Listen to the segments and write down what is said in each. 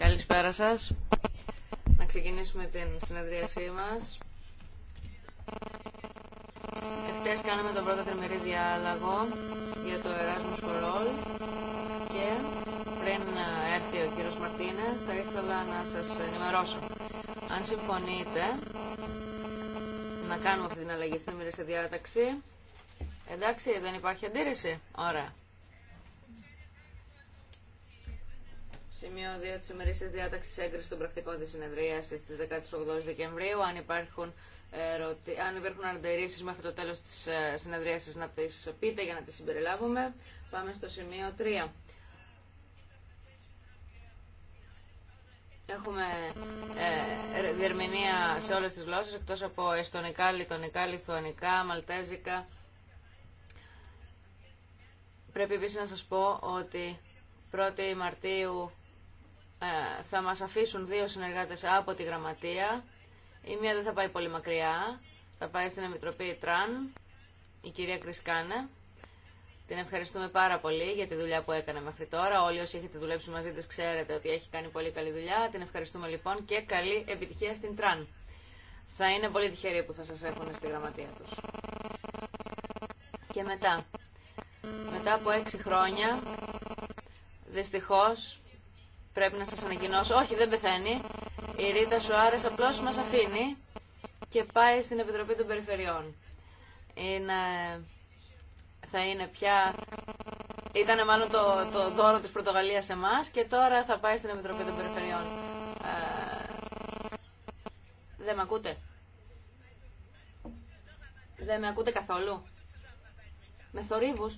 Καλησπέρα σας. Να ξεκινήσουμε την συνεδρίασή μας. Εχθέ κάναμε τον πρώτο τριμερή διάλογο για το Erasmus for All και πριν έρθει ο κύριο Μαρτίνες θα ήθελα να σας ενημερώσω. Αν συμφωνείτε να κάνουμε αυτή την αλλαγή στην τριμερή διάταξη, εντάξει δεν υπάρχει αντίρρηση, ωραία. Σημείο 2 τη ημερήσιας διάταξη έγκριση των πρακτικών τη συνεδρίασης στις 18 Δεκεμβρίου. Αν υπάρχουν, ερωτι... αν υπάρχουν μέχρι το τέλος της ε, συνεδρίασης να τι πείτε για να τι συμπεριλάβουμε. Πάμε στο σημείο 3. Έχουμε ε, ε, διερμηνία σε όλες τις γλώσσες, εκτός από εστονικά, λιτονικά, λιθουανικά, μαλτέζικα. Πρέπει επίσης να σας πω ότι 1η Μαρτίου ε, θα μας αφήσουν δύο συνεργάτες από τη γραμματεία. Η μία δεν θα πάει πολύ μακριά. Θα πάει στην Επιτροπή Τραν, η κυρία Κρισκάνε. Την ευχαριστούμε πάρα πολύ για τη δουλειά που έκανε μέχρι τώρα. Όλοι όσοι έχετε δουλέψει μαζί της ξέρετε ότι έχει κάνει πολύ καλή δουλειά. Την ευχαριστούμε λοιπόν και καλή επιτυχία στην Τραν. Θα είναι πολύ τυχερή που θα σας έχουν στη γραμματεία τους. Και μετά. Μετά από έξι χρόνια, δυστυχώς, πρέπει να σας ανακοινώσω. Όχι, δεν πεθαίνει. Η Ρίτα Σουάρες απλώς μας αφήνει και πάει στην Επιτροπή των Περιφερειών. Είναι... Θα είναι πια... Ήταν μάλλον το, το δώρο της Πρωτογαλίας σε εμάς και τώρα θα πάει στην Επιτροπή των Περιφερειών. Ε, δεν με ακούτε. Δεν με ακούτε καθόλου. Με θορύβους.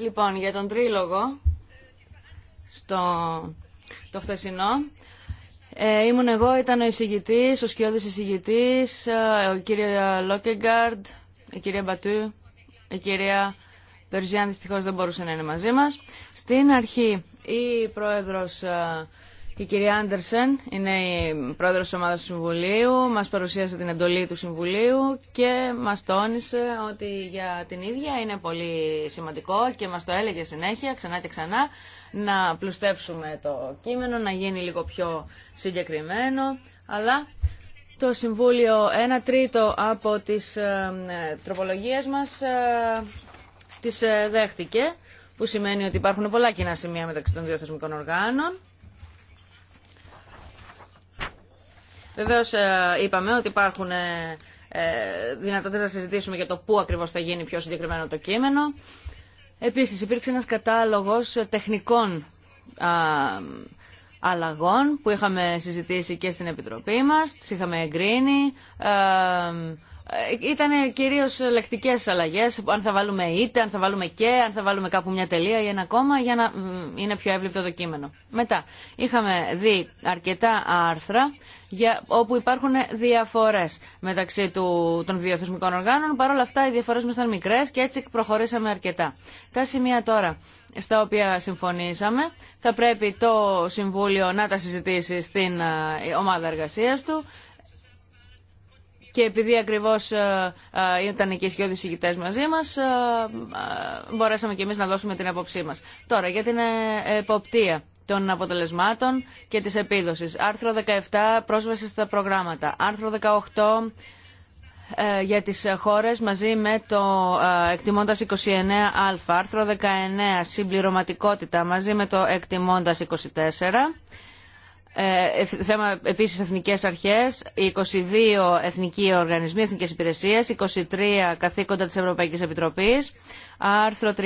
Λοιπόν, για τον τρίλογο, στο το χθεσινό, ε, ήμουν εγώ, ήταν ο εισηγητής, ο σκιώδης εισηγητής, ε, ο κύριο Λόκεγκαρντ, η κυρία Μπατού, η κυρία Περζιάν δυστυχώς δεν μπορούσε να είναι μαζί μας. Στην αρχή η πρόεδρος ε, η κυρία Άντερσεν είναι η πρόεδρος της ομάδας του Συμβουλίου, μας παρουσίασε την εντολή του Συμβουλίου και μας τόνισε ότι για την ίδια είναι πολύ σημαντικό και μας το έλεγε συνέχεια ξανά και ξανά να πλουστεύσουμε το κείμενο, να γίνει λίγο πιο συγκεκριμένο, αλλά το Συμβούλιο 1 τρίτο από τις ε, τροπολογίες μας ε, τις ε, δέχτηκε, που σημαίνει ότι υπάρχουν πολλά κοινά σημεία μεταξύ των δύο θεσμικών οργάνων. Βεβαίω ε, είπαμε ότι υπάρχουν ε, ε, δυνατότητε να συζητήσουμε για το πού ακριβώς θα γίνει πιο συγκεκριμένο το κείμενο. Επίσης υπήρξε ένας κατάλογος τεχνικών αλλαγών που είχαμε συζητήσει και στην Επιτροπή μας, Τι είχαμε εγκρίνει ε, ήταν κυρίω λεκτικέ αλλαγέ, αν θα βάλουμε είτε, αν θα βάλουμε και, αν θα βάλουμε κάπου μια τελεία ή ένα κόμμα για να είναι πιο εύληπτο το κείμενο. Μετά, είχαμε δει αρκετά άρθρα για, όπου υπάρχουν διαφορέ μεταξύ του, των δύο θεσμικών οργάνων. Παρ' όλα αυτά οι διαφορέ μα ήταν μικρέ και έτσι προχωρήσαμε αρκετά. Τα σημεία τώρα στα οποία συμφωνήσαμε θα πρέπει το Συμβούλιο να τα συζητήσει στην ε, ομάδα εργασίας του και επειδή ακριβώς ε, ε, ήταν και οι σκιώδεις μαζί μας, ε, μπορέσαμε και εμείς να δώσουμε την απόψή μα. Τώρα, για την εποπτεία των αποτελεσμάτων και τη επίδοση. Άρθρο 17, πρόσβαση στα προγράμματα. Άρθρο 18, για τις χώρες μαζί με το εκτιμώντας 29α. Άρθρο 19, συμπληρωματικότητα μαζί με το εκτιμώντας 24. Ε, θέμα επίσης εθνικές αρχές, 22 εθνικοί οργανισμοί, εθνικές υπηρεσίες, 23 καθήκοντα της Ευρωπαϊκής Επιτροπής, άρθρο 30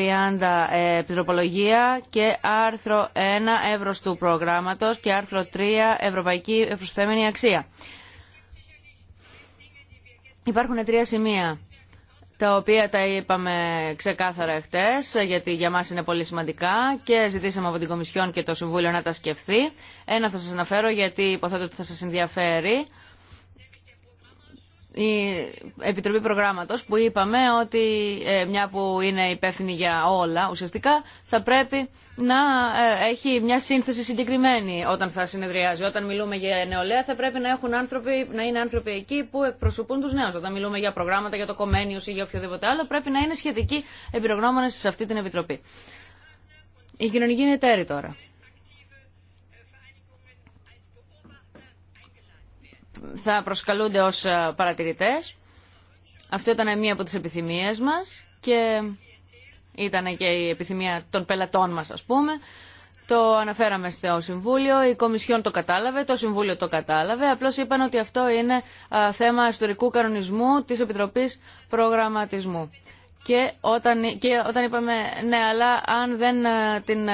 ε, επιτροπολογία και άρθρο 1 εύρος του προγράμματος και άρθρο 3 ευρωπαϊκή προσθέμενη αξία. Υπάρχουν τρία σημεία τα οποία τα είπαμε ξεκάθαρα χτε, γιατί για μας είναι πολύ σημαντικά και ζητήσαμε από την Κομισιόν και το Συμβούλιο να τα σκεφτεί. Ένα θα σας αναφέρω γιατί υποθέτω ότι θα σας ενδιαφέρει η Επιτροπή Προγράμματος που είπαμε ότι ε, μια που είναι υπεύθυνη για όλα ουσιαστικά θα πρέπει να ε, έχει μια σύνθεση συγκεκριμένη όταν θα συνεδριάζει. Όταν μιλούμε για νεολαία θα πρέπει να, έχουν άνθρωποι, να είναι άνθρωποι εκεί που εκπροσωπούν τους νέους. Όταν μιλούμε για προγράμματα, για το κομμένιο Η κοινωνική σχετικοι επιρογνωμονες σε αυτη την επιτροπη η κοινωνικη μετερη τωρα θα προσκαλούνται ως ε, παρατηρητές. Αυτό ήταν μία από τις επιθυμίες μας και ήταν και η επιθυμία των πελατών μας ας πούμε. Το αναφέραμε στο Συμβούλιο, η Κομισιόν το κατάλαβε, το Συμβούλιο το κατάλαβε. Απλώς είπαν ότι αυτό είναι θέμα ιστορικού κανονισμού της Επιτροπής Προγραμματισμού. Και όταν, και όταν είπαμε ναι, αλλά αν δεν, ε, την, ε,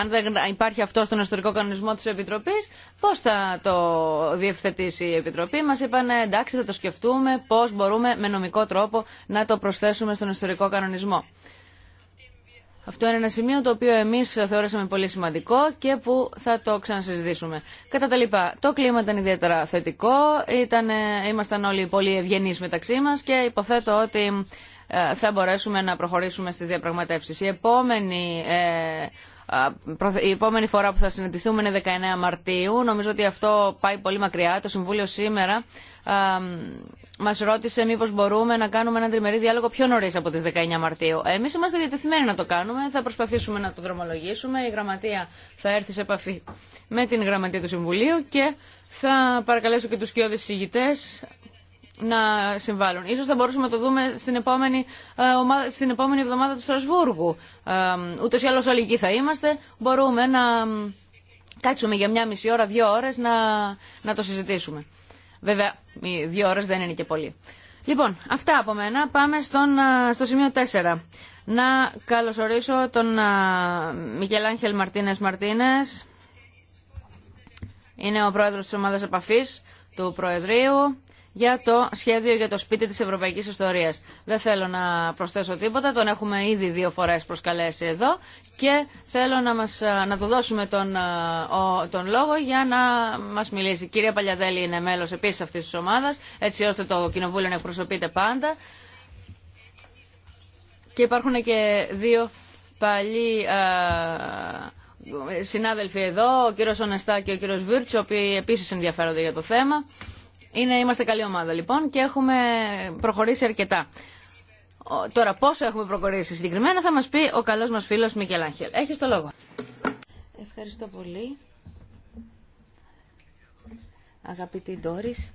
αν δεν υπάρχει αυτό στον ιστορικό κανονισμό της Επιτροπής, πώς θα το διευθετήσει η Επιτροπή. Μας είπαν «Ε, εντάξει θα το σκεφτούμε, πώς μπορούμε με νομικό τρόπο να το προσθέσουμε στον ιστορικό κανονισμό. Αυτό είναι ένα σημείο το οποίο εμείς θεώρησαμε πολύ σημαντικό και που θα το ξανασυζητήσουμε. Κατά τα λοιπά, το κλίμα ήταν ιδιαίτερα θετικό. ήμασταν όλοι πολύ ευγενείς μεταξύ μα και υποθέτω ότι ε, θα μπορέσουμε να προχωρήσουμε στις διαπραγματεύσεις. Η επόμενη ε, η επόμενη φορά που θα συναντηθούμε είναι 19 Μαρτίου. Νομίζω ότι αυτό πάει πολύ μακριά. Το Συμβούλιο σήμερα μας ρώτησε μήπως μπορούμε να κάνουμε ένα τριμερή διάλογο πιο νωρίς από τις 19 Μαρτίου. Εμείς είμαστε διατεθειμένοι να το κάνουμε. Θα προσπαθήσουμε να το δρομολογήσουμε. Η Γραμματεία θα έρθει σε επαφή με την Γραμματεία του Συμβουλίου και θα παρακαλέσω και τους κοιόδης συγητές να συμβάλλουν. Ίσως θα μπορούσαμε να το δούμε στην επόμενη, ε, επόμενη εβδομάδα του Στρασβούργου. Ε, Ούτε ή άλλως όλοι εκεί θα είμαστε. Μπορούμε να κάτσουμε για μια μισή ώρα, δύο ώρες να, να το συζητήσουμε. Βέβαια, οι δύο ώρες δεν είναι και πολύ. Λοιπόν, αυτά από μένα. Πάμε στον, ε, στο σημείο 4. Να καλωσορίσω τον Μικελάνχελ Μαρτίνες Μαρτίνες. Είναι ο πρόεδρος της ομάδας επαφής του Προεδρείου για το σχέδιο για το σπίτι της Ευρωπαϊκής Ιστορίας. Δεν θέλω να προσθέσω τίποτα, τον έχουμε ήδη δύο φορές προσκαλέσει εδώ και θέλω να, μας, να του δώσουμε τον, τον λόγο για να μας μιλήσει. Η κυρία Παλιαδέλη είναι μέλος επίσης αυτής της ομάδας, έτσι ώστε το Κοινοβούλιο να εκπροσωπείται πάντα. Και υπάρχουν και δύο παλιοί συνάδελφοι εδώ, ο κύριος Ωνεστά και ο κύριος Βίρτς, οι οποίοι επίσης ενδιαφέρονται για το θέμα. Είναι, είμαστε καλή ομάδα λοιπόν και έχουμε προχωρήσει αρκετά. Τώρα πόσο έχουμε προχωρήσει συγκεκριμένα θα μας πει ο καλός μας φίλος Μικελ Άγχελ. Έχεις το λόγο. Ευχαριστώ πολύ. Αγαπητή Ντόρις.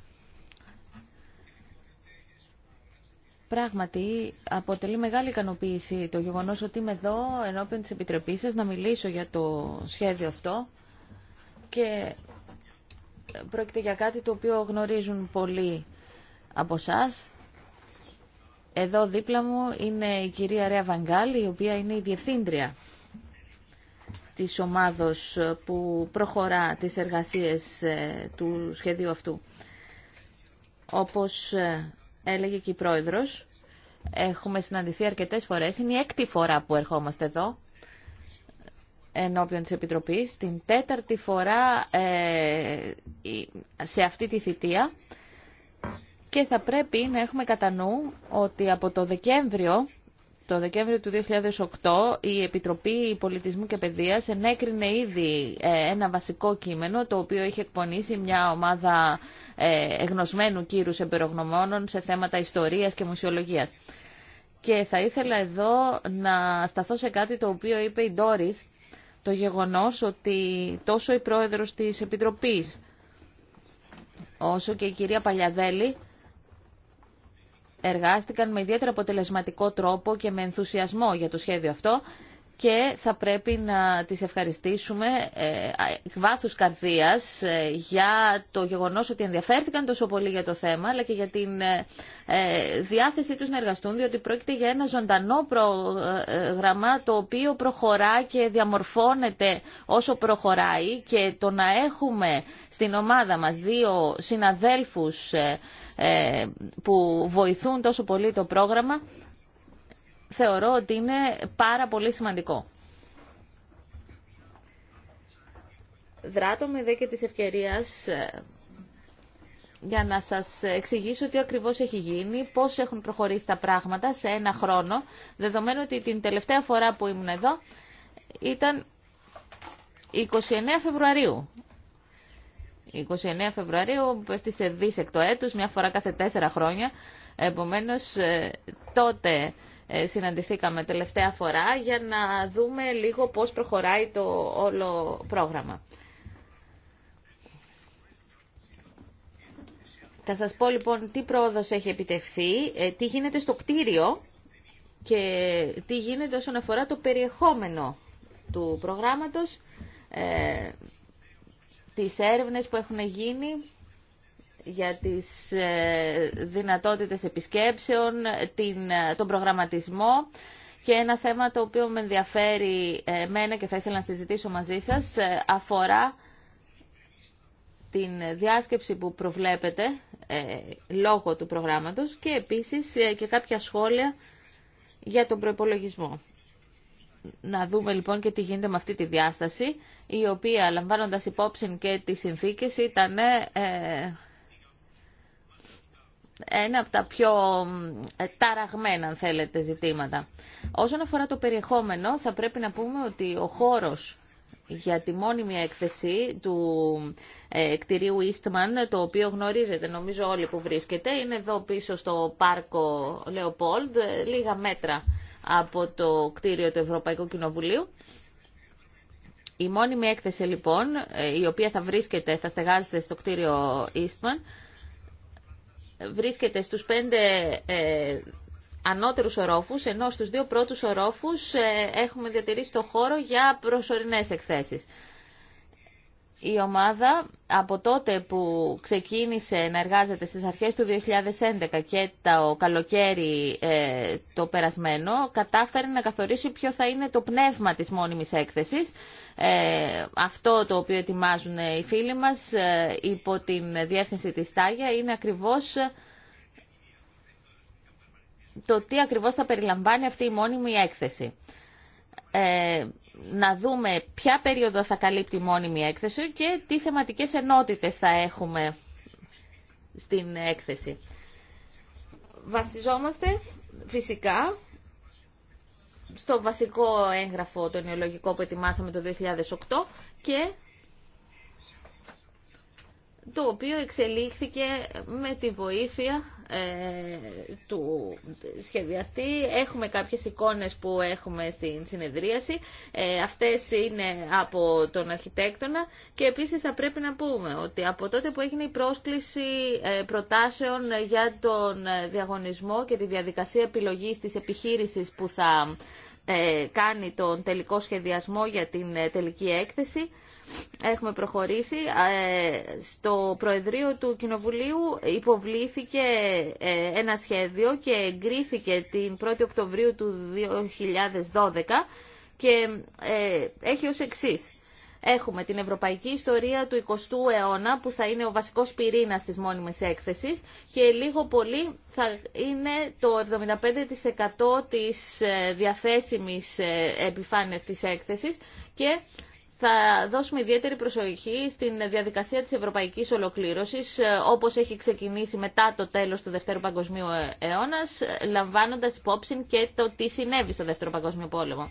Πράγματι, αποτελεί μεγάλη ικανοποίηση το γεγονός ότι είμαι εδώ ενώπιον της Επιτροπής σας να μιλήσω για το σχέδιο αυτό και πρόκειται για κάτι το οποίο γνωρίζουν πολλοί από εσά. Εδώ δίπλα μου είναι η κυρία Ρέα Βαγκάλη, η οποία είναι η διευθύντρια της ομάδος που προχωρά τις εργασίες ε, του σχεδίου αυτού. Όπως ε, έλεγε και η πρόεδρος, έχουμε συναντηθεί αρκετές φορές. Είναι η έκτη φορά που ερχόμαστε εδώ ενώπιον της Επιτροπής, την τέταρτη φορά ε, σε αυτή τη θητεία και θα πρέπει να έχουμε κατά νου ότι από το Δεκέμβριο το Δεκέμβριο του 2008 η Επιτροπή Πολιτισμού και Παιδείας ενέκρινε ήδη ε, ένα βασικό κείμενο το οποίο είχε εκπονήσει μια ομάδα ε, εγνωσμένου κύρους εμπειρογνωμόνων σε θέματα ιστορίας και μουσιολογίας. Και θα ήθελα εδώ να σταθώ σε κάτι το οποίο είπε η Ντόρις το γεγονός ότι τόσο η πρόεδρος της Επιτροπής όσο και η κυρία Παλιαδέλη εργάστηκαν με ιδιαίτερα αποτελεσματικό τρόπο και με ενθουσιασμό για το σχέδιο αυτό και θα πρέπει να τις ευχαριστήσουμε ε, βάθους καρδίας ε, για το γεγονός ότι ενδιαφέρθηκαν τόσο πολύ για το θέμα αλλά και για την ε, ε, διάθεσή τους να εργαστούν διότι πρόκειται για ένα ζωντανό πρόγραμμα το οποίο προχωρά και διαμορφώνεται όσο προχωράει και το να έχουμε στην ομάδα μας δύο συναδέλφους που βοηθούν τόσο πολύ το πρόγραμμα θεωρώ ότι είναι πάρα πολύ σημαντικό. Δράτομαι δε και της ευκαιρίας ε, για να σας εξηγήσω τι ακριβώς έχει γίνει, πώς έχουν προχωρήσει τα πράγματα σε ένα χρόνο, δεδομένου ότι την τελευταία φορά που ήμουν εδώ ήταν 29 Φεβρουαρίου. 29 Φεβρουαρίου πέφτει σε δίσεκτο έτους, μια φορά κάθε τέσσερα χρόνια. Επομένως, ε, τότε ε, συναντηθήκαμε τελευταία φορά για να δούμε λίγο πώς προχωράει το όλο πρόγραμμα. Θα σας πω λοιπόν τι πρόοδος έχει επιτευχθεί, ε, τι γίνεται στο κτίριο και τι γίνεται όσον αφορά το περιεχόμενο του προγράμματος, ε, τις έρευνες που έχουν γίνει για τις ε, δυνατότητες επισκέψεων, την, ε, τον προγραμματισμό και ένα θέμα το οποίο με ενδιαφέρει ε, εμένα και θα ήθελα να συζητήσω μαζί σας αφορά την διάσκεψη που προβλέπετε λόγω του προγράμματος και επίσης και κάποια σχόλια για τον προϋπολογισμό. Να δούμε λοιπόν και τι γίνεται με αυτή τη διάσταση, η οποία λαμβάνοντας υπόψη και τις συνθήκες ήταν ένα από τα πιο ε, ταραγμένα, αν θέλετε, ζητήματα. Όσον αφορά το περιεχόμενο, θα πρέπει να πούμε ότι ο χώρος για τη μόνιμη έκθεση του ε, κτηρίου Eastman, το οποίο γνωρίζετε νομίζω όλοι που βρίσκεται, είναι εδώ πίσω στο πάρκο Λεοπόλντ, ε, λίγα μέτρα από το κτίριο του Ευρωπαϊκού Κοινοβουλίου. Η μόνιμη έκθεση λοιπόν, ε, η οποία θα βρίσκεται, θα στεγάζεται στο κτίριο Eastman, βρίσκεται στους πέντε ε, ανώτερους ορόφους, ενώ στους δύο πρώτους ορόφους ε, έχουμε διατηρήσει το χώρο για προσωρινές εκθέσεις η ομάδα από τότε που ξεκίνησε να εργάζεται στις αρχές του 2011 και το καλοκαίρι ε, το περασμένο κατάφερε να καθορίσει ποιο θα είναι το πνεύμα της μόνιμης έκθεσης. Ε, αυτό το οποίο ετοιμάζουν οι φίλοι μας ε, υπό την διεύθυνση της Τάγια είναι ακριβώς το τι ακριβώς θα περιλαμβάνει αυτή η μόνιμη έκθεση. Ε, να δούμε ποια περίοδο θα καλύπτει η μόνιμη έκθεση και τι θεματικές ενότητες θα έχουμε στην έκθεση. Βασιζόμαστε φυσικά στο βασικό έγγραφο το νεολογικό που ετοιμάσαμε το 2008 και το οποίο εξελίχθηκε με τη βοήθεια ε, του σχεδιαστή. Έχουμε κάποιες εικόνες που έχουμε στην συνεδρίαση. Ε, αυτές είναι από τον αρχιτέκτονα και επίσης θα πρέπει να πούμε ότι από τότε που έγινε η πρόσκληση ε, προτάσεων για τον διαγωνισμό και τη διαδικασία επιλογής της επιχείρησης που θα κάνει τον τελικό σχεδιασμό για την τελική έκθεση έχουμε προχωρήσει. Ε, στο Προεδρείο του Κοινοβουλίου υποβλήθηκε ε, ένα σχέδιο και εγκρίθηκε την 1η Οκτωβρίου του 2012 και ε, έχει ως εξής. Έχουμε την ευρωπαϊκή ιστορία του 20ου αιώνα που θα είναι ο βασικός πυρήνας της μόνιμης έκθεσης και λίγο πολύ θα είναι το 75% της διαθέσιμης επιφάνειας της έκθεσης και θα δώσουμε ιδιαίτερη προσοχή στην διαδικασία της ευρωπαϊκής ολοκλήρωσης ε, όπως έχει ξεκινήσει μετά το τέλος του Δευτέρου Παγκοσμίου ε, Αιώνα, λαμβάνοντας υπόψη και το τι συνέβη στο Δεύτερο Παγκοσμίο Πόλεμο.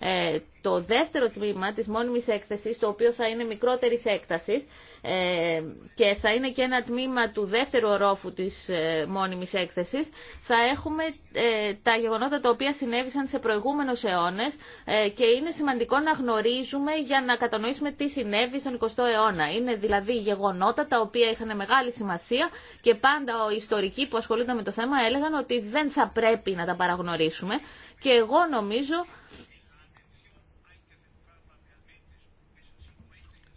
Ε, το δεύτερο τμήμα της μόνιμης έκθεσης, το οποίο θα είναι μικρότερης έκτασης ε, και θα είναι και ένα τμήμα του δεύτερου ορόφου της ε, μόνιμης έκθεσης, θα έχουμε ε, τα γεγονότα τα οποία συνέβησαν σε προηγούμενους αιώνες ε, και είναι σημαντικό να γνωρίζουμε για να κατανοήσουμε τι συνέβη στον 20ο αιώνα. Είναι δηλαδή γεγονότα τα οποία είχαν μεγάλη σημασία και πάντα οι ιστορικοί που ασχολούνται με το θέμα έλεγαν ότι δεν θα πρέπει να τα παραγνωρίσουμε και εγώ νομίζω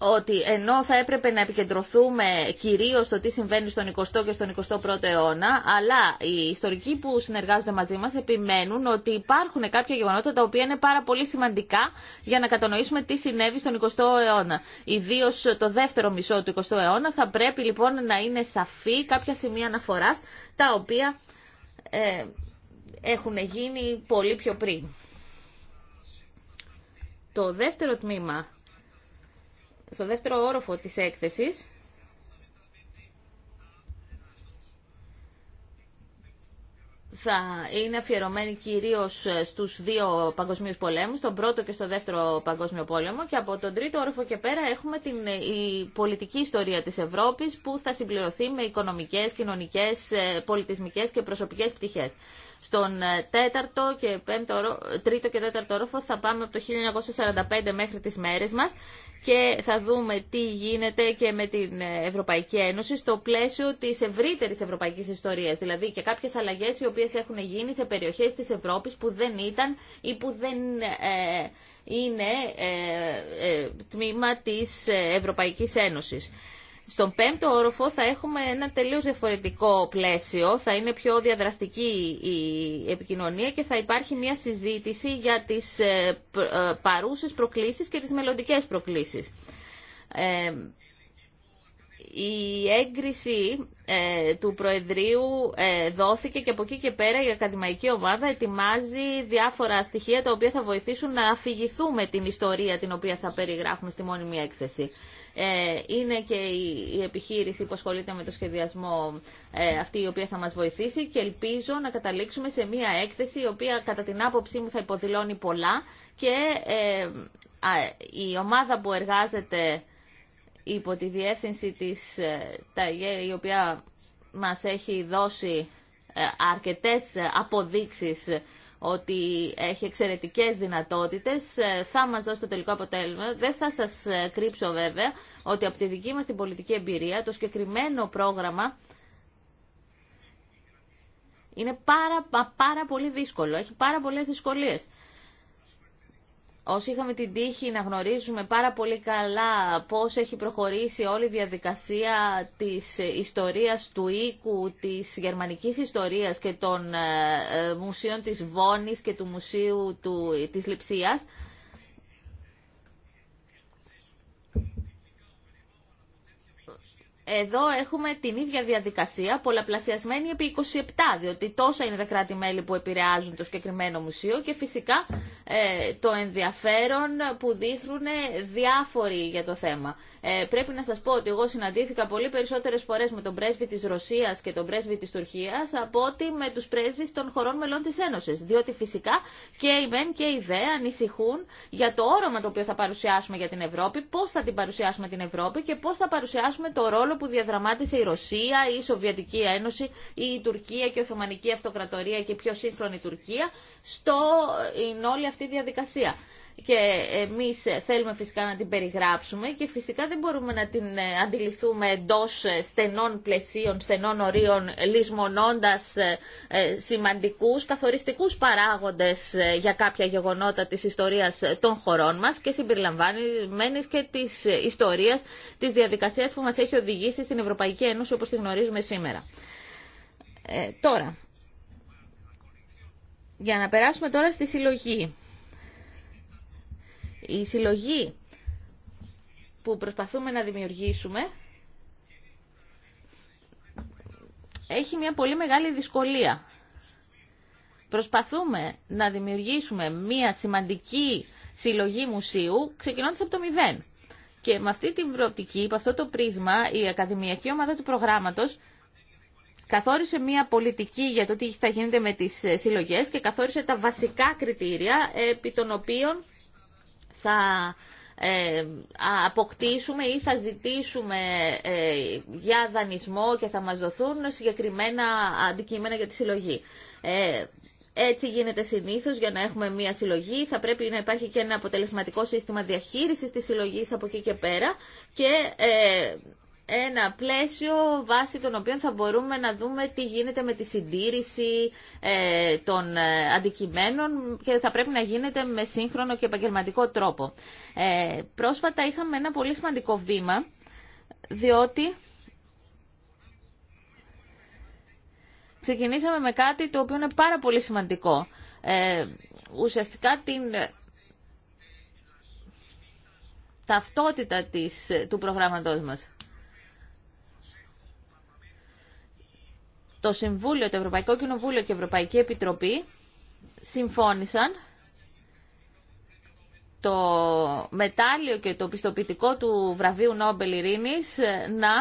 ότι ενώ θα έπρεπε να επικεντρωθούμε κυρίως στο τι συμβαίνει στον 20ο και στον 21ο αιώνα, αλλά οι ιστορικοί που συνεργάζονται μαζί μας επιμένουν ότι υπάρχουν κάποια γεγονότα τα οποία είναι πάρα πολύ σημαντικά για να κατανοήσουμε τι συνέβη στον 20ο αιώνα. Ιδίω το δεύτερο μισό του 20 ο αιώνα θα πρέπει λοιπόν να είναι σαφή κάποια σημεία αναφοράς τα οποία ε, έχουν γίνει πολύ πιο πριν. Το δεύτερο τμήμα στο δεύτερο όροφο της έκθεσης θα είναι αφιερωμένη κυρίως στους δύο παγκοσμίους πολέμους, τον πρώτο και στο δεύτερο παγκόσμιο πόλεμο και από τον τρίτο όροφο και πέρα έχουμε την η πολιτική ιστορία της Ευρώπης που θα συμπληρωθεί με οικονομικές, κοινωνικές, ε, πολιτισμικές και προσωπικές πτυχές. Στον ε, τέταρτο και πέμπτο, τρίτο και τέταρτο όροφο θα πάμε από το 1945 μέχρι τις μέρες μας και θα δούμε τι γίνεται και με την ε, Ευρωπαϊκή Ένωση στο πλαίσιο της ευρύτερης ευρωπαϊκής ιστορίας, δηλαδή και κάποιες αλλαγές οι οποίες έχουν γίνει σε περιοχές της Ευρώπης που δεν ήταν ή που δεν ε, είναι τμήμα της Ευρωπαϊκής Ένωσης. Στον πέμπτο όροφο θα έχουμε ένα τελείως διαφορετικό πλαίσιο, θα είναι πιο διαδραστική η επικοινωνία και θα υπάρχει μια συζήτηση για τις ε, ε, παρούσες προκλήσεις και τις μελλοντικές προκλήσεις. Ε, η έγκριση του Προεδρείου δόθηκε και από εκεί και πέρα η ακαδημαϊκή ομάδα ετοιμάζει διάφορα στοιχεία τα οποία θα βοηθήσουν να αφηγηθούμε την ιστορία την οποία θα περιγράφουμε στη μόνιμη έκθεση. Ε, είναι και η επιχείρηση που ασχολείται με το σχεδιασμό ε, αυτή η οποία θα μας βοηθήσει και ελπίζω να καταλήξουμε σε μία έκθεση η οποία κατά την άποψή μου θα υποδηλώνει πολλά και ε, η ομάδα που εργάζεται υπό τη διεύθυνση της ΤΑΙΕ η οποία μας έχει δώσει αρκετές αποδείξεις ότι έχει εξαιρετικέ δυνατότητες, ε, θα μας δώσει το τελικό αποτέλεσμα. Δεν θα σας ε, κρύψω βέβαια ότι από τη δική μας την πολιτική εμπειρία το συγκεκριμένο πρόγραμμα είναι πάρα, πάρα πολύ δύσκολο, έχει πάρα πολλέ δυσκολίες όσοι είχαμε την τύχη να γνωρίζουμε πάρα πολύ καλά πώς έχει προχωρήσει όλη η διαδικασία της ιστορίας του οίκου, της γερμανικής ιστορίας και των ε, ε μουσείων της Βόνης και του Μουσείου του, της Λιψίας, εδώ έχουμε την ίδια διαδικασία, πολλαπλασιασμένη επί 27, διότι τόσα είναι τα κράτη-μέλη που επηρεάζουν το συγκεκριμένο μουσείο και φυσικά ε, το ενδιαφέρον που δείχνουν διάφοροι για το θέμα. Ε, πρέπει να σας πω ότι εγώ συναντήθηκα πολύ περισσότερες φορές με τον πρέσβη της Ρωσίας και τον πρέσβη της Τουρκίας από ότι με τους πρέσβεις των χωρών μελών της Ένωσης, διότι φυσικά και η ΜΕΝ και η ΔΕ ανησυχούν για το όρομα το οποίο θα παρουσιάσουμε για την Ευρώπη, πώς θα την παρουσιάσουμε την Ευρώπη και πώς θα παρουσιάσουμε το ρόλο που διαδραμάτισε η Ρωσία, η Σοβιετική Ένωση, η Τουρκία και η Οθωμανική Αυτοκρατορία και η πιο σύγχρονη Τουρκία στο, είναι όλη αυτή διαδικασία και εμείς θέλουμε φυσικά να την περιγράψουμε και φυσικά δεν μπορούμε να την ε, αντιληφθούμε εντός ε, στενών πλαισίων, στενών ορίων, λησμονώντας ε, σημαντικούς καθοριστικούς παράγοντες για κάποια γεγονότα της ιστορίας των χωρών μας και συμπεριλαμβάνει και της ιστορίας της διαδικασίας που μας έχει οδηγήσει στην Ευρωπαϊκή Ένωση όπως τη γνωρίζουμε σήμερα. τώρα, για να περάσουμε τώρα στη συλλογή. Η συλλογή που προσπαθούμε να δημιουργήσουμε έχει μια πολύ μεγάλη δυσκολία. Προσπαθούμε να δημιουργήσουμε μια σημαντική συλλογή μουσείου ξεκινώντας από το μηδέν. Και με αυτή την προοπτική, με αυτό το πρίσμα, η Ακαδημιακή Ομάδα του Προγράμματος καθόρισε μια πολιτική για το τι θα γίνεται με τις συλλογές και καθόρισε τα βασικά κριτήρια επί των οποίων θα ε, αποκτήσουμε ή θα ζητήσουμε ε, για δανεισμό και θα μας δοθούν συγκεκριμένα αντικείμενα για τη συλλογή. Ε, έτσι γίνεται συνήθως για να έχουμε μία συλλογή. Θα πρέπει να υπάρχει και ένα αποτελεσματικό σύστημα διαχείρισης της συλλογής από εκεί και πέρα και ε, ένα πλαίσιο βάσει των οποίων θα μπορούμε να δούμε τι γίνεται με τη συντήρηση ε, των ε, αντικειμένων και θα πρέπει να γίνεται με σύγχρονο και επαγγελματικό τρόπο. Ε, πρόσφατα είχαμε ένα πολύ σημαντικό βήμα, διότι ξεκινήσαμε με κάτι το οποίο είναι πάρα πολύ σημαντικό. ουσιαστικά την ταυτότητα της, του προγράμματός μας. το Συμβούλιο, το Ευρωπαϊκό Κοινοβούλιο και η Ευρωπαϊκή Επιτροπή συμφώνησαν το μετάλλιο και το πιστοποιητικό του βραβείου Νόμπελ Ειρήνης ε, να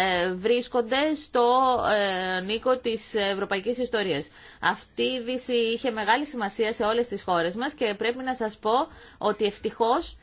ε, βρίσκονται στο ε, νίκο της ευρωπαϊκής ιστορίας. Αυτή η είδηση είχε μεγάλη σημασία σε όλες τις χώρες μας και πρέπει να σας πω ότι ευτυχώς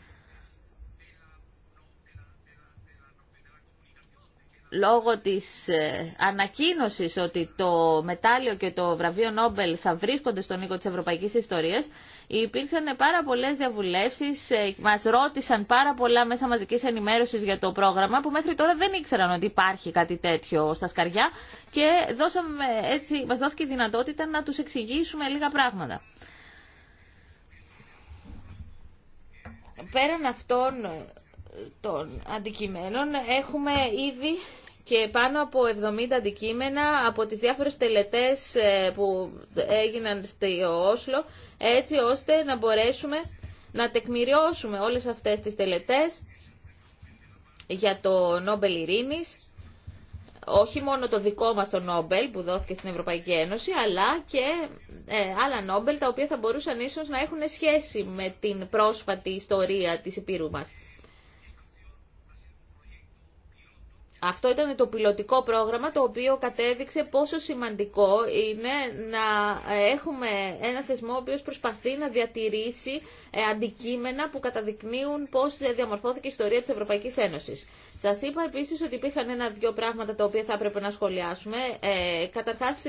λόγω της ε, ανακοίνωσης ότι το μετάλλιο και το βραβείο Νόμπελ θα βρίσκονται στον οίκο της Ευρωπαϊκής Ιστορίας, υπήρξαν πάρα πολλές διαβουλεύσεις, ε, μας ρώτησαν πάρα πολλά μέσα μαζικής ενημέρωσης για το πρόγραμμα που μέχρι τώρα δεν ήξεραν ότι υπάρχει κάτι τέτοιο στα σκαριά και δώσαμε, έτσι, μας δόθηκε η δυνατότητα να τους εξηγήσουμε λίγα πράγματα. Πέραν αυτών των αντικειμένων έχουμε ήδη και πάνω από 70 αντικείμενα από τις διάφορες τελετές ε, που έγιναν στη Όσλο, έτσι ώστε να μπορέσουμε να τεκμηριώσουμε όλες αυτές τις τελετές για το Νόμπελ Ειρήνης, όχι μόνο το δικό μας το Νόμπελ που δόθηκε στην Ευρωπαϊκή Ένωση, αλλά και ε, άλλα Νόμπελ τα οποία θα μπορούσαν ίσως να έχουν σχέση με την πρόσφατη ιστορία της Επίρου μας. Αυτό ήταν το πιλωτικό πρόγραμμα το οποίο κατέδειξε πόσο σημαντικό είναι να ε, έχουμε ένα θεσμό ο οποίο προσπαθεί να διατηρήσει ε, αντικείμενα που καταδεικνύουν πώ ε, διαμορφώθηκε η ιστορία τη Ευρωπαϊκή Ένωση. Σα ειπα επιση επίσης ότι υπήρχαν ένα-δυο πράγματα τα οποία θα έπρεπε να σχολιάσουμε. Ε, καταρχάς,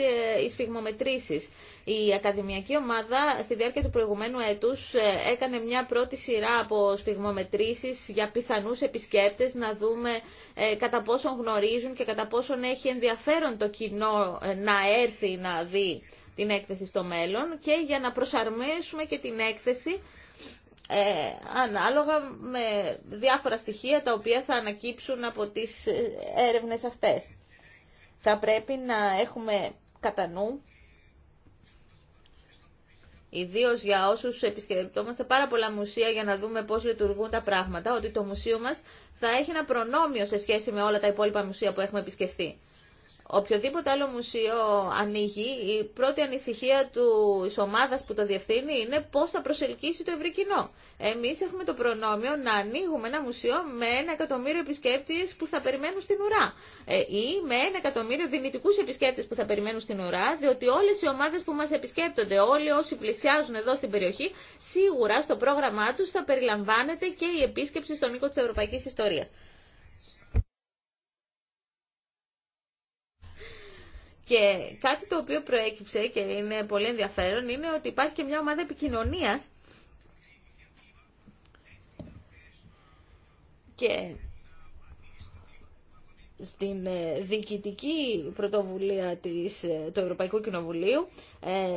οι σφιγμομετρήσεις. Η ακαδημιακή ομάδα στη διάρκεια του προηγουμένου έτους έκανε μια πρώτη σειρά από σφιγμομετρήσει για πιθανού επισκέπτε να δούμε κατά πόσο πόσον γνωρίζουν και κατά πόσον έχει ενδιαφέρον το κοινό ε, να έρθει να δει την έκθεση στο μέλλον και για να προσαρμόσουμε και την έκθεση ε, ανάλογα με διάφορα στοιχεία τα οποία θα ανακύψουν από τις ε, έρευνες αυτές. Θα πρέπει να έχουμε κατά νου ιδίω για όσου επισκεπτόμαστε πάρα πολλά μουσεία για να δούμε πώ λειτουργούν τα πράγματα, ότι το μουσείο μα θα έχει ένα προνόμιο σε σχέση με όλα τα υπόλοιπα μουσεία που έχουμε επισκεφθεί οποιοδήποτε άλλο μουσείο ανοίγει, η πρώτη ανησυχία του ομάδα που το διευθύνει είναι πώ θα προσελκύσει το ευρύ κοινό. Εμεί έχουμε το προνόμιο να ανοίγουμε ένα μουσείο με ένα εκατομμύριο επισκέπτε που θα περιμένουν στην ουρά. Ε, ή με ένα εκατομμύριο δυνητικού επισκέπτε που θα περιμένουν στην ουρά, διότι όλε οι ομάδε που μα επισκέπτονται, όλοι όσοι πλησιάζουν εδώ στην περιοχή, σίγουρα στο πρόγραμμά του θα περιλαμβάνεται και η επίσκεψη στον οίκο τη Ευρωπαϊκή Ιστορία. Και κάτι το οποίο προέκυψε και είναι πολύ ενδιαφέρον είναι ότι υπάρχει και μια ομάδα επικοινωνίας και στην ε, διοικητική πρωτοβουλία της, ε, του Ευρωπαϊκού Κοινοβουλίου.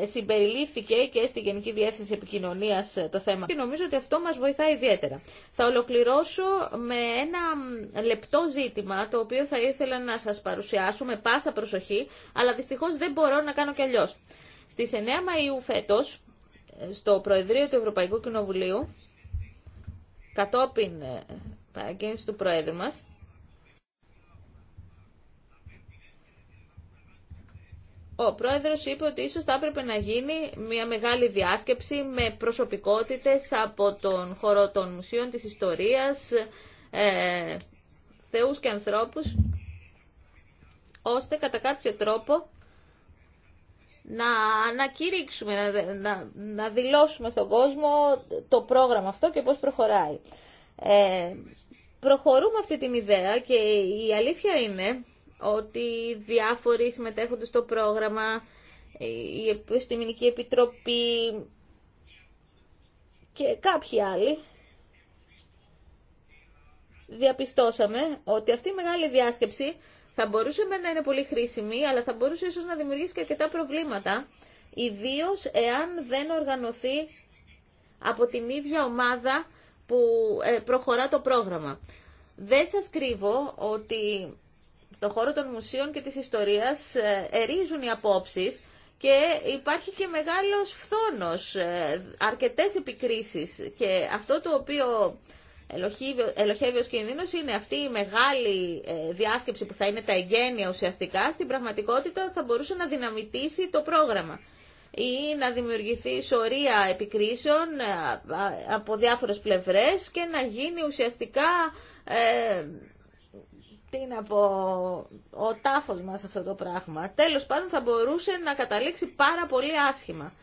Ε, συμπεριλήφθηκε και στη Γενική Διεύθυνση Επικοινωνίας ε, το θέμα και νομίζω ότι αυτό μας βοηθάει ιδιαίτερα. Θα ολοκληρώσω με ένα λεπτό ζήτημα το οποίο θα ήθελα να σας παρουσιάσω με πάσα προσοχή, αλλά δυστυχώς δεν μπορώ να κάνω κι αλλιώς. Στις 9 Μαΐου φέτος, στο Προεδρείο του Ευρωπαϊκού Κοινοβουλίου, κατόπιν παρακίνηση του Προέδρου μας, Ο πρόεδρος είπε ότι ίσως θα έπρεπε να γίνει μια μεγάλη διάσκεψη με προσωπικότητες από τον χώρο των μουσείων της ιστορίας, ε, θεούς και ανθρώπους, ώστε κατά κάποιο τρόπο να ανακηρύξουμε, να, να, να δηλώσουμε στον κόσμο το πρόγραμμα αυτό και πώς προχωράει. Ε, προχωρούμε αυτή την ιδέα και η αλήθεια είναι ότι διάφοροι συμμετέχοντες στο πρόγραμμα, η Επιστημινική Επιτροπή και κάποιοι άλλοι, διαπιστώσαμε ότι αυτή η μεγάλη διάσκεψη θα μπορούσε να είναι πολύ χρήσιμη, αλλά θα μπορούσε ίσως να δημιουργήσει και αρκετά προβλήματα, ιδίω εάν δεν οργανωθεί από την ίδια ομάδα που ε, προχωρά το πρόγραμμα. Δεν σας κρύβω ότι στο χώρο των μουσείων και της ιστορίας ε, ερίζουν οι απόψεις και υπάρχει και μεγάλος φθόνος, ε, αρκετές επικρίσεις και αυτό το οποίο ελοχεύει ως κινδύνος είναι αυτή η μεγάλη ε, διάσκεψη που θα είναι τα εγγένεια ουσιαστικά στην πραγματικότητα θα μπορούσε να δυναμητήσει το πρόγραμμα ή να δημιουργηθεί σωρία επικρίσεων από διάφορες πλευρές και να γίνει ουσιαστικά είναι από ο τάφος μας αυτό το πράγμα. Τέλος πάντων θα μπορούσε να καταλήξει πάρα πολύ άσχημα.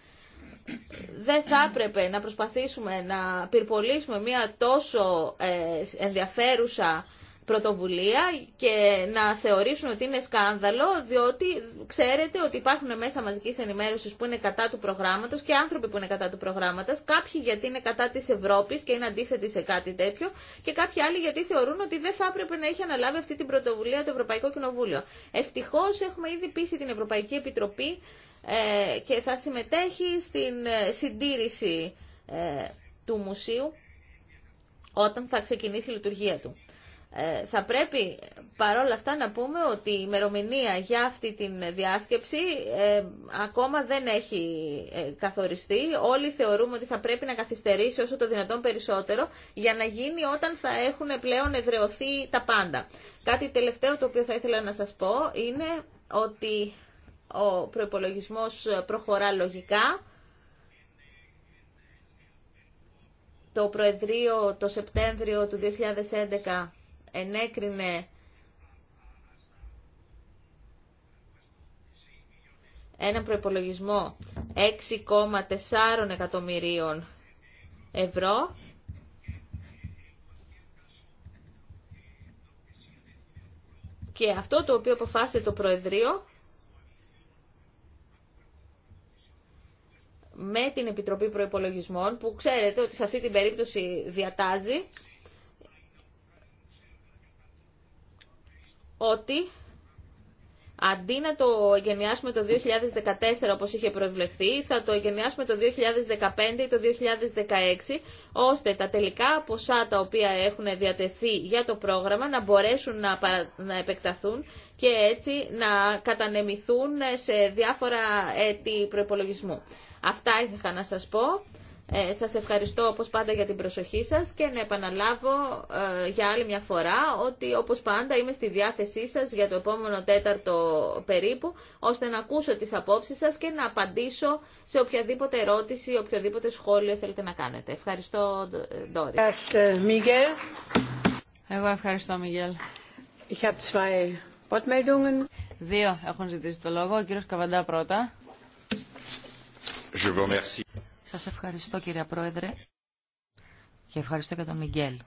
Δεν θα έπρεπε να προσπαθήσουμε να πυρπολίσουμε μια τόσο ε, ενδιαφέρουσα πρωτοβουλία και να θεωρήσουν ότι είναι σκάνδαλο, διότι ξέρετε ότι υπάρχουν μέσα μαζική ενημέρωση που είναι κατά του προγράμματο και άνθρωποι που είναι κατά του προγράμματο, κάποιοι γιατί είναι κατά τη Ευρώπη και είναι αντίθετοι σε κάτι τέτοιο και κάποιοι άλλοι γιατί θεωρούν ότι δεν θα έπρεπε να έχει αναλάβει αυτή την πρωτοβουλία το Ευρωπαϊκό Κοινοβούλιο. Ευτυχώ έχουμε ήδη πείσει την Ευρωπαϊκή Επιτροπή ε, και θα συμμετέχει στην ε, συντήρηση ε, του μουσείου όταν θα ξεκινήσει η λειτουργία του. Ε, θα πρέπει παρόλα αυτά να πούμε ότι η ημερομηνία για αυτή την διάσκεψη ε, ακόμα δεν έχει ε, καθοριστεί. Όλοι θεωρούμε ότι θα πρέπει να καθυστερήσει όσο το δυνατόν περισσότερο για να γίνει όταν θα έχουν πλέον εδρεωθεί τα πάντα. Κάτι τελευταίο το οποίο θα ήθελα να σας πω είναι ότι ο προϋπολογισμός προχωρά λογικά. Το Προεδρείο το Σεπτέμβριο του 2011 ενέκρινε ένα προϋπολογισμό 6,4 εκατομμυρίων ευρώ και αυτό το οποίο αποφάσισε το Προεδρείο με την Επιτροπή Προϋπολογισμών που ξέρετε ότι σε αυτή την περίπτωση διατάζει ότι αντί να το εγγενιάσουμε το 2014 όπως είχε προβλεφθεί, θα το εγγενιάσουμε το 2015 ή το 2016, ώστε τα τελικά ποσά τα οποία έχουν διατεθεί για το πρόγραμμα να μπορέσουν να, να επεκταθούν και έτσι να κατανεμηθούν σε διάφορα έτη προπολογισμού. Αυτά είχα να σας πω. Ε, σας ευχαριστώ όπως πάντα για την προσοχή σας και να επαναλάβω ε, για άλλη μια φορά ότι όπως πάντα είμαι στη διάθεσή σας για το επόμενο τέταρτο περίπου ώστε να ακούσω τις απόψεις σας και να απαντήσω σε οποιαδήποτε ερώτηση ή οποιοδήποτε σχόλιο θέλετε να κάνετε. Ευχαριστώ Ντόρι. Ε, Εγώ ευχαριστώ Μιγέλ. Δύο έχουν ζητήσει το λόγο. Ο κύριος Καβαντά πρώτα. Je vous remercie. Σας ευχαριστώ κύριε Πρόεδρε και ευχαριστώ και τον Μιγγέλ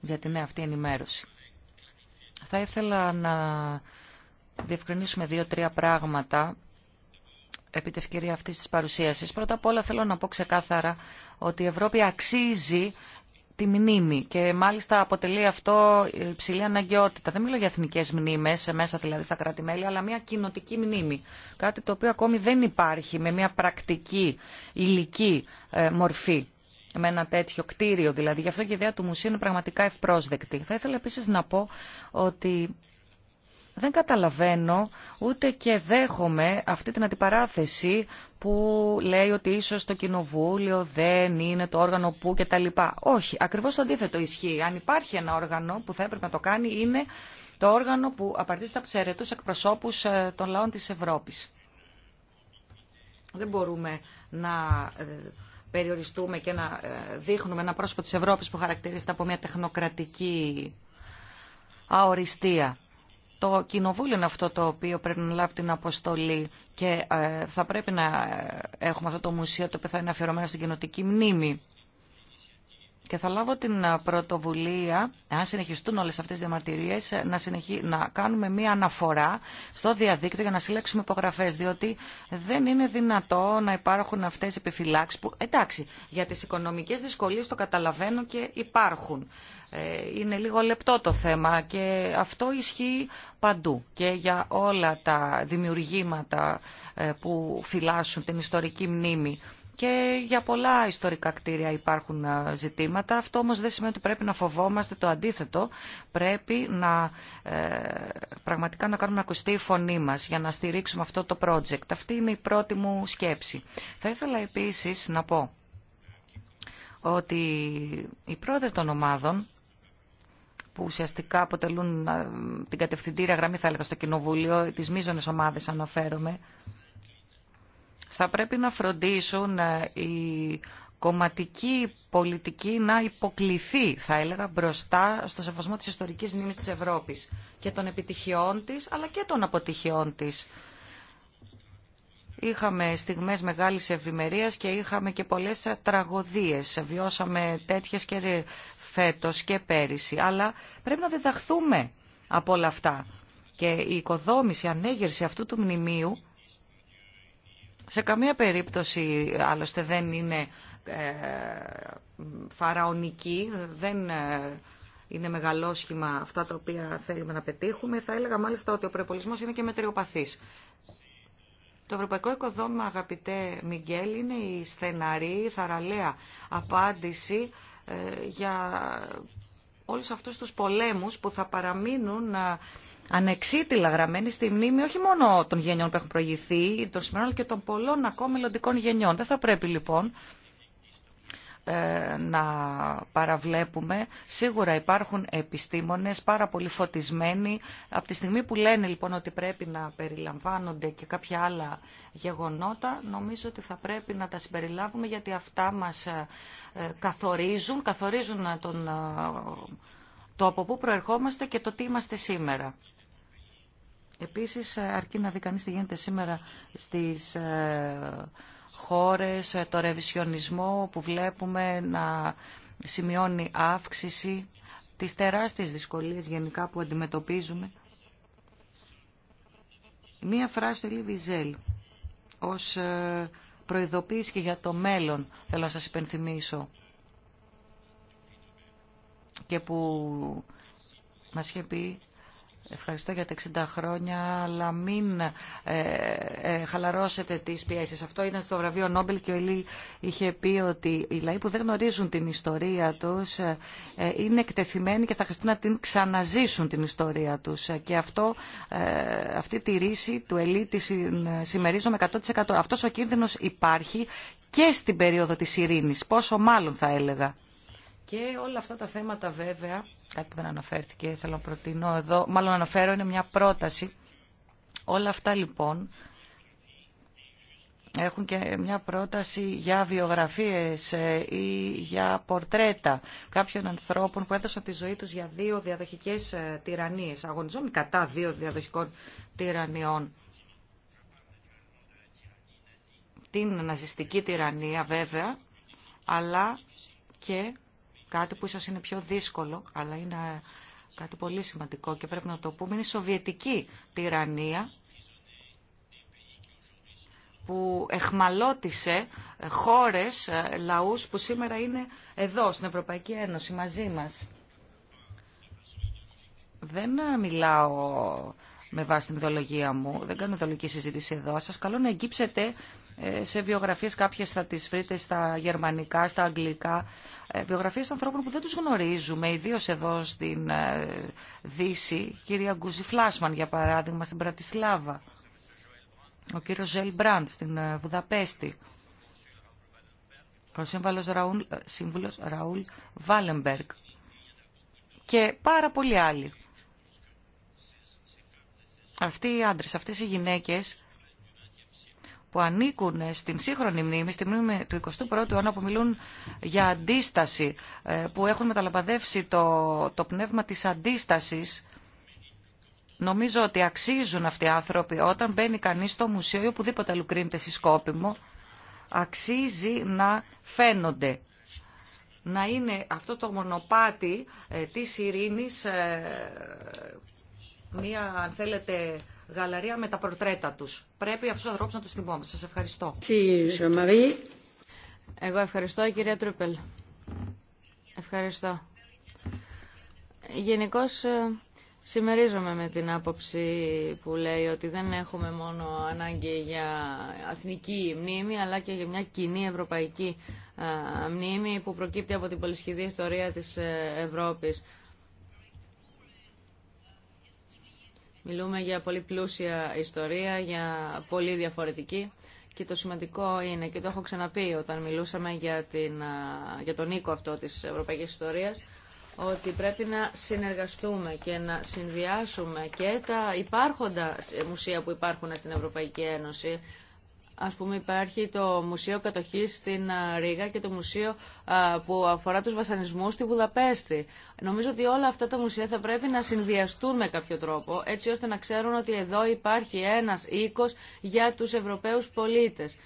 για την αυτή ενημέρωση. Θα ήθελα να διευκρινίσουμε δύο-τρία πράγματα επί τη ευκαιρία αυτής της παρουσίασης. Πρώτα απ' όλα θέλω να πω ξεκάθαρα ότι η Ευρώπη αξίζει τη μνήμη και μάλιστα αποτελεί αυτό υψηλή αναγκαιότητα. Δεν μιλώ για εθνικέ μνήμε, μέσα δηλαδή στα κράτη-μέλη, αλλά μια κοινοτική μνήμη. Κάτι το οποίο ακόμη δεν υπάρχει με μια πρακτική υλική ε, μορφή με ένα τέτοιο κτίριο δηλαδή. Γι' αυτό και η ιδέα του μουσείου είναι πραγματικά ευπρόσδεκτη. Θα ήθελα επίσης να πω ότι δεν καταλαβαίνω ούτε και δέχομαι αυτή την αντιπαράθεση που λέει ότι ίσως το κοινοβούλιο δεν είναι το όργανο που και τα λοιπά. Όχι, ακριβώς το αντίθετο ισχύει. Αν υπάρχει ένα όργανο που θα έπρεπε να το κάνει είναι το όργανο που απαρτίζεται από τους αιρετούς εκπροσώπους ε, των λαών της Ευρώπης. Δεν μπορούμε να ε, περιοριστούμε και να ε, δείχνουμε ένα πρόσωπο της Ευρώπης που χαρακτηρίζεται από μια τεχνοκρατική αοριστία. Το κοινοβούλιο είναι αυτό το οποίο πρέπει να λάβει την αποστολή και ε, θα πρέπει να ε, έχουμε αυτό το μουσείο το οποίο θα είναι αφιερωμένο στην κοινοτική μνήμη και θα λάβω την ε, πρωτοβουλία, αν συνεχιστούν όλες αυτές οι διαμαρτυρίες, ε, να, συνεχί... να κάνουμε μία αναφορά στο διαδίκτυο για να συλλέξουμε υπογραφές, διότι δεν είναι δυνατό να υπάρχουν αυτές οι επιφυλάξεις που, εντάξει, για τις οικονομικές δυσκολίες το καταλαβαίνω και υπάρχουν. Ε, είναι λίγο λεπτό το θέμα και αυτό ισχύει παντού και για όλα τα δημιουργήματα που φυλάσσουν την ιστορική μνήμη και για πολλά ιστορικά κτίρια υπάρχουν ζητήματα. Αυτό όμως δεν σημαίνει ότι πρέπει να φοβόμαστε το αντίθετο. Πρέπει να, ε, πραγματικά να κάνουμε ακουστεί η φωνή μας για να στηρίξουμε αυτό το project. Αυτή είναι η πρώτη μου σκέψη. Θα ήθελα επίσης να πω ότι οι πρόεδροι των ομάδων που ουσιαστικά αποτελούν την κατευθυντήρια γραμμή, θα έλεγα, στο Κοινοβούλιο, τις μείζονες ομάδες αναφέρομαι, θα πρέπει να φροντίσουν ε, η κομματική πολιτική να υποκληθεί, θα έλεγα, μπροστά στο σεβασμό της ιστορικής μνήμης της Ευρώπης και των επιτυχιών της, αλλά και των αποτυχιών της. Είχαμε στιγμές μεγάλης ευημερία και είχαμε και πολλές τραγωδίες. Βιώσαμε τέτοιες και φέτος και πέρυσι. Αλλά πρέπει να διδαχθούμε από όλα αυτά. Και η οικοδόμηση, η ανέγερση αυτού του μνημείου σε καμία περίπτωση άλλωστε δεν είναι ε, φαραωνική, δεν ε, είναι μεγαλόσχημα αυτά τα οποία θέλουμε να πετύχουμε. Θα έλεγα μάλιστα ότι ο προεπολισμός είναι και μετριοπαθής. Το ευρωπαϊκό οικοδόμημα, αγαπητέ Μιγγέλ, είναι η στεναρή, η θαραλέα απάντηση ε, για όλους αυτούς τους πολέμους που θα παραμείνουν ε, ανεξίτηλα γραμμένοι στη μνήμη όχι μόνο των γενιών που έχουν προηγηθεί, των σημερινών, αλλά και των πολλών ακόμα μελλοντικών γενιών. Δεν θα πρέπει λοιπόν ε, να παραβλέπουμε. Σίγουρα υπάρχουν επιστήμονες πάρα πολύ φωτισμένοι. Από τη στιγμή που λένε λοιπόν ότι πρέπει να περιλαμβάνονται και κάποια άλλα γεγονότα, νομίζω ότι θα πρέπει να τα συμπεριλάβουμε γιατί αυτά μας ε, ε, καθορίζουν, καθορίζουν τον, το από πού προερχόμαστε και το τι είμαστε σήμερα. Επίσης, αρκεί να δει κανείς τι γίνεται σήμερα στις χώρες, ε, το ρεβισιονισμό που βλέπουμε να σημειώνει αύξηση, τις τεράστιες δυσκολίες γενικά που αντιμετωπίζουμε. Μία φράση του Λιβιζέλ ως ε, προειδοποίηση και για το μέλλον θέλω να σας υπενθυμίσω και που μας είχε πει Ευχαριστώ για τα 60 χρόνια, αλλά μην ε, ε, χαλαρώσετε τις πιέσεις. Αυτό ήταν στο βραβείο Νόμπελ και ο Ελί είχε πει ότι οι λαοί που δεν γνωρίζουν την ιστορία τους ε, είναι εκτεθειμένοι και θα χρειαστεί να την ξαναζήσουν την ιστορία τους. Και αυτό, αυτή τη ρίση του Ελί τη συμμερίζομαι 100%. Αυτός ο κίνδυνος υπάρχει και στην περίοδο της ειρήνης, πόσο μάλλον θα έλεγα. Και όλα αυτά τα θέματα βέβαια κάτι που δεν αναφέρθηκε, θέλω να προτείνω εδώ, μάλλον αναφέρω, είναι μια πρόταση. Όλα αυτά λοιπόν έχουν και μια πρόταση για βιογραφίες ε, ή για πορτρέτα κάποιων ανθρώπων που έδωσαν τη ζωή τους για δύο διαδοχικές ε, τυραννίες. Αγωνιζόμουν κατά δύο διαδοχικών τυραννιών. Την ναζιστική τυραννία βέβαια, αλλά και κάτι που ίσως είναι πιο δύσκολο, αλλά είναι κάτι πολύ σημαντικό και πρέπει να το πούμε, είναι η Σοβιετική τυραννία που εχμαλώτησε ε, χώρες, ε, λαούς που σήμερα είναι εδώ στην Ευρωπαϊκή Ένωση μαζί μας. Δεν μιλάω με βάση την ιδεολογία μου, δεν κάνω ιδεολογική συζήτηση εδώ. Σας καλώ να εγκύψετε σε βιογραφίες κάποιες θα τις βρείτε στα γερμανικά, στα αγγλικά, ε, βιογραφίες ανθρώπων που δεν τους γνωρίζουμε, ιδίως εδώ στην ε, Δύση, κυρία Γκούζη Φλάσμαν για παράδειγμα στην Πρατισλάβα, ο κύριος Ζέλ Μπραντ στην ε, Βουδαπέστη, ο σύμβαλος Ραούλ, σύμβουλος Ραούλ Βάλεμπεργκ και πάρα πολλοί άλλοι. Αυτοί οι άντρες, αυτές οι γυναίκες που ανήκουν στην σύγχρονη μνήμη, στη μνήμη του 21ου αιώνα που μιλούν για αντίσταση, ε, που έχουν μεταλαμπαδεύσει το, το πνεύμα της αντίστασης. Νομίζω ότι αξίζουν αυτοί οι άνθρωποι όταν μπαίνει κανείς στο μουσείο ή οπουδήποτε αλλού κρίνεται στη μου, αξίζει να φαίνονται να είναι αυτό το μονοπάτι ε, της ειρήνης ε, μία, αν θέλετε, γαλαρία με τα προτρέτα τους. Πρέπει αυτούς τους ανθρώπους να τους θυμόμαστε. Σας ευχαριστώ. Εγώ ευχαριστώ, κυρία Τρούπελ. Ευχαριστώ. Γενικώ ε, συμμερίζομαι με την άποψη που λέει ότι δεν έχουμε μόνο ανάγκη για αθνική μνήμη, αλλά και για μια κοινή ευρωπαϊκή ε, μνήμη που προκύπτει από την πολυσχηδή ιστορία της ε, Ευρώπης. Μιλούμε για πολύ πλούσια ιστορία, για πολύ διαφορετική. Και το σημαντικό είναι, και το έχω ξαναπεί όταν μιλούσαμε για, την, για τον οίκο αυτό της ευρωπαϊκής ιστορίας, ότι πρέπει να συνεργαστούμε και να συνδυάσουμε και τα υπάρχοντα μουσεία που υπάρχουν στην Ευρωπαϊκή Ένωση, Ας πούμε υπάρχει το Μουσείο Κατοχής στην Ρήγα και το Μουσείο που αφορά τους βασανισμούς στη Βουδαπέστη. Νομίζω ότι όλα αυτά τα μουσεία θα πρέπει να συνδυαστούν με κάποιο τρόπο, έτσι ώστε να ξέρουν ότι εδώ υπάρχει ένας οίκος για τους Ευρωπαίους πολίτες,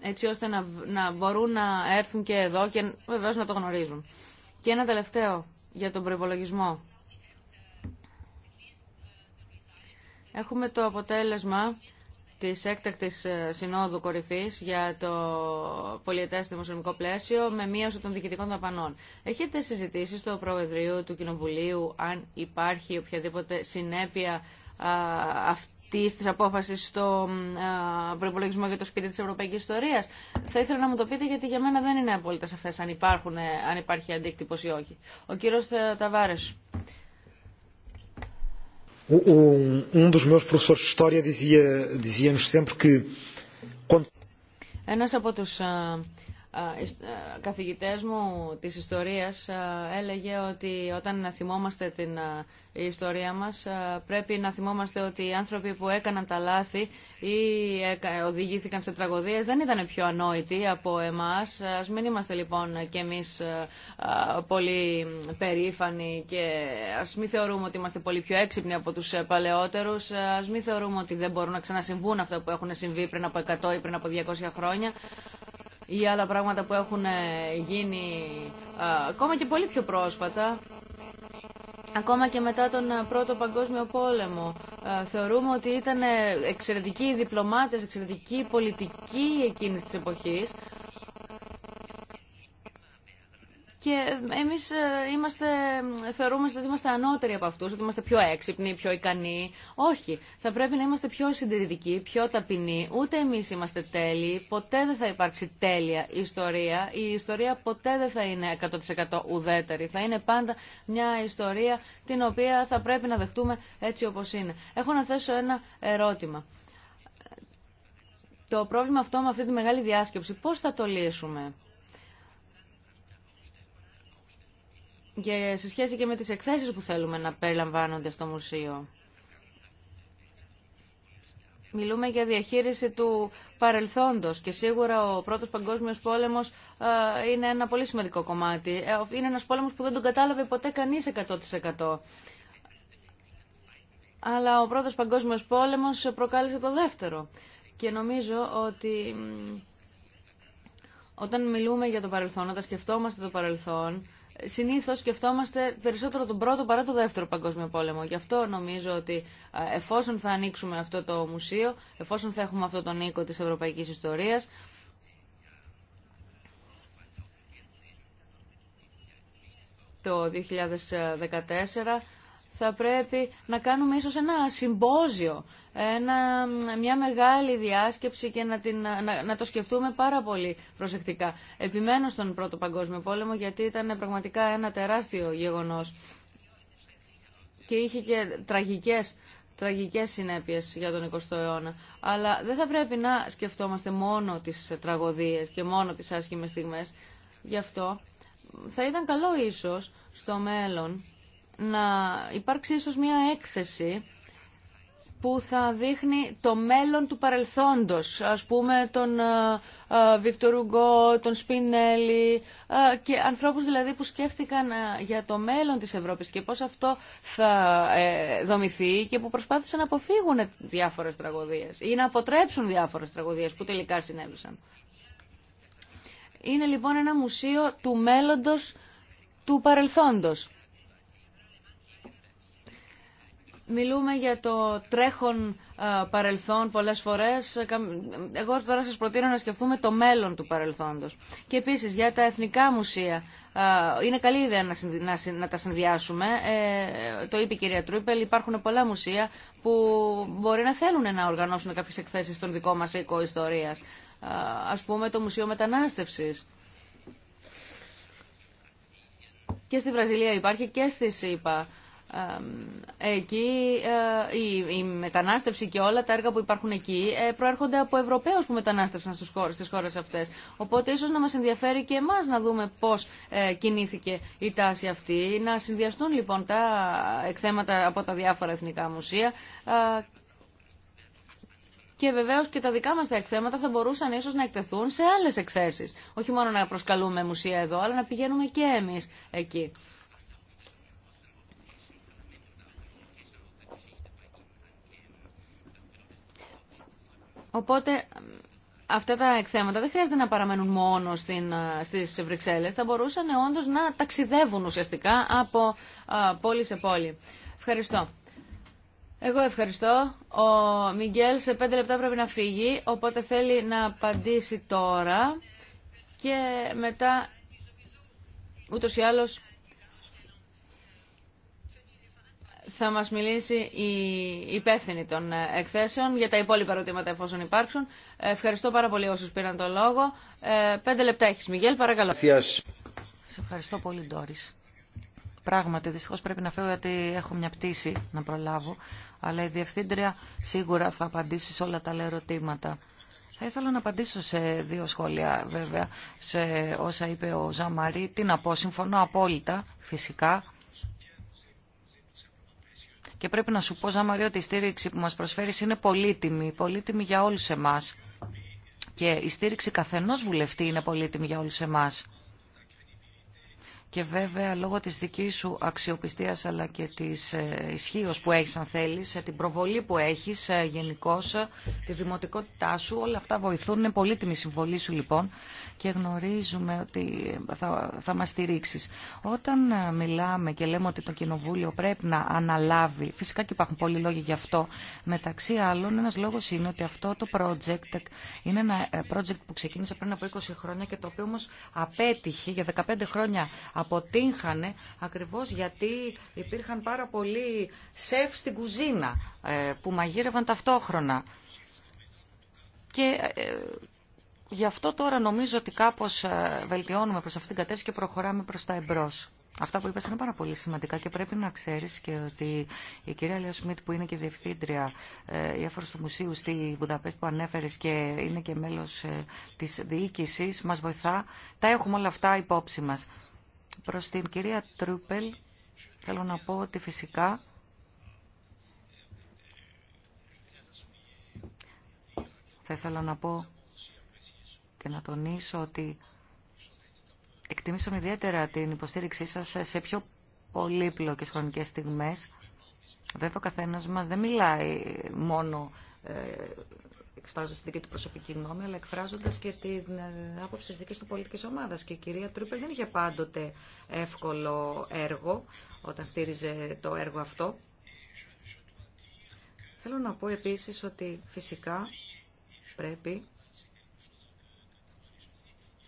έτσι ώστε να, να μπορούν να έρθουν και εδώ και βεβαίως να το γνωρίζουν. Και ένα τελευταίο για τον προπολογισμό. Έχουμε το αποτέλεσμα της έκτακτη ε, συνόδου κορυφής για το πολιετέ δημοσιονομικό πλαίσιο με μείωση των διοικητικών δαπανών. Έχετε συζητήσει στο Προεδρείο του Κοινοβουλίου αν υπάρχει οποιαδήποτε συνέπεια ε, αυτή της τη απόφαση στο ε, προπολογισμό για το σπίτι τη Ευρωπαϊκή Ιστορία. Θα ήθελα να μου το πείτε, γιατί για μένα δεν είναι απόλυτα σαφέ αν, αν, υπάρχει αντίκτυπο ή όχι. Ο κύριο Ταβάρε. Um dos meus professores de história dizia dizia-nos sempre que quando καθηγητές μου της ιστορίας έλεγε ότι όταν θυμόμαστε την ιστορία μας πρέπει να θυμόμαστε ότι οι άνθρωποι που έκαναν τα λάθη ή οδηγήθηκαν σε τραγωδίες δεν ήταν πιο ανόητοι από εμάς. Ας μην είμαστε λοιπόν κι εμείς πολύ περήφανοι και ας μην θεωρούμε ότι είμαστε πολύ πιο έξυπνοι από τους ε, παλαιότερους. Ας μην θεωρούμε ότι δεν μπορούν να ξανασυμβούν αυτά που έχουν συμβεί πριν από 100 ή πριν από 200 χρόνια ή άλλα πράγματα που έχουν ε, γίνει ε, ακόμα και πολύ πιο πρόσφατα, ακόμα και μετά τον ε, Πρώτο Παγκόσμιο Πόλεμο. Θεωρούμε ότι ήταν εξαιρετικοί διπλωμάτες, εξαιρετικοί πολιτικοί εκείνης της εποχής και εμεί ε, είμαστε, θεωρούμε ότι είμαστε ανώτεροι από αυτού, ότι είμαστε πιο έξυπνοι, πιο ικανοί. Όχι, θα πρέπει να είμαστε πιο συντηρητικοί, πιο ταπεινοί. Ούτε εμεί είμαστε τέλειοι, ποτέ δεν θα υπάρξει τέλεια ιστορία. Η ιστορία ποτέ δεν θα είναι 100% ουδέτερη. Θα είναι πάντα μια ιστορία την οποία θα πρέπει να δεχτούμε έτσι όπω είναι. Έχω να θέσω ένα ερώτημα. Το πρόβλημα αυτό με αυτή τη μεγάλη διάσκεψη, πώς θα το λύσουμε. και σε σχέση και με τις εκθέσεις που θέλουμε να περιλαμβάνονται στο μουσείο. Μιλούμε για διαχείριση του παρελθόντος και σίγουρα ο Πρώτος Παγκόσμιος Πόλεμος ε, είναι ένα πολύ σημαντικό κομμάτι. Ε, είναι ένας πόλεμος που δεν τον κατάλαβε ποτέ κανείς 100%. Αλλά ο Πρώτος Παγκόσμιος Πόλεμος προκάλεσε το δεύτερο. Και νομίζω ότι όταν μιλούμε για το παρελθόν, όταν σκεφτόμαστε το παρελθόν, συνήθως σκεφτόμαστε περισσότερο τον πρώτο παρά τον δεύτερο παγκόσμιο πόλεμο. Γι' αυτό νομίζω ότι εφόσον θα ανοίξουμε αυτό το μουσείο, εφόσον θα έχουμε αυτό τον οίκο της ευρωπαϊκής ιστορίας, το 2014 θα πρέπει να κάνουμε ίσως ένα συμπόζιο ένα, μια μεγάλη διάσκεψη και να, την, να, το σκεφτούμε πάρα πολύ προσεκτικά. Επιμένω στον Πρώτο Παγκόσμιο Πόλεμο γιατί ήταν πραγματικά ένα τεράστιο γεγονός και είχε και τραγικές, τραγικές συνέπειες για τον 20ο αιώνα. Αλλά δεν θα πρέπει να σκεφτόμαστε μόνο τις τραγωδίες και μόνο τις άσχημες στιγμές. Γι' αυτό θα ήταν καλό ίσως στο μέλλον να υπάρξει ίσως μια έκθεση που θα δείχνει το μέλλον του παρελθόντος, ας πούμε τον ε, ε, Βίκτορ Ουγκό, τον Σπινέλη ε, και ανθρώπους δηλαδή που σκέφτηκαν για το μέλλον της Ευρώπης και πώς αυτό θα δομηθεί και που προσπάθησαν να αποφύγουν διάφορες τραγωδίες ή να αποτρέψουν διάφορες τραγωδίες που τελικά συνέβησαν. Είναι λοιπόν ένα μουσείο του μέλλοντος του παρελθόντος. Μιλούμε για το τρέχον ε, παρελθόν πολλές φορές. Εγώ τώρα σας προτείνω να σκεφτούμε το μέλλον του παρελθόντος. Και επίσης για τα εθνικά μουσεία. Ε, είναι καλή ιδέα να τα συνδυάσουμε. Ε, το είπε η κυρία Τρούπελ, υπάρχουν πολλά μουσεία που μπορεί να θέλουν να οργανώσουν κάποιες εκθέσεις στον δικό μας οίκο ιστορίας. Ας πούμε το Μουσείο Μετανάστευσης. Και στη Βραζιλία υπάρχει και στη ΣΥΠΑ εκεί ε, η, η, μετανάστευση και όλα τα έργα που υπάρχουν εκεί ε, προέρχονται από Ευρωπαίους που μετανάστευσαν στους χώρες, στις χώρες αυτές. Οπότε ίσως να μας ενδιαφέρει και εμάς να δούμε πώς ε, κινήθηκε η τάση αυτή. Να συνδυαστούν λοιπόν τα εκθέματα από τα διάφορα εθνικά μουσεία και βεβαίως και τα δικά μας τα εκθέματα θα μπορούσαν ίσως να εκτεθούν σε άλλες εκθέσεις Όχι μόνο να προσκαλούμε μουσεία εδώ, αλλά να πηγαίνουμε και εμείς εκεί. Οπότε αυτά τα εκθέματα δεν χρειάζεται να παραμένουν μόνο στην, ε, στις Βρυξέλλες, θα μπορούσαν όντως να ταξιδεύουν ουσιαστικά από ε, πόλη σε πόλη. Ευχαριστώ. Εγώ ευχαριστώ. Ο Μιγγέλ σε πέντε λεπτά πρέπει να φύγει, οπότε θέλει να απαντήσει τώρα και μετά ούτως ή άλλως θα μας μιλήσει η υπεύθυνη των ε, εκθέσεων για τα υπόλοιπα ερωτήματα εφόσον υπάρξουν. Ε, ευχαριστώ πάρα πολύ όσους πήραν το λόγο. Ε, πέντε λεπτά έχεις, Μιγέλ, παρακαλώ. Σε ευχαριστώ πολύ, Ντόρις. Πράγματι, δυστυχώ πρέπει να φύγω γιατί έχω μια πτήση να προλάβω. Αλλά η Διευθύντρια σίγουρα θα απαντήσει σε όλα τα ερωτήματα. Θα ήθελα να απαντήσω σε δύο σχόλια βέβαια, σε όσα είπε ο Ζαμαρή. Τι να πω, συμφωνώ απόλυτα φυσικά και πρέπει να σου πω, Ζαμαρία, ότι η στήριξη που μας προσφέρει είναι πολύτιμη, πολύτιμη για όλους εμάς. Και η στήριξη καθενός βουλευτή είναι πολύτιμη για όλους εμάς και βέβαια λόγω της δικής σου αξιοπιστίας αλλά και της ε, ισχύω που έχεις αν θέλεις, ε, την προβολή που έχεις ε, γενικώ, τη δημοτικότητά σου, όλα αυτά βοηθούν, είναι πολύτιμη συμβολή σου λοιπόν και γνωρίζουμε ότι θα, θα μας στηρίξεις. Όταν μιλάμε και λέμε ότι το Κοινοβούλιο πρέπει να αναλάβει, φυσικά και υπάρχουν πολλοί λόγοι γι' αυτό, μεταξύ άλλων ένας λόγος είναι ότι αυτό το project είναι ένα project που ξεκίνησε πριν από 20 χρόνια και το οποίο όμως απέτυχε για 15 χρόνια αποτύχανε ακριβώς γιατί υπήρχαν πάρα πολλοί σεφ στην κουζίνα ε, που μαγείρευαν ταυτόχρονα. Και ε, γι' αυτό τώρα νομίζω ότι κάπως ε, βελτιώνουμε προς αυτήν την κατεύθυνση και προχωράμε προς τα εμπρός. Αυτά που είπες είναι πάρα πολύ σημαντικά και πρέπει να ξέρεις και ότι η κυρία Λέα Σμιτ που είναι και διευθύντρια ε, του Μουσείου στη Βουδαπέστη που ανέφερες και είναι και μέλος ε, της διοίκησης μας βοηθά. Τα έχουμε όλα αυτά υπόψη μας. Προς την κυρία Τρούπελ θέλω να πω ότι φυσικά θα ήθελα να πω και να τονίσω ότι εκτιμήσαμε ιδιαίτερα την υποστήριξή σας σε πιο πολύπλοκες χρονικές στιγμές. Βέβαια ο καθένας μας δεν μιλάει μόνο ε, εκφράζοντα τη δική του προσωπική γνώμη, αλλά εκφράζοντα και την ε, άποψη τη δική του πολιτική ομάδα. Και η κυρία Τρούπερ δεν είχε πάντοτε εύκολο έργο όταν στήριζε το έργο αυτό. Θέλω να πω επίσης ότι φυσικά πρέπει,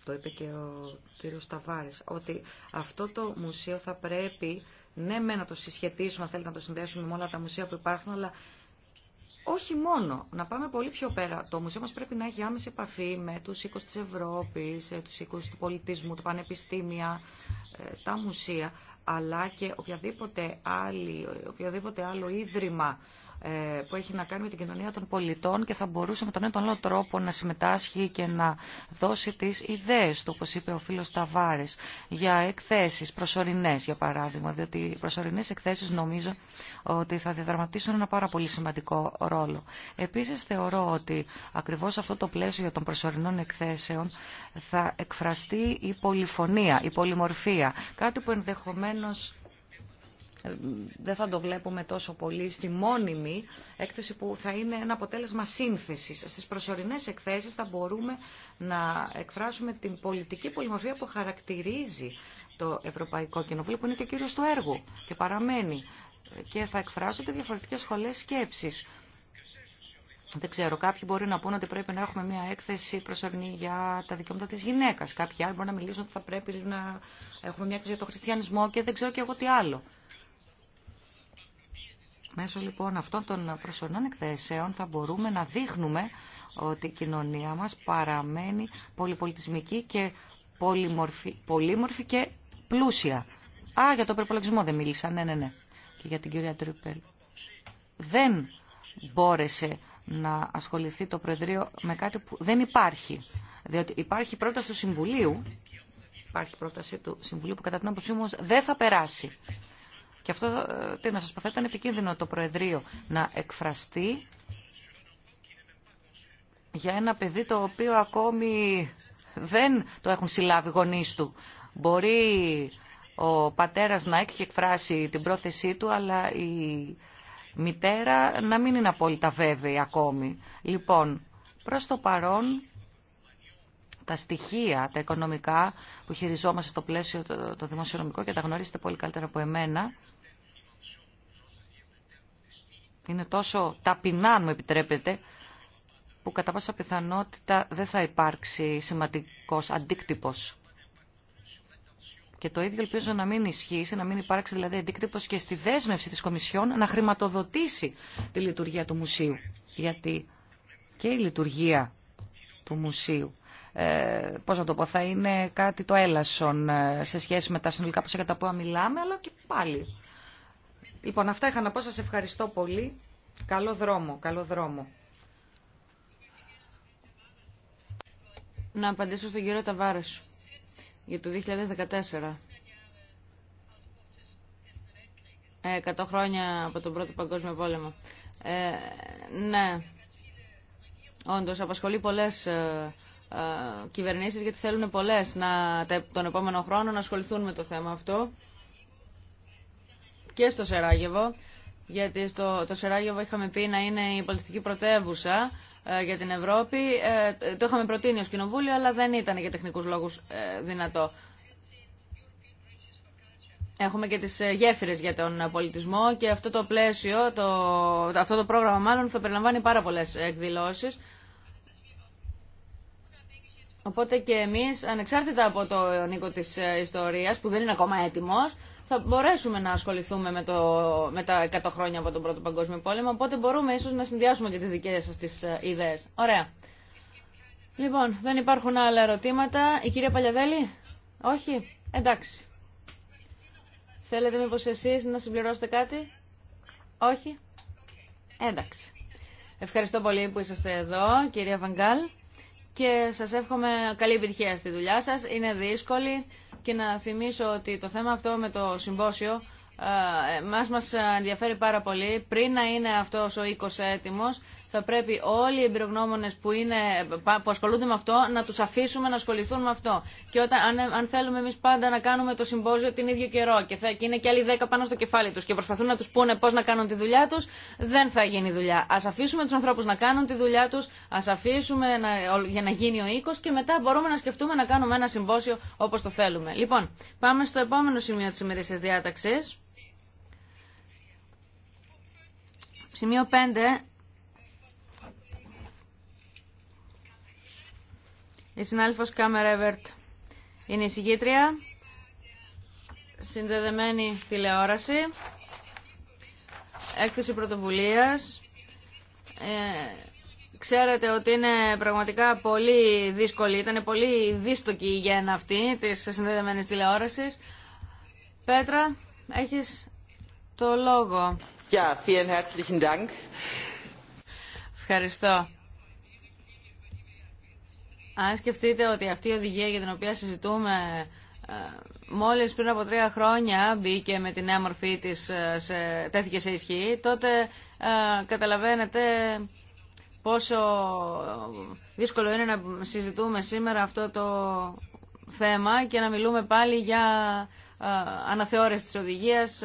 το είπε και ο κύριος Σταβάρης, ότι αυτό το μουσείο θα πρέπει, ναι με να το συσχετίσουμε, αν θέλετε να το συνδέσουμε με όλα τα μουσεία που υπάρχουν, αλλά όχι μόνο, να πάμε πολύ πιο πέρα. Το μουσείο μας πρέπει να έχει άμεση επαφή με τους οίκους της Ευρώπης, ε, τους οίκους του πολιτισμού, τα πανεπιστήμια, ε, τα μουσεία, αλλά και οποιαδήποτε, άλλη, οποιαδήποτε άλλο ίδρυμα ε, που έχει να κάνει με την κοινωνία των πολιτών και θα μπορούσε με τον ένα τον άλλο τρόπο να συμμετάσχει και να δώσει τις ιδέες του, όπως είπε ο φίλος Ταβάρης, για εκθέσεις προσωρινές, για παράδειγμα, διότι οι προσωρινές εκθέσεις νομίζω ότι θα διαδραματίσουν ένα πάρα πολύ σημαντικό ρόλο. Επίσης θεωρώ ότι ακριβώς αυτό το πλαίσιο των προσωρινών εκθέσεων θα εκφραστεί η πολυφωνία, η πολυμορφία, κάτι που ενδεχομένως δεν θα το βλέπουμε τόσο πολύ στη μόνιμη έκθεση που θα είναι ένα αποτέλεσμα σύνθεσης. Στις προσωρινές εκθέσεις θα μπορούμε να εκφράσουμε την πολιτική πολυμορφία που χαρακτηρίζει το Ευρωπαϊκό Κοινοβούλιο που είναι και ο κύριος του έργου και παραμένει και θα εκφράζονται διαφορετικές σχολές σκέψης. Δεν ξέρω, κάποιοι μπορεί να πούνε ότι πρέπει να έχουμε μια έκθεση προσωρινή για τα δικαιώματα τη γυναίκα. Κάποιοι άλλοι μπορεί να μιλήσουν ότι θα πρέπει να έχουμε μια έκθεση για τον χριστιανισμό και δεν ξέρω και εγώ τι άλλο. Μέσω λοιπόν αυτών των προσωρινών εκθέσεων θα μπορούμε να δείχνουμε ότι η κοινωνία μας παραμένει πολυπολιτισμική και πολυμορφη, και πλούσια. Α, για το προπολογισμό δεν μίλησα, ναι, ναι, ναι. Και για την κυρία Τρίπελ. Δεν μπόρεσε να ασχοληθεί το Προεδρείο με κάτι που δεν υπάρχει. Διότι υπάρχει πρόταση του Συμβουλίου, υπάρχει πρόταση του Συμβουλίου που κατά την άποψή μου δεν θα περάσει. Και αυτό, ε, τι να σας πω, θα ήταν επικίνδυνο το Προεδρείο να εκφραστεί για ένα παιδί το οποίο ακόμη δεν το έχουν συλλάβει γονείς του. Μπορεί ο πατέρας να έχει εκφράσει την πρόθεσή του, αλλά η μητέρα να μην είναι απόλυτα βέβαιη ακόμη. Λοιπόν, προς το παρόν, τα στοιχεία, τα οικονομικά που χειριζόμαστε στο πλαίσιο το, το δημοσιονομικό και τα γνωρίζετε πολύ καλύτερα από εμένα, είναι τόσο ταπεινά, αν μου επιτρέπετε, που κατά πάσα πιθανότητα δεν θα υπάρξει σημαντικός αντίκτυπος. Και το ίδιο ελπίζω να μην ισχύσει, να μην υπάρξει δηλαδή αντίκτυπος και στη δέσμευση της Κομισιόν να χρηματοδοτήσει τη λειτουργία του μουσείου. Γιατί και η λειτουργία του μουσείου, ε, πώς να το πω, θα είναι κάτι το έλασον ε, σε σχέση με τα συνολικά ποσά κατά που μιλάμε, αλλά και πάλι Λοιπόν, αυτά είχα να πω. Σας ευχαριστώ πολύ. Καλό δρόμο, καλό δρόμο. Να απαντήσω στον κύριο Ταβάρες για το 2014. 100 ε, χρόνια από τον Πρώτο Παγκόσμιο Πόλεμο. Ε, ναι, όντως απασχολεί πολλές ε, ε κυβερνήσεις γιατί θέλουν πολλές να, τον επόμενο χρόνο να ασχοληθούν με το θέμα αυτό και στο Σεράγεβο, γιατί στο το Σεράγεβο είχαμε πει να είναι η πολιτιστική πρωτεύουσα ε, για την Ευρώπη. Ε, το είχαμε προτείνει ως κοινοβούλιο, αλλά δεν ήταν για τεχνικούς λόγους ε, δυνατό. Έχουμε και τις γέφυρες για τον πολιτισμό και αυτό το πλαίσιο, το, αυτό το πρόγραμμα μάλλον θα περιλαμβάνει πάρα πολλές εκδηλώσεις. Οπότε και εμείς, ανεξάρτητα από το νίκο της ιστορίας, που δεν είναι ακόμα έτοιμος, θα μπορέσουμε να ασχοληθούμε με, το, με τα 100 χρόνια από τον Πρώτο Παγκόσμιο Πόλεμο, οπότε μπορούμε ίσως να συνδυάσουμε και τις δικές σας τις ε, ιδέες. Ωραία. Λοιπόν, δεν υπάρχουν άλλα ερωτήματα. Η κυρία Παλιαδέλη, όχι, εντάξει. Θέλετε μήπως εσείς να συμπληρώσετε κάτι, όχι, εντάξει. Ευχαριστώ πολύ που είσαστε εδώ, κυρία Βαγκάλ, και σας εύχομαι καλή επιτυχία στη δουλειά σας. Είναι δύσκολη και να θυμίσω ότι το θέμα αυτό με το συμπόσιο ε, μας μας ενδιαφέρει πάρα πολύ πριν να είναι αυτός ο οίκος έτοιμος θα πρέπει όλοι οι εμπειρογνώμονε που, που ασχολούνται με αυτό να του αφήσουμε να ασχοληθούν με αυτό. Και όταν, αν, θέλουμε εμεί πάντα να κάνουμε το συμπόζιο την ίδιο καιρό και, θα, είναι και άλλοι 10 πάνω στο κεφάλι του και προσπαθούν να του πούνε πώ να κάνουν τη δουλειά του, δεν θα γίνει δουλειά. Α αφήσουμε του ανθρώπου να κάνουν τη δουλειά του, α αφήσουμε να, για να γίνει ο οίκο και μετά μπορούμε να σκεφτούμε να κάνουμε ένα συμπόσιο όπω το θέλουμε. Λοιπόν, πάμε στο επόμενο σημείο τη ημερήσια διάταξη. Σημείο 5 Η συνάδελφος Κάμερα Εβερτ είναι η συγκήτρια, συνδεδεμένη τηλεόραση, έκθεση πρωτοβουλίας. Ε, ξέρετε ότι είναι πραγματικά πολύ δύσκολη, ήταν πολύ δύστοκη η γέννα αυτή της συνδεδεμένης τηλεόρασης. Πέτρα, έχεις το λόγο. Ja, vielen herzlichen Dank. Ευχαριστώ. Αν σκεφτείτε ότι αυτή η οδηγία για την οποία συζητούμε ε, μόλις πριν από τρία χρόνια μπήκε με την νέα μορφή της, ε, σε, τέθηκε σε ισχύ, τότε ε, καταλαβαίνετε πόσο δύσκολο είναι να συζητούμε σήμερα αυτό το θέμα και να μιλούμε πάλι για αναθεώρηση της οδηγίας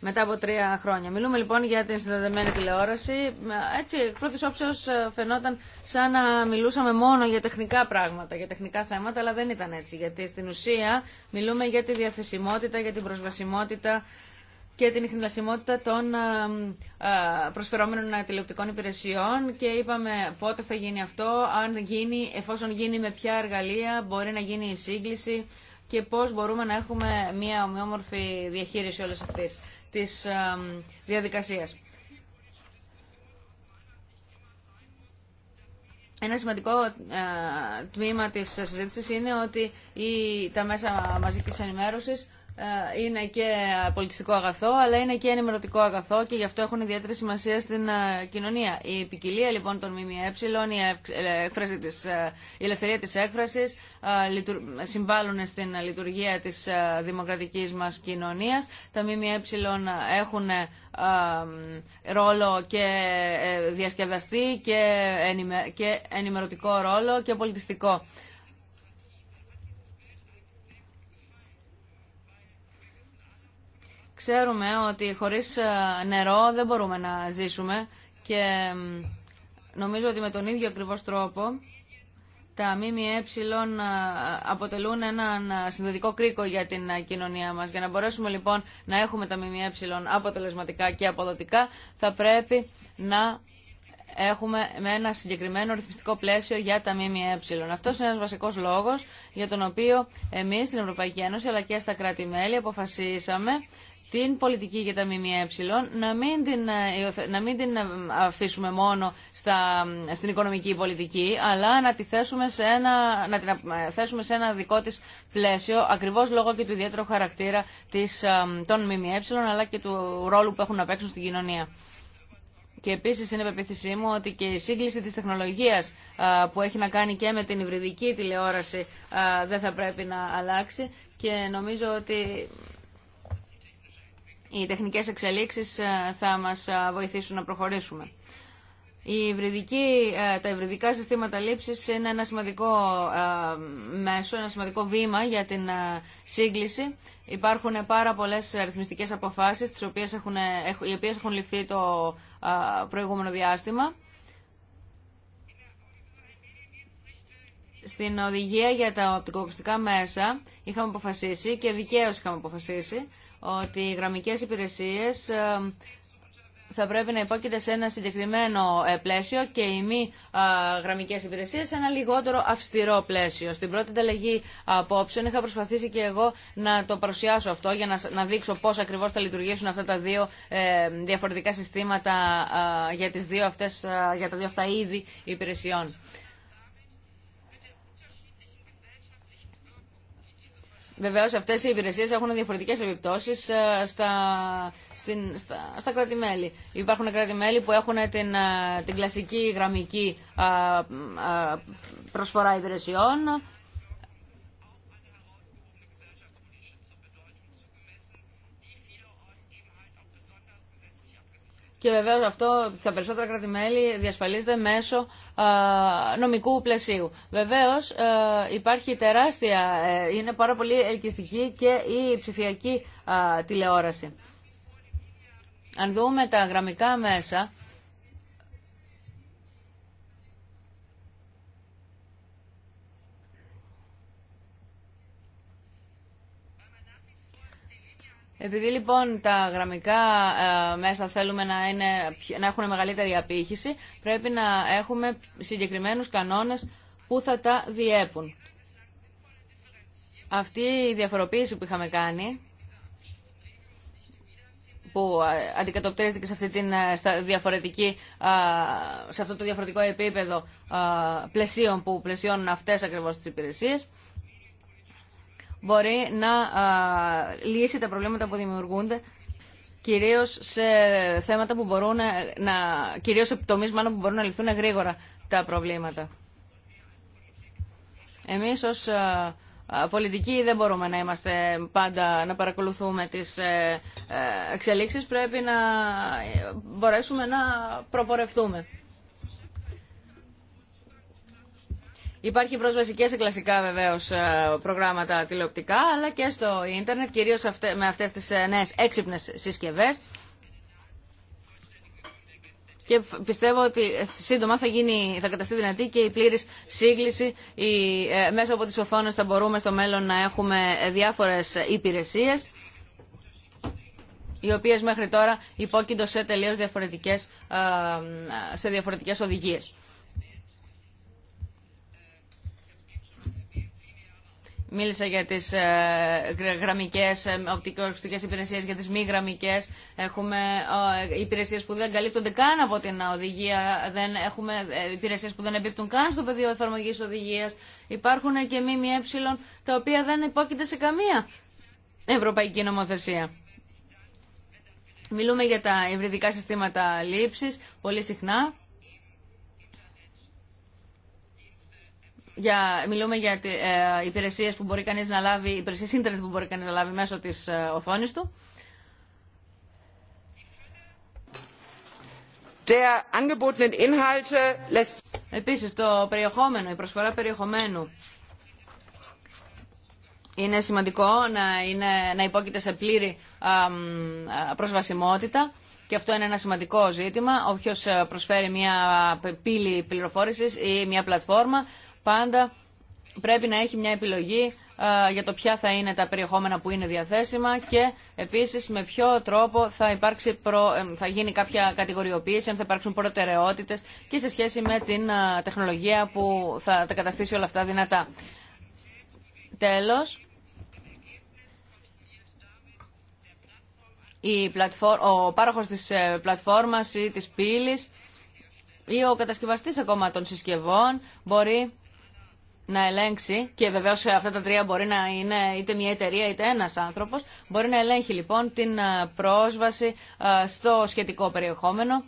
μετά από τρία χρόνια. Μιλούμε λοιπόν για την συνδεδεμένη τηλεόραση. Έτσι, εκ πρώτη όψεω ε, φαινόταν σαν να μιλούσαμε μόνο για τεχνικά πράγματα, για τεχνικά θέματα, αλλά δεν ήταν έτσι. Γιατί στην ουσία μιλούμε για τη διαθεσιμότητα, για την προσβασιμότητα και την ειχνηλασιμότητα των ε, ε, προσφερόμενων τηλεοπτικών υπηρεσιών και είπαμε πότε θα γίνει αυτό, αν γίνει, εφόσον γίνει με ποια εργαλεία μπορεί να γίνει η σύγκληση και πώς μπορούμε να έχουμε μια ομοιόμορφη διαχείριση όλες αυτές της διαδικασίας. Ένα σημαντικό ε, τμήμα της συζήτησης είναι ότι τα μέσα μαζικής ενημέρωσης ε, είναι και πολιτιστικό αγαθό, αλλά είναι και ενημερωτικό αγαθό και γι' αυτό έχουν ιδιαίτερη σημασία στην ε, κοινωνία. Η ποικιλία λοιπόν των ΜΜΕ, η, ε, η ελευθερία της έκφρασης συμβάλλουν στην λειτουργία της δημοκρατικής μας κοινωνίας. Τα ΜΜΕ έχουν ρόλο και διασκεδαστή και ενημερωτικό ρόλο και πολιτιστικό. Ξέρουμε ότι χωρίς ε, νερό δεν μπορούμε να ζήσουμε και νομίζω ότι με τον ίδιο ακριβώς τρόπο τα ΜΜΕ ε, αποτελούν ένα ε, συνδετικό κρίκο για την κοινωνία μας. Για να μπορέσουμε λοιπόν να έχουμε τα ΜΜΕ αποτελεσματικά και αποδοτικά θα πρέπει να έχουμε με ένα συγκεκριμένο ρυθμιστικό πλαίσιο για τα ΜΜΕ. Αυτός είναι ένας βασικός λόγος για τον οποίο εμείς στην Ευρωπαϊκή Ένωση αλλά και στα κράτη-μέλη αποφασίσαμε την πολιτική για τα ΜΜΕ να μην την, ε, να μην την ε, αφήσουμε μόνο στα, ε, στην οικονομική πολιτική, αλλά να, τη θέσουμε σε ένα, να την θέσουμε σε ένα δικό της πλαίσιο, ακριβώς λόγω και του ιδιαίτερου χαρακτήρα της, των ΜΜΕ, αλλά και του ρόλου που έχουν να παίξουν στην κοινωνία. Και επίση είναι πεποίθησή μου ότι και η σύγκληση τη τεχνολογία που έχει να κάνει και με την υβριδική τηλεόραση δεν θα πρέπει να αλλάξει. Και νομίζω ότι οι τεχνικές εξελίξεις ε, θα μας ε, βοηθήσουν να προχωρήσουμε. Η υβριδική, ε, τα υβριδικά συστήματα λήψης είναι ένα σημαντικό μέσο, ένα σημαντικό βήμα για την σύγκληση. Υπάρχουν πάρα πολλές αριθμιστικέ αποφάσεις, τις οποίες έχουν, οι οποίες έχουν ληφθεί το προηγούμενο διάστημα. Στην οδηγία για τα οπτικοακουστικά μέσα είχαμε αποφασίσει και δικαίως είχαμε αποφασίσει ότι οι γραμμικές υπηρεσίες ε, θα πρέπει να υπόκειται σε ένα συγκεκριμένο ε, πλαίσιο και οι μη ε, γραμμικές υπηρεσίε σε ένα λιγότερο αυστηρό πλαίσιο. Στην πρώτη ανταλλαγή απόψεων είχα προσπαθήσει και εγώ να το παρουσιάσω αυτό για να, δείξω πώς ακριβώς θα λειτουργήσουν αυτά τα δύο διαφορετικά συστήματα για, τις δύο αυτές, για τα δύο αυτά είδη υπηρεσιών. Βεβαίω αυτέ οι υπηρεσίε έχουν διαφορετικέ επιπτώσει ε, στα, στα, στα κράτη-μέλη. Υπάρχουν κράτη-μέλη που έχουν την, ε, την κλασική γραμμική ε, προσφορά υπηρεσιών Και βεβαίω αυτό στα περισσότερα κράτη-μέλη διασφαλίζεται μέσω νομικού πλαισίου. Βεβαίω υπάρχει τεράστια, ε, είναι πάρα πολύ ελκυστική και η ψηφιακή τηλεόραση. Αν δούμε τα γραμμικά μέσα, Επειδή λοιπόν τα γραμμικά ε, μέσα θέλουμε να, είναι, να έχουν μεγαλύτερη απήχηση, πρέπει να έχουμε συγκεκριμένους κανόνες που θα τα διέπουν. Αυτή η διαφοροποίηση που είχαμε κάνει, που ε, αντικατοπτρίζεται και σε, αυτή την, ε, διαφορετική, σε αυτό το διαφορετικό επίπεδο πλαισίων που πλαισιώνουν αυτές ακριβώς τις υπηρεσίες, μπορεί να λύσει τα προβλήματα που δημιουργούνται κυρίως σε θέματα που μπορούν να, κυρίως σε μάλλον που μπορούν να λυθούν γρήγορα τα προβλήματα. Εμείς ως πολιτικοί δεν μπορούμε να είμαστε πάντα να παρακολουθούμε τις ε, ε, εξελίξεις, πρέπει να ε, μπορέσουμε να προπορευτούμε. Υπάρχει πρόσβαση και σε κλασικά βεβαίω ε, προγράμματα τηλεοπτικά, αλλά και στο ίντερνετ, κυρίω με αυτέ τι ε, νέε έξυπνε συσκευέ. Και πιστεύω ότι ε, σύντομα θα, γίνει, θα καταστεί δυνατή και η πλήρης σύγκληση. Η, μέσα από τις οθόνες θα μπορούμε στο μέλλον να έχουμε διάφορες υπηρεσίες, οι οποίε μέχρι τώρα υπόκεινται σε τελείω διαφορετικέ διαφορετικές οδηγίες. Μίλησα για τις ε, γραμμικές ε, οπτικοακουστικές υπηρεσίες, για τις μη γραμμικές. Έχουμε ε, υπηρεσίες που δεν καλύπτονται καν από την οδηγία, δεν έχουμε υπηρεσίες που δεν εμπίπτουν καν στο πεδίο εφαρμογής οδηγίας. Υπάρχουν και ΜΜΕ τα οποία δεν υπόκειται σε καμία ευρωπαϊκή νομοθεσία. Μιλούμε για τα υβριδικά συστήματα λήψης πολύ συχνά για, μιλούμε για ε, υπηρεσίες που μπορεί κανείς να λάβει, υπηρεσίες ίντερνετ που μπορεί κανείς να λάβει μέσω της ε, οθόνης του. Επίσης, το περιεχόμενο, η προσφορά περιεχομένου είναι σημαντικό να, είναι, να υπόκειται σε πλήρη προσβασιμότητα και αυτό είναι ένα σημαντικό ζήτημα. Όποιο ε, προσφέρει μια πύλη πληροφόρηση ή μια πλατφόρμα πάντα πρέπει να έχει μια επιλογή ε, για το ποια θα είναι τα περιεχόμενα που είναι διαθέσιμα και επίσης με ποιο τρόπο θα, υπάρξει προ... Ε, θα γίνει κάποια κατηγοριοποίηση, αν θα υπάρξουν προτεραιότητες και σε σχέση με την ε, τεχνολογία που θα τα καταστήσει όλα αυτά δυνατά. Τέλος, η ο πάροχος της πλατφόρμας ή της πύλης ή ο κατασκευαστής ακόμα των συσκευών μπορεί να ελέγξει και βεβαίω αυτά τα τρία μπορεί να είναι είτε μια εταιρεία είτε ένα άνθρωπο. Μπορεί να ελέγχει λοιπόν την ε, πρόσβαση ε, στο σχετικό περιεχόμενο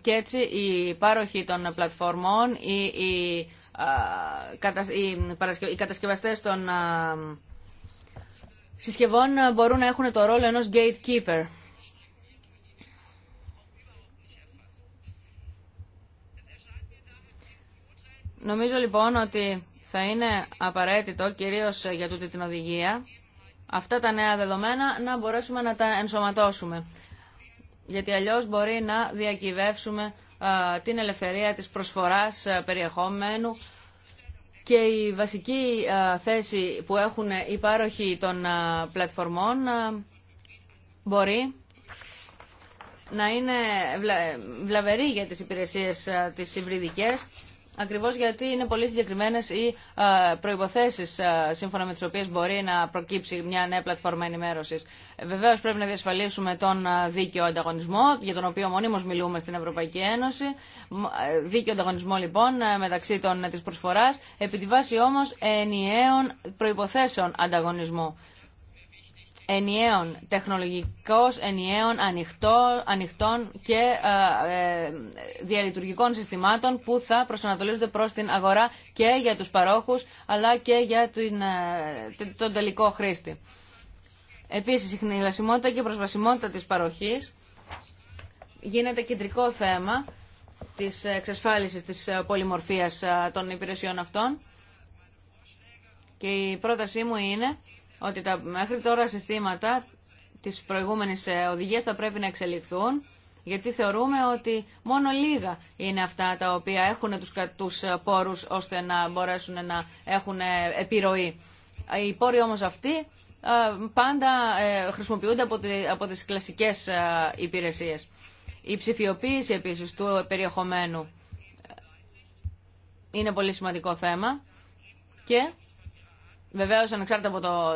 και έτσι η πάροχοι των πλατφορμών, οι, οι, ε, οι κατασκευαστές των συσκευών μπορούν να έχουν το ρόλο ενός gatekeeper. Νομίζω λοιπόν ότι θα είναι απαραίτητο, κυρίως για τούτη την οδηγία, αυτά τα νέα δεδομένα να μπορέσουμε να τα ενσωματώσουμε. Γιατί αλλιώς μπορεί να διακυβεύσουμε την ελευθερία της προσφοράς περιεχόμενου και η βασική θέση που έχουν οι πάροχοι των πλατφορμών μπορεί να είναι βλαβερή για τις υπηρεσίες τις υβριδικές ακριβώς γιατί είναι πολύ συγκεκριμένες οι ε, προϋποθέσεις ε, σύμφωνα με τις οποίες μπορεί να προκύψει μια νέα πλατφόρμα ενημέρωσης. Βεβαίως πρέπει να διασφαλίσουμε τον ε, δίκαιο ανταγωνισμό, για τον οποίο μονίμως μιλούμε στην Ευρωπαϊκή Ένωση. Δίκαιο ανταγωνισμό λοιπόν μεταξύ των, της προσφοράς, επί τη βάση όμως ενιαίων προϋποθέσεων ανταγωνισμού ενιαίων, τεχνολογικώς ενιαίων, ανοιχτό, ανοιχτών και ε, ε, διαλειτουργικών συστημάτων που θα προσανατολίζονται προς την αγορά και για τους παρόχους αλλά και για ε, την, τον τελικό χρήστη. Επίσης, η χνηλασιμότητα και η προσβασιμότητα της παροχής γίνεται κεντρικό θέμα της εξασφάλισης της ε, πολυμορφίας των υπηρεσιών αυτών και η πρότασή μου είναι ότι τα μέχρι τώρα συστήματα της προηγούμενη ε, οδηγία θα πρέπει να εξελιχθούν γιατί θεωρούμε ότι μόνο λίγα είναι αυτά τα οποία έχουν τους, τους ε, πόρους ώστε να μπορέσουν να έχουν ε, επιρροή. Οι πόροι όμως αυτοί πάντα χρησιμοποιούνται από τις κλασικές υπηρεσίες. Η ψηφιοποίηση επίσης του περιεχομένου είναι πολύ σημαντικό θέμα και Βεβαίω, ανεξάρτητα από, το,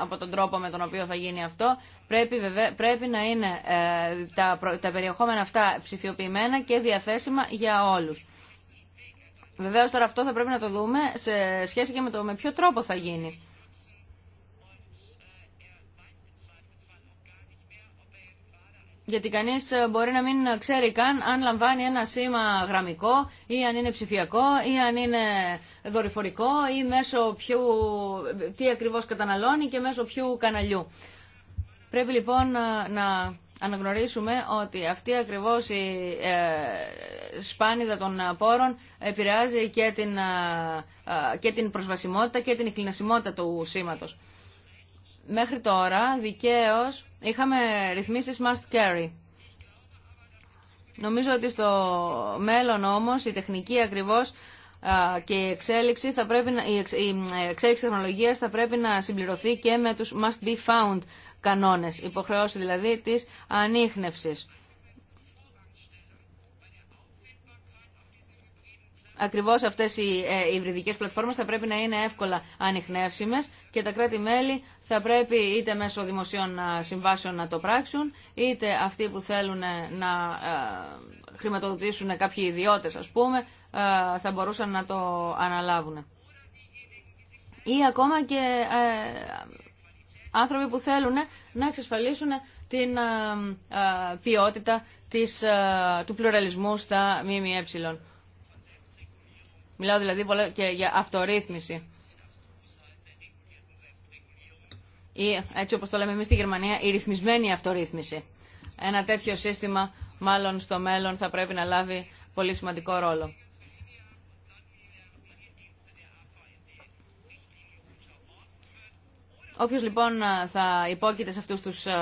από τον τρόπο με τον οποίο θα γίνει αυτό, πρέπει, πρέπει να είναι ε, τα, τα περιεχόμενα αυτά ψηφιοποιημένα και διαθέσιμα για όλους. Βεβαίω, τώρα αυτό θα πρέπει να το δούμε σε σχέση και με το με ποιο τρόπο θα γίνει. γιατί κανεί ε, μπορεί να μην ξέρει καν αν λαμβάνει ένα σήμα γραμμικό ή αν είναι ψηφιακό ή αν είναι δορυφορικό ή μέσω ποιου, τι ακριβώς καταναλώνει και μέσω ποιου καναλιού. Πρέπει λοιπόν ε, να αναγνωρίσουμε ότι αυτή ακριβώς η ε, σπάνιδα των πόρων επηρεάζει και την, και την προσβασιμότητα και την κλεινασιμότητα του σήματος μέχρι τώρα Δικαίω είχαμε ρυθμίσεις must carry. Νομίζω ότι στο μέλλον όμως η τεχνική ακριβώς και η εξέλιξη, θα πρέπει να, η εξέλιξη τεχνολογίας θα πρέπει να συμπληρωθεί και με τους must be found κανόνες, υποχρεώσει δηλαδή της ανείχνευσης. Ακριβώς αυτές ε, οι υβριδικές πλατφόρμες θα πρέπει να είναι εύκολα ανοιχνεύσιμες και τα κράτη-μέλη θα πρέπει είτε μέσω δημοσίων ε, συμβάσεων να το πράξουν, είτε αυτοί που θέλουν ε, να ε, χρηματοδοτήσουν κάποιοι ιδιώτες, ας πούμε, θα μπορούσαν να το αναλάβουν. Ή ακόμα και άνθρωποι που θέλουν να εξασφαλίσουν την ποιότητα της, του πλουραλισμού στα ΜΜΕ. Μιλάω δηλαδή και για αυτορύθμιση. ή έτσι όπως το λέμε εμείς στη Γερμανία η ρυθμισμένη αυτορύθμιση. Ένα τέτοιο σύστημα μάλλον στο μέλλον θα πρέπει να λάβει πολύ σημαντικό ρόλο. Όποιος λοιπόν θα υπόκειται σε αυτούς τους ε,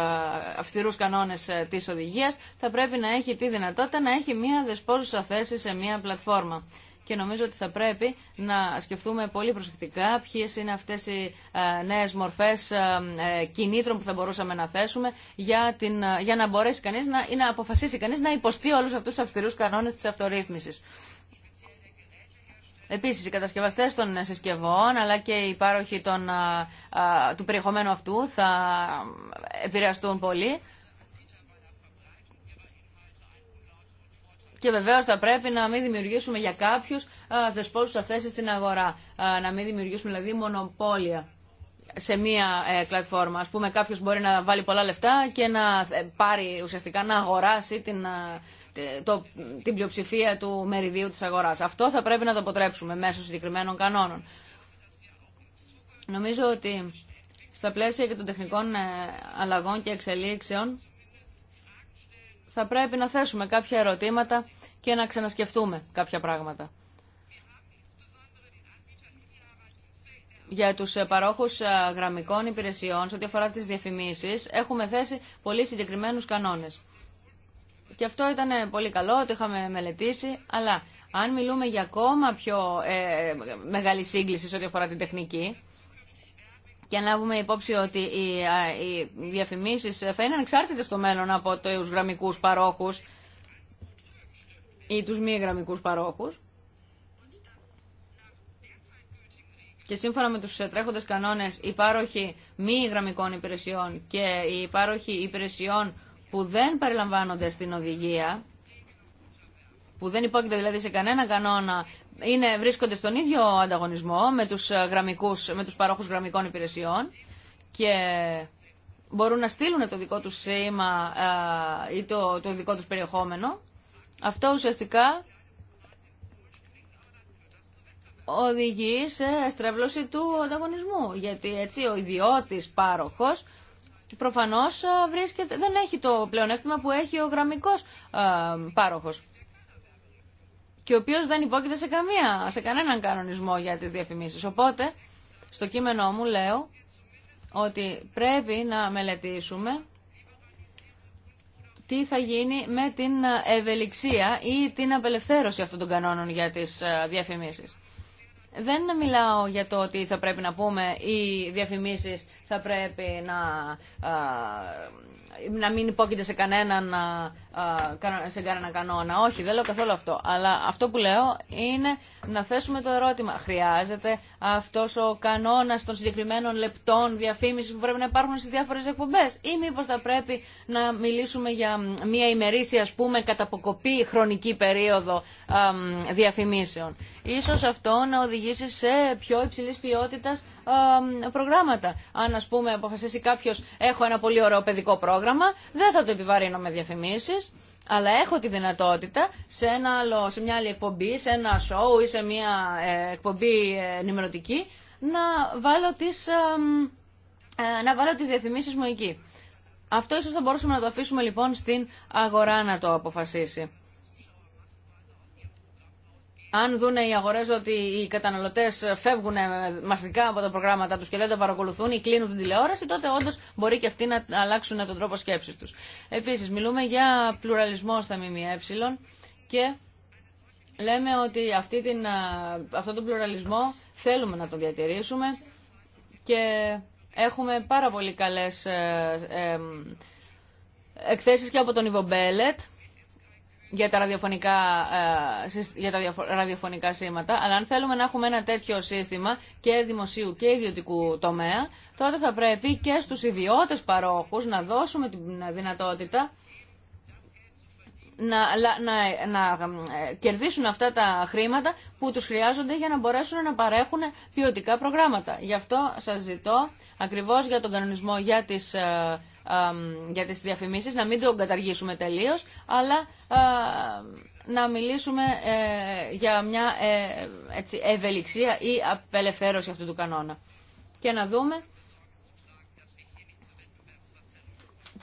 αυστηρούς κανόνες ε, της οδηγίας θα πρέπει να έχει τη δυνατότητα να έχει μια δεσπόζουσα θέση σε μια πλατφόρμα και νομίζω ότι θα πρέπει να σκεφτούμε πολύ προσεκτικά ποιε είναι αυτέ οι ε, νέε μορφέ ε, ε, κινήτρων που θα μπορούσαμε να θέσουμε για, την, για να μπορέσει κανεί να, να αποφασίσει κανεί να υποστεί όλου αυτού του αυστηρού κανόνε τη αυτορύθμιση. Επίση, οι κατασκευαστέ των συσκευών αλλά και οι πάροχοι του περιεχομένου αυτού θα επηρεαστούν πολύ. και βεβαίω θα πρέπει να μην δημιουργήσουμε για κάποιου δεσπόζουσα θέση στην αγορά. Να μην δημιουργήσουμε δηλαδή μονοπόλια σε μία ε, πλατφόρμα. πούμε κάποιο μπορεί να βάλει πολλά λεφτά και να ε, πάρει ουσιαστικά να αγοράσει την, την πλειοψηφία του μεριδίου της αγοράς. Αυτό θα πρέπει να το αποτρέψουμε μέσω συγκεκριμένων κανόνων. Νομίζω ότι στα πλαίσια και των τεχνικών ε, αλλαγών και εξελίξεων θα πρέπει να θέσουμε κάποια ερωτήματα και να ξανασκεφτούμε κάποια πράγματα. Για του ε, παρόχου ε, γραμμικών υπηρεσιών, σε ό,τι αφορά τι διαφημίσει, έχουμε θέσει πολύ συγκεκριμένου κανόνε. Και αυτό ήταν ε, πολύ καλό, το είχαμε μελετήσει, αλλά αν μιλούμε για ακόμα πιο ε, μεγάλη σύγκληση σε ό,τι αφορά την τεχνική, και να λάβουμε υπόψη ότι οι, οι διαφημίσεις θα είναι ανεξάρτητες στο μέλλον από τους γραμμικούς παρόχους ή τους μη γραμμικούς παρόχους. Και σύμφωνα με τους τρέχοντες κανόνες, οι πάροχοι μη γραμμικών υπηρεσιών και οι πάροχοι υπηρεσιών που δεν περιλαμβάνονται στην οδηγία που δεν υπόκειται δηλαδή σε κανένα κανόνα, είναι, βρίσκονται στον ίδιο ανταγωνισμό με τους, ε, γραμμικούς, με τους παρόχους γραμμικών υπηρεσιών και μπορούν να στείλουν το δικό τους σήμα ε, ή το, δικό τους περιεχόμενο. Αυτό ουσιαστικά οδηγεί σε στρέβλωση του ανταγωνισμού, γιατί έτσι ο ιδιώτης πάροχος προφανώς ε, βρίσκεται, δεν έχει το πλεονέκτημα που έχει ο γραμμικός πάροχος και ο οποίος δεν υπόκειται σε, καμία, σε κανέναν κανονισμό για τις διαφημίσεις. Οπότε, στο κείμενό μου λέω ότι πρέπει να μελετήσουμε τι θα γίνει με την ευελιξία ή την απελευθέρωση αυτών των κανόνων για τις ε, διαφημίσεις. Δεν μιλάω για το ότι θα πρέπει να πούμε οι διαφημίσεις θα πρέπει να, να μην υπόκειται σε κανέναν σε κανένα κανόνα. Όχι, δεν λέω καθόλου αυτό. Αλλά αυτό που λέω είναι να θέσουμε το ερώτημα. Χρειάζεται αυτό ο κανόνα των συγκεκριμένων λεπτών διαφήμιση που πρέπει να υπάρχουν στι διάφορε εκπομπέ, ή μήπω θα πρέπει να μιλήσουμε για μια ημερήσια, α πούμε, καταποκοπή χρονική περίοδο διαφημίσεων. Ίσως αυτό να οδηγήσει σε πιο υψηλή ποιότητα προγράμματα. Αν, α πούμε, αποφασίσει κάποιο, έχω ένα πολύ ωραίο παιδικό πρόγραμμα, δεν θα το επιβαρύνω με διαφημίσει, αλλά έχω τη δυνατότητα σε, ένα άλλο, σε μια άλλη εκπομπή, σε ένα σοου ή σε μια ε, εκπομπή ε, ενημερωτική, να βάλω τις, ε, να βάλω τις διαφημίσεις μου εκεί. Αυτό ίσως θα μπορούσαμε να το αφήσουμε λοιπόν στην αγορά να το αποφασίσει αν δούνε οι αγορέ ότι οι καταναλωτέ φεύγουν ε, μαζικά από τα προγράμματα του και δεν τα παρακολουθούν ή κλείνουν την τηλεόραση, τότε όντω μπορεί και αυτοί να αλλάξουν τον τρόπο σκέψης τους. Επίσης, μιλούμε για πλουραλισμό στα ΜΜΕ και λέμε ότι αυτή την, ε, αυτόν τον πλουραλισμό θέλουμε να τον διατηρήσουμε και έχουμε πάρα πολύ καλές ε, ε εκθέσεις και από τον Ιβο Μπέλετ για τα, ραδιοφωνικά, ε, για σήματα, αλλά αν θέλουμε να έχουμε ένα τέτοιο σύστημα και δημοσίου και ιδιωτικού τομέα, τότε θα πρέπει και στους ιδιώτες παρόχους να δώσουμε την δυνατότητα να, ε, κερδίσουν αυτά τα χρήματα που τους χρειάζονται για να μπορέσουν να παρέχουν ποιοτικά προγράμματα. Γι' αυτό σας ζητώ ακριβώς για τον κανονισμό για τις, ε, ε, για τις διαφημίσεις, να μην τον καταργήσουμε τελείως, αλλά να μιλήσουμε για μια έτσι, ευελιξία ή απελευθέρωση αυτού του κανόνα. Και να δούμε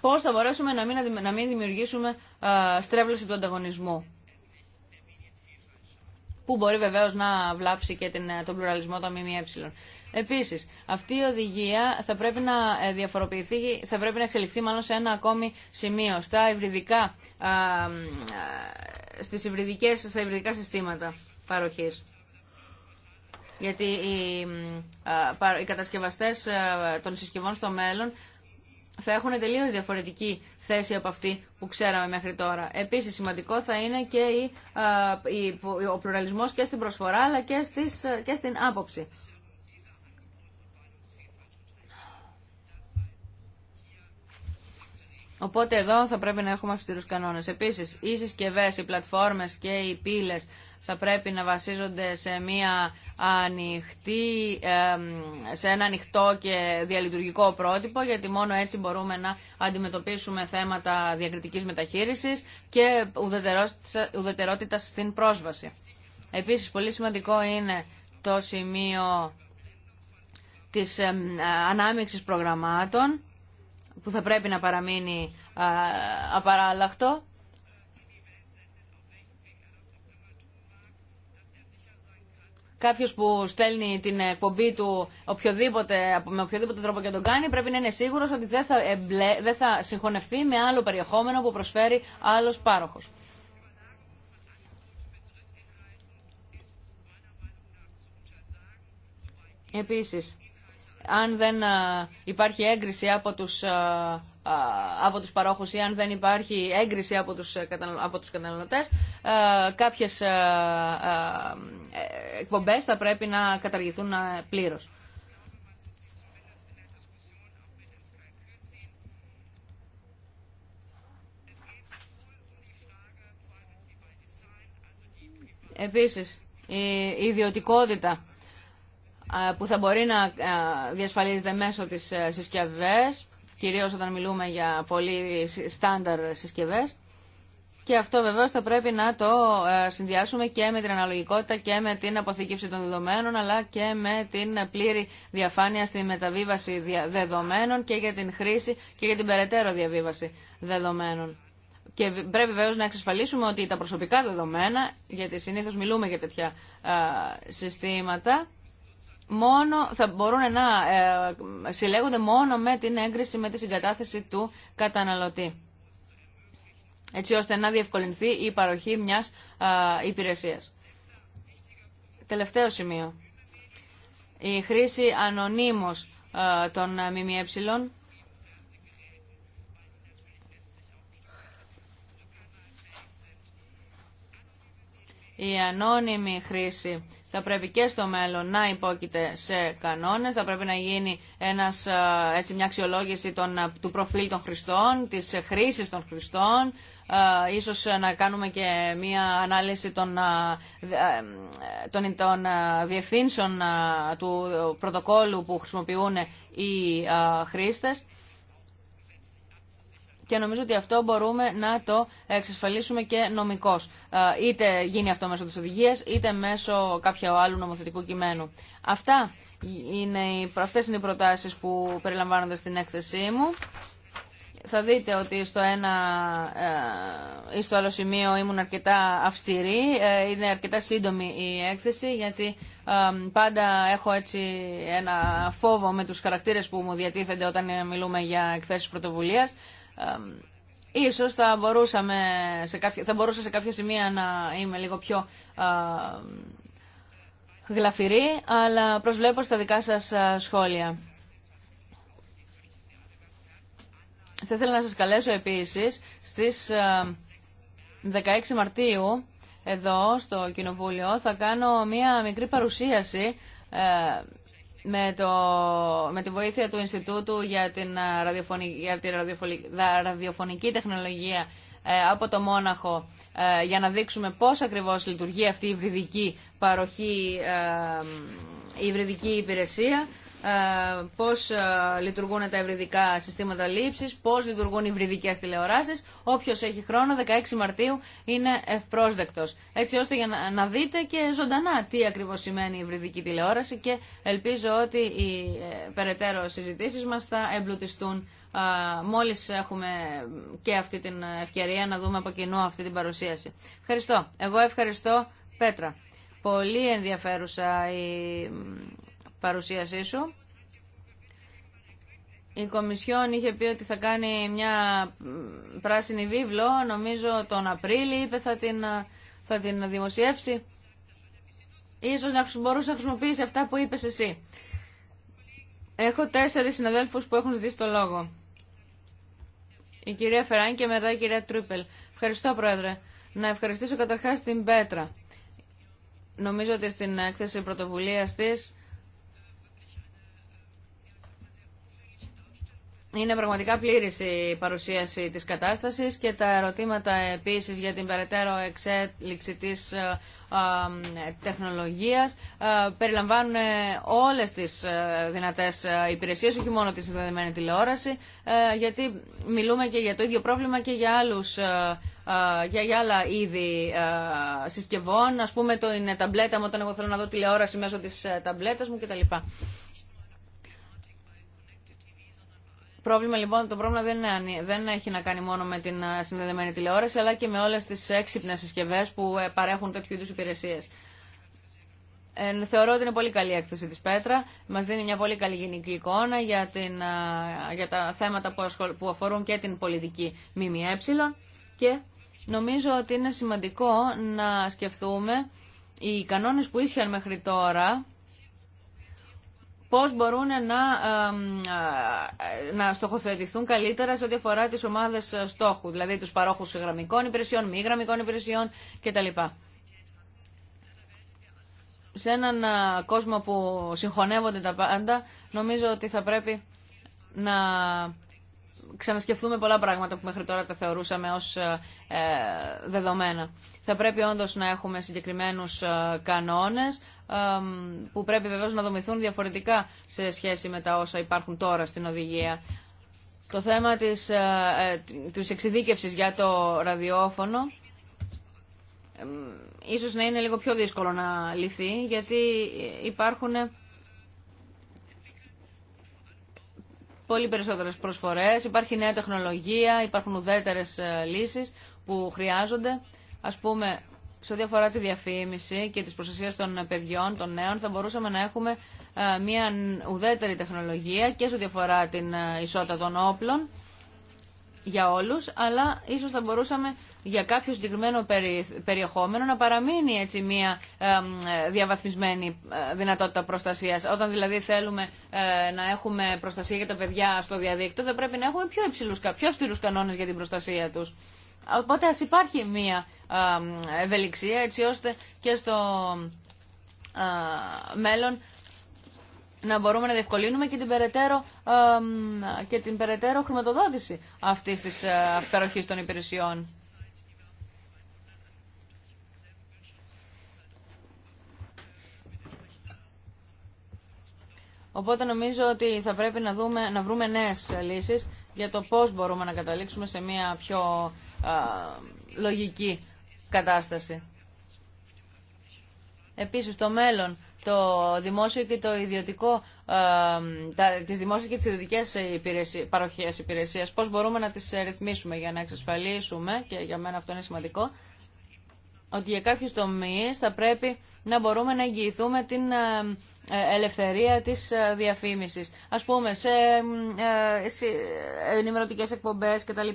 Πώ θα μπορέσουμε να μην, δημιουργήσουμε στρέβλωση του ανταγωνισμού που μπορεί βεβαίω να βλάψει και την, τον πλουραλισμό των ΜΜΕ. Επίση, αυτή η οδηγία θα πρέπει να ε, διαφοροποιηθεί, θα πρέπει να εξελιχθεί μάλλον σε ένα ακόμη σημείο, στα υβριδικά, στις υβριδικές, στα υβριδικά συστήματα παροχή. Γιατί οι, α, κατασκευαστές ε, των συσκευών στο μέλλον θα έχουν τελείω διαφορετική θέση από αυτή που ξέραμε μέχρι τώρα. Επίση, σημαντικό θα είναι και η, ο πλουραλισμό και στην προσφορά αλλά και, στις, και στην άποψη. Οπότε εδώ θα πρέπει να έχουμε αυστηρούς κανόνες. Επίσης, οι συσκευέ, οι πλατφόρμες και οι πύλες θα πρέπει να βασίζονται σε μια ανοιχτή, σε ένα ανοιχτό και διαλειτουργικό πρότυπο, γιατί μόνο έτσι μπορούμε να αντιμετωπίσουμε θέματα διακριτικής μεταχείρισης και ουδετερότητας στην πρόσβαση. Επίσης, πολύ σημαντικό είναι το σημείο της ανάμειξης προγραμμάτων, που θα πρέπει να παραμείνει απαράλλαχτο κάποιο που στέλνει την εκπομπή του οποιοδήποτε, με οποιοδήποτε τρόπο και τον κάνει, πρέπει να είναι σίγουρο ότι δεν θα, δεν θα συγχωνευτεί με άλλο περιεχόμενο που προσφέρει άλλο πάροχο. Επίσης, αν δεν ε, υπάρχει έγκριση από τους ε, από τους παρόχους ή αν δεν υπάρχει έγκριση από τους, ε, από τους καταναλωτές ε, κάποιες ε, εκπομπές θα πρέπει να καταργηθούν πλήρως. Επίσης, η ιδιωτικότητα που θα μπορεί να διασφαλίζεται μέσω της συσκευές κυρίως όταν μιλούμε για πολύ στάνταρ συσκευές. Και αυτό βεβαίω θα πρέπει να το ε, συνδυάσουμε και με την αναλογικότητα και με την αποθήκευση των δεδομένων, αλλά και με την πλήρη διαφάνεια στη μεταβίβαση δεδομένων και για την χρήση και για την περαιτέρω διαβίβαση δεδομένων. Και πρέπει βεβαίω να εξασφαλίσουμε ότι τα προσωπικά δεδομένα, γιατί συνήθω μιλούμε για τέτοια συστήματα, μόνο, θα μπορούν να ε, συλλέγονται μόνο με την έγκριση, με τη συγκατάθεση του καταναλωτή. Έτσι ώστε να διευκολυνθεί η παροχή μιας υπηρεσίας. Τελευταίο σημείο. Η χρήση ανωνύμως των ΜΜΕ η ανώνυμη χρήση θα πρέπει και στο μέλλον να υπόκειται σε κανόνες, θα πρέπει να γίνει ένας, έτσι, μια αξιολόγηση των, του προφίλ των χρηστών, της χρήσης των χρηστών, ίσως να κάνουμε και μια ανάλυση των, των, των διευθύνσεων του πρωτοκόλου που χρησιμοποιούν οι χρήστες και νομίζω ότι αυτό μπορούμε να το εξασφαλίσουμε και νομικώς. Ε, είτε γίνει αυτό μέσω της οδηγίας είτε μέσω κάποιου άλλου νομοθετικού κειμένου. Αυτά είναι, αυτές είναι οι προτάσεις που περιλαμβάνονται στην έκθεσή μου. Θα δείτε ότι στο ένα ε, ή στο άλλο σημείο ήμουν αρκετά αυστηρή, ε, είναι αρκετά σύντομη η έκθεση γιατί πάντα έχω έτσι ένα φόβο με τους χαρακτήρες που μου διατίθενται όταν μιλούμε για εκθέσεις πρωτοβουλίας. Ίσως θα, μπορούσαμε σε κάποια, θα μπορούσα σε κάποια σημεία να είμαι λίγο πιο γλαφυρή, αλλά προσβλέπω στα δικά σας σχόλια. Θα ήθελα να σας καλέσω επίσης στις 16 Μαρτίου εδώ στο Κοινοβούλιο θα κάνω μία μικρή παρουσίαση ε, με, το, με τη βοήθεια του Ινστιτούτου για την, ε, ραδιοφωνική, ραδιοφωνική τεχνολογία ε, από το Μόναχο ε, για να δείξουμε πώς ακριβώς λειτουργεί αυτή η υβριδική παροχή, η υβριδική υπηρεσία. Ε, ε, πώς λειτουργούν τα ευρυδικά συστήματα λήψη, πώ λειτουργούν οι ευρυδικές τηλεόρασει, Όποιο έχει χρόνο, 16 Μαρτίου είναι ευπρόσδεκτος. Έτσι ώστε για να δείτε και ζωντανά τι ακριβώς σημαίνει η ευρυδική τηλεόραση και ελπίζω ότι οι ε, περαιτέρω συζητήσει μας θα εμπλουτιστούν μόλις έχουμε και αυτή την ευκαιρία να δούμε από κοινού αυτή την παρουσίαση. Ευχαριστώ. Εγώ ευχαριστώ Πέτρα. Πολύ ενδιαφέρουσα η παρουσίασή σου. Η Κομισιόν είχε πει ότι θα κάνει μια πράσινη βίβλο, νομίζω τον Απρίλιο είπε θα την, θα την δημοσιεύσει. Ίσως να μπορούσε να χρησιμοποιήσει αυτά που είπες εσύ. Έχω τέσσερις συναδέλφους που έχουν ζητήσει το λόγο. Η κυρία Φεράν και μετά η κυρία Τρούπελ. Ευχαριστώ, Πρόεδρε. Να ευχαριστήσω καταρχάς την Πέτρα. Νομίζω ότι στην έκθεση πρωτοβουλία της Είναι πραγματικά πλήρης η παρουσίαση της κατάστασης και τα ερωτήματα επίσης για την περαιτέρω εξέλιξη της ε, ε, τεχνολογίας ε, περιλαμβάνουν όλες τις δυνατές υπηρεσίες, όχι μόνο τη συνδεδεμένη τηλεόραση, γιατί μιλούμε και για το ίδιο πρόβλημα και για άλλους για, άλλα είδη συσκευών, ας πούμε το είναι ταμπλέτα μου όταν εγώ θέλω να δω τηλεόραση μέσω της ταμπλέτας μου κτλ. πρόβλημα λοιπόν, το πρόβλημα δεν, είναι, δεν έχει να κάνει μόνο με την ε, συνδεδεμένη τηλεόραση, αλλά και με όλες τις έξυπνες συσκευέ που ε, παρέχουν τέτοιου είδου υπηρεσίες. Ε, θεωρώ ότι είναι πολύ καλή έκθεση της Πέτρα. Μας δίνει μια πολύ καλή γενική εικόνα για, την, ε, για τα θέματα που, που αφορούν και την πολιτική ΜΜΕ και νομίζω ότι είναι σημαντικό να σκεφτούμε οι κανόνες που ίσχυαν μέχρι τώρα πώς μπορούν να, ε, να στοχοθετηθούν καλύτερα σε ό,τι αφορά τι ομάδε στόχου, δηλαδή του παρόχους γραμμικών υπηρεσιών, μη γραμμικών υπηρεσιών κτλ. Σε έναν ε, κόσμο που συγχωνεύονται τα πάντα, νομίζω ότι θα πρέπει να ξανασκεφτούμε πολλά πράγματα που μέχρι τώρα τα θεωρούσαμε ως ε, δεδομένα. Θα πρέπει όντως να έχουμε συγκεκριμένους κανόνες που πρέπει βεβαίως να δομηθούν διαφορετικά σε σχέση με τα όσα υπάρχουν τώρα στην οδηγία. Το θέμα της, ε, ε, της εξειδίκευσης για το ραδιόφωνο ίσως να είναι λίγο πιο δύσκολο να λυθεί γιατί υπάρχουν πολύ περισσότερες προσφορές, υπάρχει νέα τεχνολογία, υπάρχουν ουδέτερες ε, λύσεις που χρειάζονται. Ας πούμε, σε ό,τι αφορά τη διαφήμιση και τις προστασίες των παιδιών, των νέων, θα μπορούσαμε να έχουμε ε, μια ουδέτερη τεχνολογία και σε ό,τι αφορά την ε, ισότητα των όπλων για όλους, αλλά ίσως θα μπορούσαμε για κάποιο συγκεκριμένο περιεχόμενο να παραμείνει έτσι μια διαβαθμισμένη ε, δυνατότητα προστασίας. Όταν δηλαδή θέλουμε να έχουμε προστασία για τα παιδιά στο διαδίκτυο, θα πρέπει να έχουμε πιο υψηλούς, πιο αυστηρούς κανόνες για την προστασία τους. Οπότε ας υπάρχει μια ευελιξία έτσι ώστε και στο μέλλον να μπορούμε να διευκολύνουμε και την περαιτέρω, και την περαιτέρω χρηματοδότηση αυτής της παροχής των υπηρεσιών. Οπότε νομίζω ότι θα πρέπει να, δούμε, να βρούμε νέες λύσεις για το πώς μπορούμε να καταλήξουμε σε μια πιο λογική κατάσταση. Επίσης, το μέλλον, το δημόσιο και το ιδιωτικό, ε, τα, τις δημόσιες και τις ιδιωτικές υπηρεσίες, παροχές υπηρεσίας, πώς μπορούμε να τις ρυθμίσουμε για να εξασφαλίσουμε, και για μένα αυτό είναι σημαντικό, ότι για κάποιους τομείς θα πρέπει να μπορούμε να εγγυηθούμε την ε, ε, ελευθερία της διαφήμισης. Ας πούμε, σε ενημερωτικές εκπομπές κτλ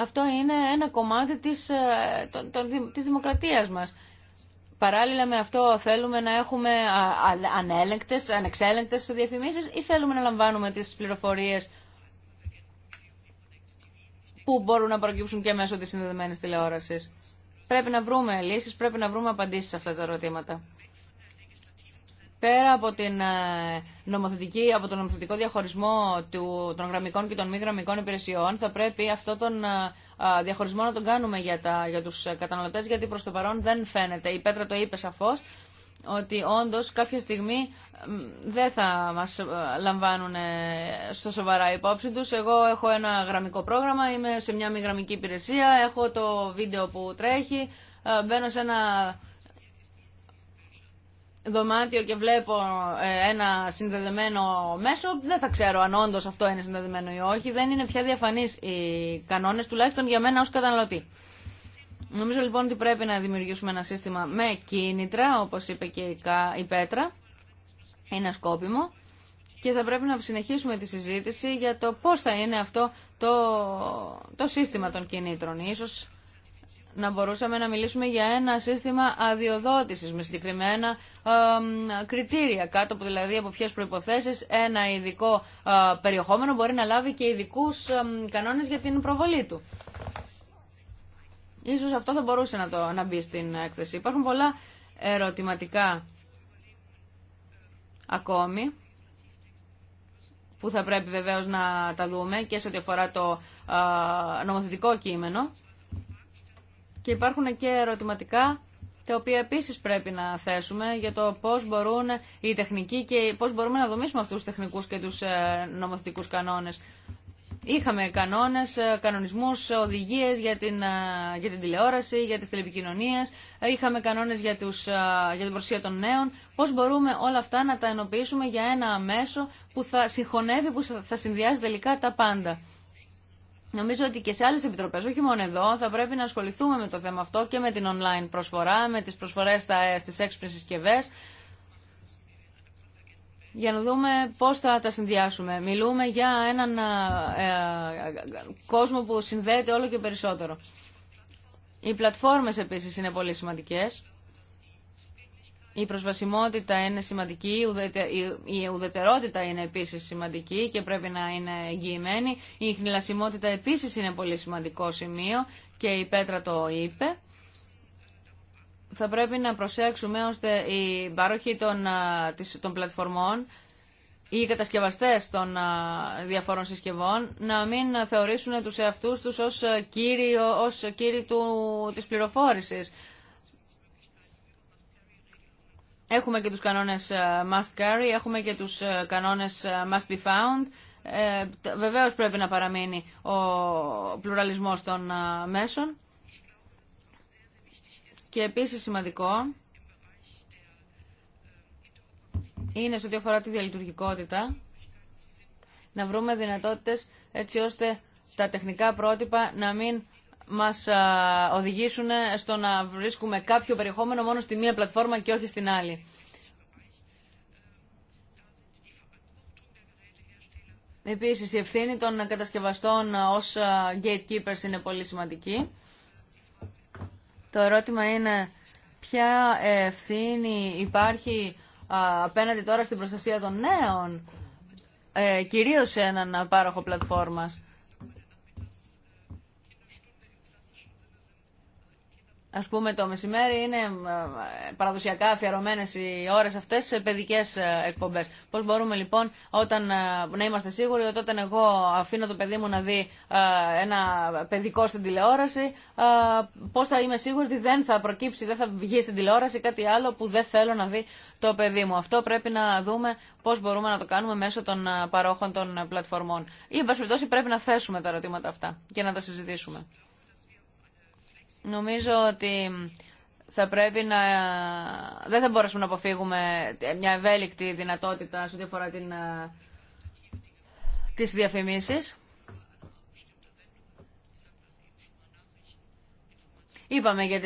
αυτό είναι ένα κομμάτι της, ε, το, της δημοκρατίας μας. Παράλληλα με αυτό θέλουμε να έχουμε ανέλεγκτες, ανεξέλεγκτες διαφημίσεις ή θέλουμε να λαμβάνουμε τις πληροφορίες που μπορούν να προκύψουν και μέσω της συνδεδεμένης τηλεόρασης. Πρέπει να βρούμε λύσεις, πρέπει να βρούμε απαντήσεις σε αυτά τα ερωτήματα πέρα από, την ε, νομοθετική, από τον νομοθετικό διαχωρισμό του, των γραμμικών και των μη γραμμικών υπηρεσιών, θα πρέπει αυτό τον ε, ε, διαχωρισμό να τον κάνουμε για, τα, για τους καταναλωτές, γιατί προς το παρόν δεν φαίνεται. Η Πέτρα το είπε σαφώς, ότι όντως κάποια στιγμή δεν θα μας λαμβάνουν στο σοβαρά υπόψη τους. Εγώ έχω ένα γραμμικό πρόγραμμα, είμαι σε μια μη γραμμική υπηρεσία, έχω το βίντεο που τρέχει, μπαίνω σε ένα δωμάτιο και βλέπω ε, ένα συνδεδεμένο μέσο, δεν θα ξέρω αν όντω αυτό είναι συνδεδεμένο ή όχι. Δεν είναι πια διαφανεί οι κανόνε, τουλάχιστον για μένα ω καταναλωτή. Νομίζω λοιπόν ότι πρέπει να δημιουργήσουμε ένα σύστημα με κίνητρα, όπω είπε και η Πέτρα. Είναι σκόπιμο. Και θα πρέπει να συνεχίσουμε τη συζήτηση για το πώς θα είναι αυτό το, το σύστημα των κινήτρων. Ίσως να μπορούσαμε να μιλήσουμε για ένα σύστημα αδειοδότηση με συγκεκριμένα κριτήρια, κάτω από, δηλαδή από ποιες προϋποθέσεις ένα ειδικό ε, περιεχόμενο μπορεί να λάβει και ειδικού ε, κανόνες για την προβολή του. Ίσως αυτό θα μπορούσε να, το, να μπει στην έκθεση. Υπάρχουν πολλά ερωτηματικά ακόμη που θα πρέπει βεβαίως να τα δούμε και σε ό,τι αφορά το ε, νομοθετικό κείμενο και υπάρχουν και ερωτηματικά τα οποία επίση πρέπει να θέσουμε για το πώ μπορούν οι τεχνικοί και πώ μπορούμε να δομήσουμε αυτού του τεχνικού και του ε, νομοθετικού κανόνε. Είχαμε κανόνε, κανονισμού, οδηγίε για την, ε, για την τηλεόραση, για τι τηλεπικοινωνίε. είχαμε κανόνε για, ε, για την προσία των νέων. Πώ μπορούμε όλα αυτά να τα ενοποιήσουμε για ένα μέσο που θα συγχωνεύει, που θα συνδυάζει τελικά τα πάντα. Νομίζω ότι και σε άλλες επιτροπές, όχι μόνο εδώ, θα πρέπει να ασχοληθούμε με το θέμα αυτό και με την online προσφορά, με τις προσφορές στις έξυπνες συσκευέ. Για να δούμε πώς θα τα συνδυάσουμε. Μιλούμε για έναν ε, κόσμο που συνδέεται όλο και περισσότερο. Οι πλατφόρμες επίσης είναι πολύ σημαντικές. Η προσβασιμότητα είναι σημαντική, η ουδετερότητα είναι επίσης σημαντική και πρέπει να είναι εγγυημένη. Η χνηλασιμότητα επίση είναι πολύ σημαντικό σημείο και η Πέτρα το είπε. Θα πρέπει να προσέξουμε ώστε οι παροχοί των, των πλατφορμών ή οι κατασκευαστές των διαφόρων συσκευών να μην θεωρήσουν τους εαυτούς τους ως, κύριο, ως κύριοι του, της πληροφόρησης. Έχουμε και τους κανόνες ε, must carry, έχουμε και τους ε, κανόνες ε, must be found. βεβαίως πρέπει να παραμείνει ο πλουραλισμός των μέσων. Και επίσης σημαντικό είναι σε ό,τι αφορά τη διαλειτουργικότητα να βρούμε δυνατότητες έτσι ώστε τα τεχνικά πρότυπα να μην μας οδηγήσουν στο να βρίσκουμε κάποιο περιεχόμενο μόνο στη μία πλατφόρμα και όχι στην άλλη. Επίση, η ευθύνη των κατασκευαστών ως gatekeepers είναι πολύ σημαντική. Το ερώτημα είναι ποια ευθύνη υπάρχει απέναντι τώρα στην προστασία των νέων, ε, κυρίως σε έναν πάροχο πλατφόρμας. Ας πούμε το μεσημέρι είναι ε, παραδοσιακά αφιερωμένες οι ώρες αυτές σε παιδικές ε, εκπομπές. Πώς μπορούμε λοιπόν όταν, ε, να είμαστε σίγουροι ότι όταν εγώ αφήνω το παιδί μου να δει ένα παιδικό στην τηλεόραση, πώς θα είμαι σίγουρη ότι δεν θα προκύψει, δεν θα βγει στην τηλεόραση κάτι άλλο που δεν θέλω να δει το παιδί μου. Αυτό πρέπει να δούμε πώ μπορούμε να το κάνουμε μέσω των παρόχων των πλατφορμών. Ή εν πάση πρέπει να θέσουμε τα ερωτήματα αυτά και να τα συζητήσουμε. Νομίζω ότι θα πρέπει να... δεν θα μπορέσουμε να αποφύγουμε μια ευέλικτη δυνατότητα σε ό,τι αφορά την... Ε, τις διαφημίσεις. Είπαμε για, ε,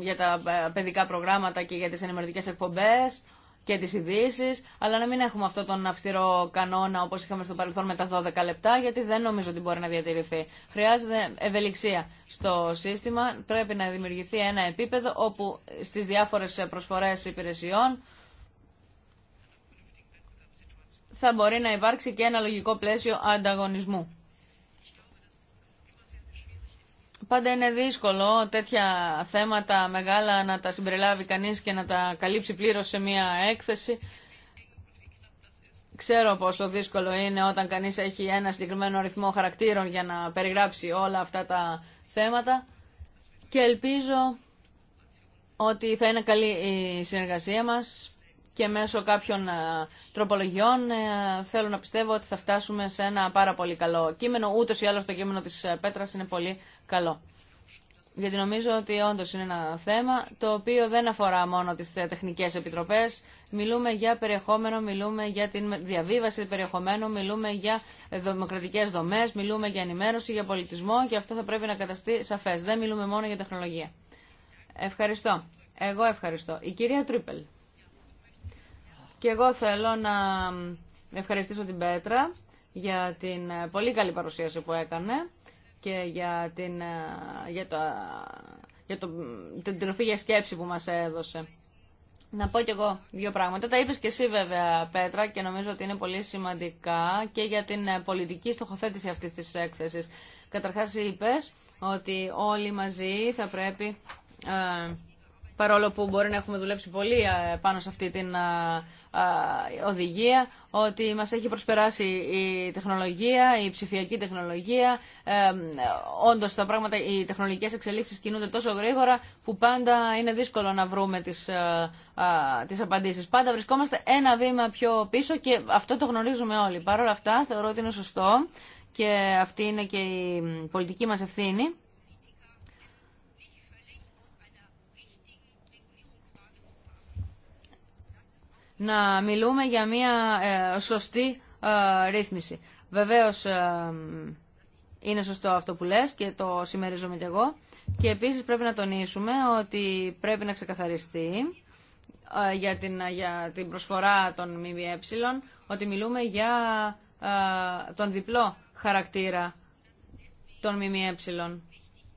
για τα ε, παιδικά προγράμματα και για τις ενημερωτικές εκπομπές και τις ειδήσει, αλλά να μην έχουμε αυτό τον αυστηρό κανόνα όπως είχαμε στο παρελθόν με τα 12 λεπτά, γιατί δεν νομίζω ότι μπορεί να διατηρηθεί. Χρειάζεται ευελιξία στο σύστημα, πρέπει να δημιουργηθεί ένα επίπεδο όπου στις διάφορες προσφορές υπηρεσιών θα μπορεί να υπάρξει και ένα λογικό πλαίσιο ανταγωνισμού. Πάντα είναι δύσκολο τέτοια θέματα μεγάλα να τα συμπεριλάβει κανείς και να τα καλύψει πλήρως σε μια έκθεση. Ξέρω πόσο δύσκολο είναι όταν κανείς έχει ένα συγκεκριμένο αριθμό χαρακτήρων για να περιγράψει όλα αυτά τα θέματα και ελπίζω ότι θα είναι καλή η συνεργασία μας και μέσω κάποιων ε, τροπολογιών ε, θέλω να πιστεύω ότι θα φτάσουμε σε ένα πάρα πολύ καλό κείμενο. Ούτως ή άλλως το κείμενο της ε, Πέτρας είναι πολύ καλό. Γιατί νομίζω ότι όντω είναι ένα θέμα το οποίο δεν αφορά μόνο τι ε, τεχνικέ επιτροπέ. Μιλούμε για περιεχόμενο, μιλούμε για τη διαβίβαση περιεχομένου, μιλούμε για ε, δημοκρατικέ δομέ, μιλούμε για ενημέρωση, για πολιτισμό και αυτό θα πρέπει να καταστεί σαφέ. Δεν μιλούμε μόνο για τεχνολογία. Ευχαριστώ. Εγώ ευχαριστώ. Η κυρία Τρίπελ. Και εγώ θέλω να ευχαριστήσω την Πέτρα για την ε, πολύ καλή παρουσίαση που έκανε και για, την, ε, για, το, για το, την τροφή για σκέψη που μας έδωσε. Να πω κι εγώ δύο πράγματα. Τα είπες και εσύ βέβαια Πέτρα και νομίζω ότι είναι πολύ σημαντικά και για την ε, πολιτική στοχοθέτηση αυτής της έκθεσης. Καταρχάς είπες ότι όλοι μαζί θα πρέπει ε, παρόλο που μπορεί να έχουμε δουλέψει πολύ ε, πάνω σε αυτή την ε, ε, οδηγία, ότι μας έχει προσπεράσει η τεχνολογία, η ψηφιακή τεχνολογία. Όντως, τα πράγματα, οι τεχνολογικές εξελίξεις κινούνται τόσο γρήγορα που πάντα είναι δύσκολο να βρούμε τις, τις απαντήσεις. Πάντα βρισκόμαστε ένα βήμα πιο πίσω και αυτό το γνωρίζουμε όλοι. Παρ' όλα αυτά, θεωρώ ότι είναι σωστό και αυτή είναι και η πολιτική μας ευθύνη να μιλούμε για μια ε, σωστή ε, ρύθμιση. Βεβαίως ε, είναι σωστό αυτό που λες και το συμμερίζομαι κι εγώ. Και επίσης πρέπει να τονίσουμε ότι πρέπει να ξεκαθαριστεί για την, για την προσφορά των ΜΜΕ ότι μιλούμε για τον διπλό χαρακτήρα των ΜΜΕ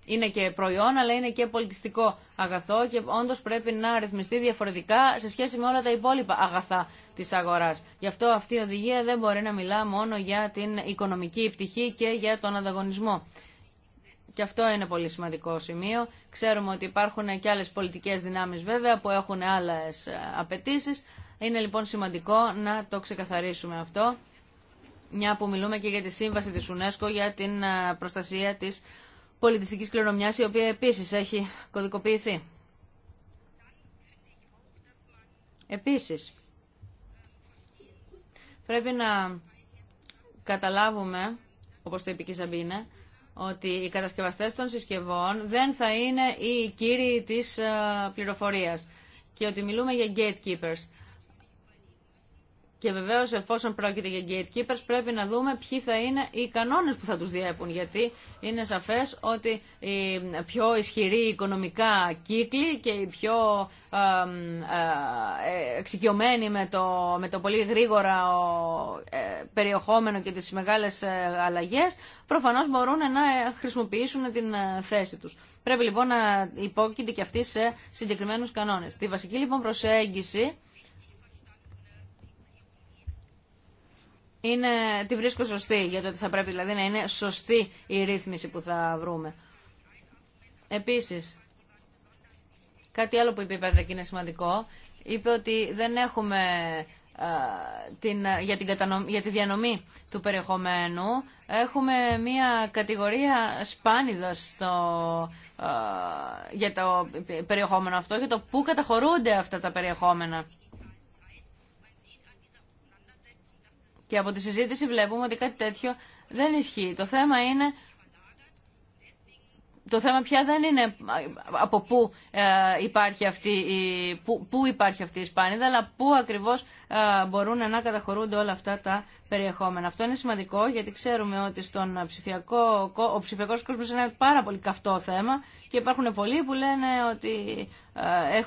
είναι και προϊόν αλλά είναι και πολιτιστικό αγαθό και όντω πρέπει να ρυθμιστεί διαφορετικά σε σχέση με όλα τα υπόλοιπα αγαθά τη αγορά. Γι' αυτό αυτή η οδηγία δεν μπορεί να μιλά μόνο για την οικονομική πτυχή και για τον ανταγωνισμό. Και αυτό είναι πολύ σημαντικό σημείο. Ξέρουμε ότι υπάρχουν και άλλε πολιτικέ δυνάμει βέβαια που έχουν άλλε απαιτήσει. Είναι λοιπόν σημαντικό να το ξεκαθαρίσουμε αυτό, μια που μιλούμε και για τη σύμβαση της UNESCO για την ε, προστασία της πολιτιστικής κληρονομιάς η οποία επίσης έχει κωδικοποιηθεί. Επίσης, πρέπει να καταλάβουμε, όπω το είπε και η Ζαμπίνε, ότι οι κατασκευαστές των συσκευών δεν θα είναι οι κύριοι της ε, πληροφορίας και ότι μιλούμε για gatekeepers. Και βεβαίω, εφόσον πρόκειται για gatekeepers, πρέπει να δούμε ποιοι θα είναι οι κανόνε που θα του διέπουν. Γιατί είναι σαφέ ότι οι πιο ισχυροί οικονομικά κύκλοι και οι πιο ε, εξοικειωμένοι με το, με το πολύ γρήγορα ε, περιεχόμενο και τις μεγάλες ε, αλλαγέ προφανώ μπορούν να χρησιμοποιήσουν την θέση του. Πρέπει λοιπόν να υπόκειται και αυτοί σε συγκεκριμένου κανόνε. Τη βασική λοιπόν προσέγγιση είναι, τη βρίσκω σωστή γιατί ότι θα πρέπει δηλαδή να είναι σωστή η ρύθμιση που θα βρούμε. Επίσης, κάτι άλλο που είπε η Πέτρα και είναι σημαντικό, είπε ότι δεν έχουμε την, για, τη διανομή του περιεχομένου, έχουμε μια κατηγορία σπάνιδας στο, για το περιεχόμενο αυτό, για το πού καταχωρούνται αυτά τα περιεχόμενα. Και από τη συζήτηση βλέπουμε ότι κάτι τέτοιο δεν ισχύει. Το θέμα είναι το θέμα πια δεν είναι από πού ε, υπάρχει αυτή η, πού, πού υπάρχει αυτή η σπάνιδα, αλλά πού ακριβώς ε, μπορούν να καταχωρούνται όλα αυτά τα περιεχόμενα. Αυτό είναι σημαντικό γιατί ξέρουμε ότι στον ψηφιακό, ο ψηφιακός κόσμος είναι ένα πάρα πολύ καυτό θέμα και υπάρχουν πολλοί που υπαρχει αυτη η που υπαρχει αυτη η σπανιδα αλλα που ακριβως μπορουν να καταχωρουνται ότι κοσμος ε, ειναι ενα παρα πολυ καυτο θεμα και υπαρχουν πολλοι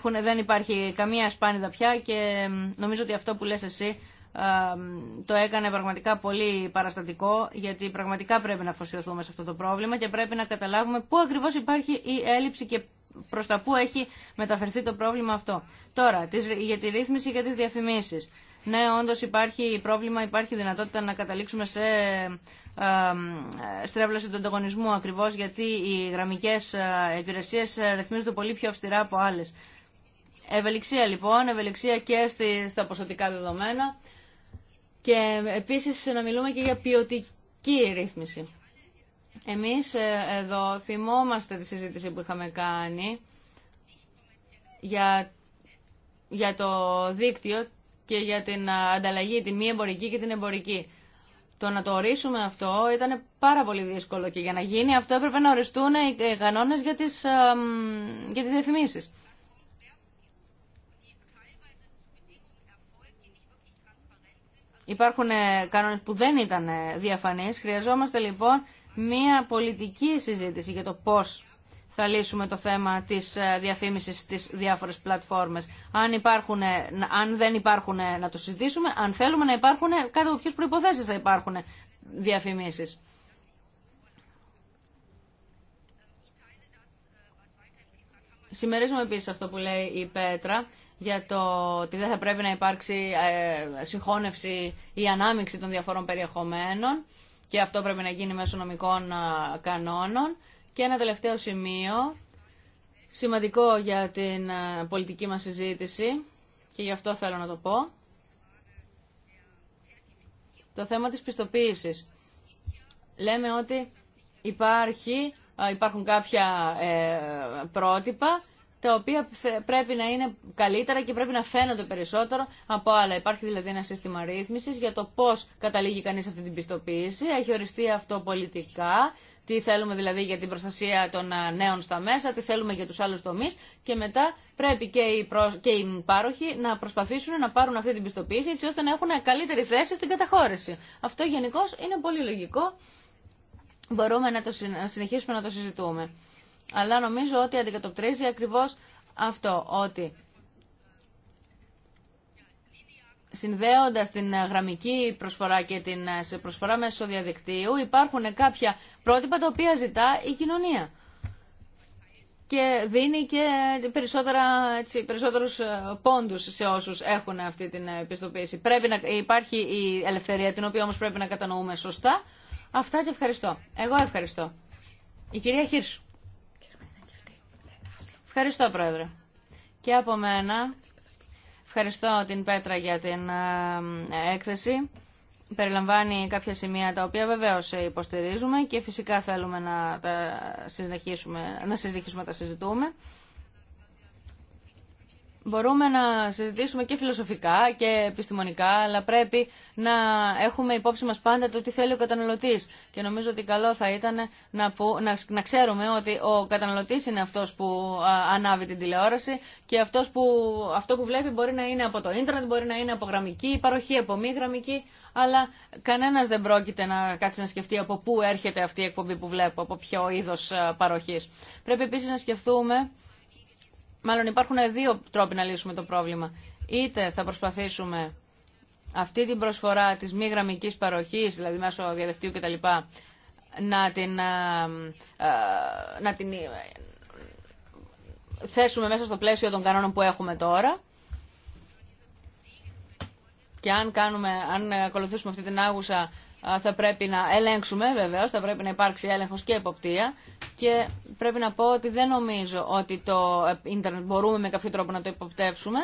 που λενε οτι δεν υπάρχει καμία σπάνιδα πια και νομίζω ότι αυτό που λες εσύ το έκανε πραγματικά πολύ παραστατικό γιατί πραγματικά πρέπει να αφοσιωθούμε σε αυτό το πρόβλημα και πρέπει να καταλάβουμε πού ακριβώς υπάρχει η έλλειψη και προς τα πού έχει μεταφερθεί το πρόβλημα αυτό. Τώρα, για τη ρύθμιση για τις διαφημίσεις. Ναι, όντως υπάρχει πρόβλημα, υπάρχει δυνατότητα να καταλήξουμε σε στρέβλωση του ανταγωνισμού ακριβώς γιατί οι γραμμικές ε, υπηρεσίε ε, ρυθμίζονται πολύ πιο αυστηρά από άλλες. Ευελιξία λοιπόν, ευελιξία και στα ποσοτικά δεδομένα. Και επίσης να μιλούμε και για ποιοτική ρύθμιση. Εμείς ε, εδώ θυμόμαστε τη συζήτηση που είχαμε κάνει για, για το δίκτυο και για την ανταλλαγή, τη μη εμπορική και την εμπορική. Το να το ορίσουμε αυτό ήταν πάρα πολύ δύσκολο και για να γίνει αυτό έπρεπε να οριστούν οι κανόνες για τις, ε, για τις Υπάρχουν ε, κανόνες που δεν ήταν ε, διαφανείς. Χρειαζόμαστε λοιπόν μία πολιτική συζήτηση για το πώς θα λύσουμε το θέμα της ε, διαφήμισης στις διάφορες πλατφόρμες. Αν, αν δεν υπάρχουν να το συζητήσουμε, αν θέλουμε να υπάρχουν, κάτω από ποιες προϋποθέσεις θα υπάρχουν διαφημίσεις. Συμμερίζομαι επίσης αυτό που λέει η Πέτρα για το ότι δεν θα πρέπει να υπάρξει ε, συγχώνευση ή ανάμειξη των διαφόρων περιεχομένων και αυτό πρέπει να γίνει μέσω νομικών κανόνων. Και ένα τελευταίο σημείο, σημαντικό για την πολιτική μας συζήτηση και γι' αυτό θέλω να το πω, το θέμα της πιστοποίησης. Λέμε ότι υπάρχει, υπάρχουν κάποια ε, πρότυπα τα οποία πρέπει να είναι καλύτερα και πρέπει να φαίνονται περισσότερο από άλλα. Υπάρχει δηλαδή ένα σύστημα ρύθμιση για το πώ καταλήγει κανεί αυτή την πιστοποίηση. Έχει οριστεί αυτό πολιτικά. Τι θέλουμε δηλαδή για την προστασία των νέων στα μέσα, τι θέλουμε για του άλλου τομεί και μετά πρέπει και οι, προ... και οι πάροχοι να προσπαθήσουν να πάρουν αυτή την πιστοποίηση έτσι ώστε να έχουν καλύτερη θέση στην καταχώρηση. Αυτό γενικώ είναι πολύ λογικό. Μπορούμε να το συνεχίσουμε να το συζητούμε αλλά νομίζω ότι αντικατοπτρίζει ακριβώς αυτό, ότι συνδέοντας την γραμμική προσφορά και την ε, προσφορά μέσω διαδικτύου υπάρχουν κάποια πρότυπα τα οποία ζητά η κοινωνία και δίνει και ε, περισσότερα, έτσι, περισσότερους ε, πόντους σε όσους έχουν αυτή την επιστοποίηση. Πρέπει να υπάρχει η ελευθερία την οποία όμως πρέπει να κατανοούμε σωστά. Αυτά και ευχαριστώ. Εγώ ευχαριστώ. Η κυρία Χίρσου. Ευχαριστώ, Πρόεδρε. Και από μένα, ευχαριστώ την Πέτρα για την ε, έκθεση. Περιλαμβάνει κάποια σημεία τα οποία βεβαίως υποστηρίζουμε και φυσικά θέλουμε να, τα να τα συζητούμε μπορούμε να συζητήσουμε και φιλοσοφικά και επιστημονικά, αλλά πρέπει να έχουμε υπόψη μας πάντα το τι θέλει ο καταναλωτής. Και νομίζω ότι καλό θα ήταν να, να, ξέρουμε ότι ο καταναλωτής είναι αυτός που ανάβει την τηλεόραση και αυτός που, αυτό που βλέπει μπορεί να είναι από το ίντερνετ, μπορεί να είναι από γραμμική παροχή, από μη γραμμική, αλλά κανένας δεν πρόκειται να κάτσει να σκεφτεί από πού έρχεται αυτή η εκπομπή που βλέπω, από ποιο είδος παροχής. Πρέπει επίσης να σκεφτούμε Μάλλον υπάρχουν δύο τρόποι να λύσουμε το πρόβλημα. Είτε θα προσπαθήσουμε αυτή την προσφορά της μη γραμμικής παροχής, δηλαδή μέσω διαδικτύου κτλ, να την, να την ε, θέσουμε μέσα στο πλαίσιο των κανόνων που έχουμε τώρα. Και αν, κάνουμε, αν ακολουθήσουμε αυτή την άγουσα θα πρέπει να ελέγξουμε βεβαίως, θα πρέπει να υπάρξει έλεγχος και εποπτεία και πρέπει να πω ότι δεν νομίζω ότι το ίντερνετ μπορούμε με κάποιο τρόπο να το υποπτεύσουμε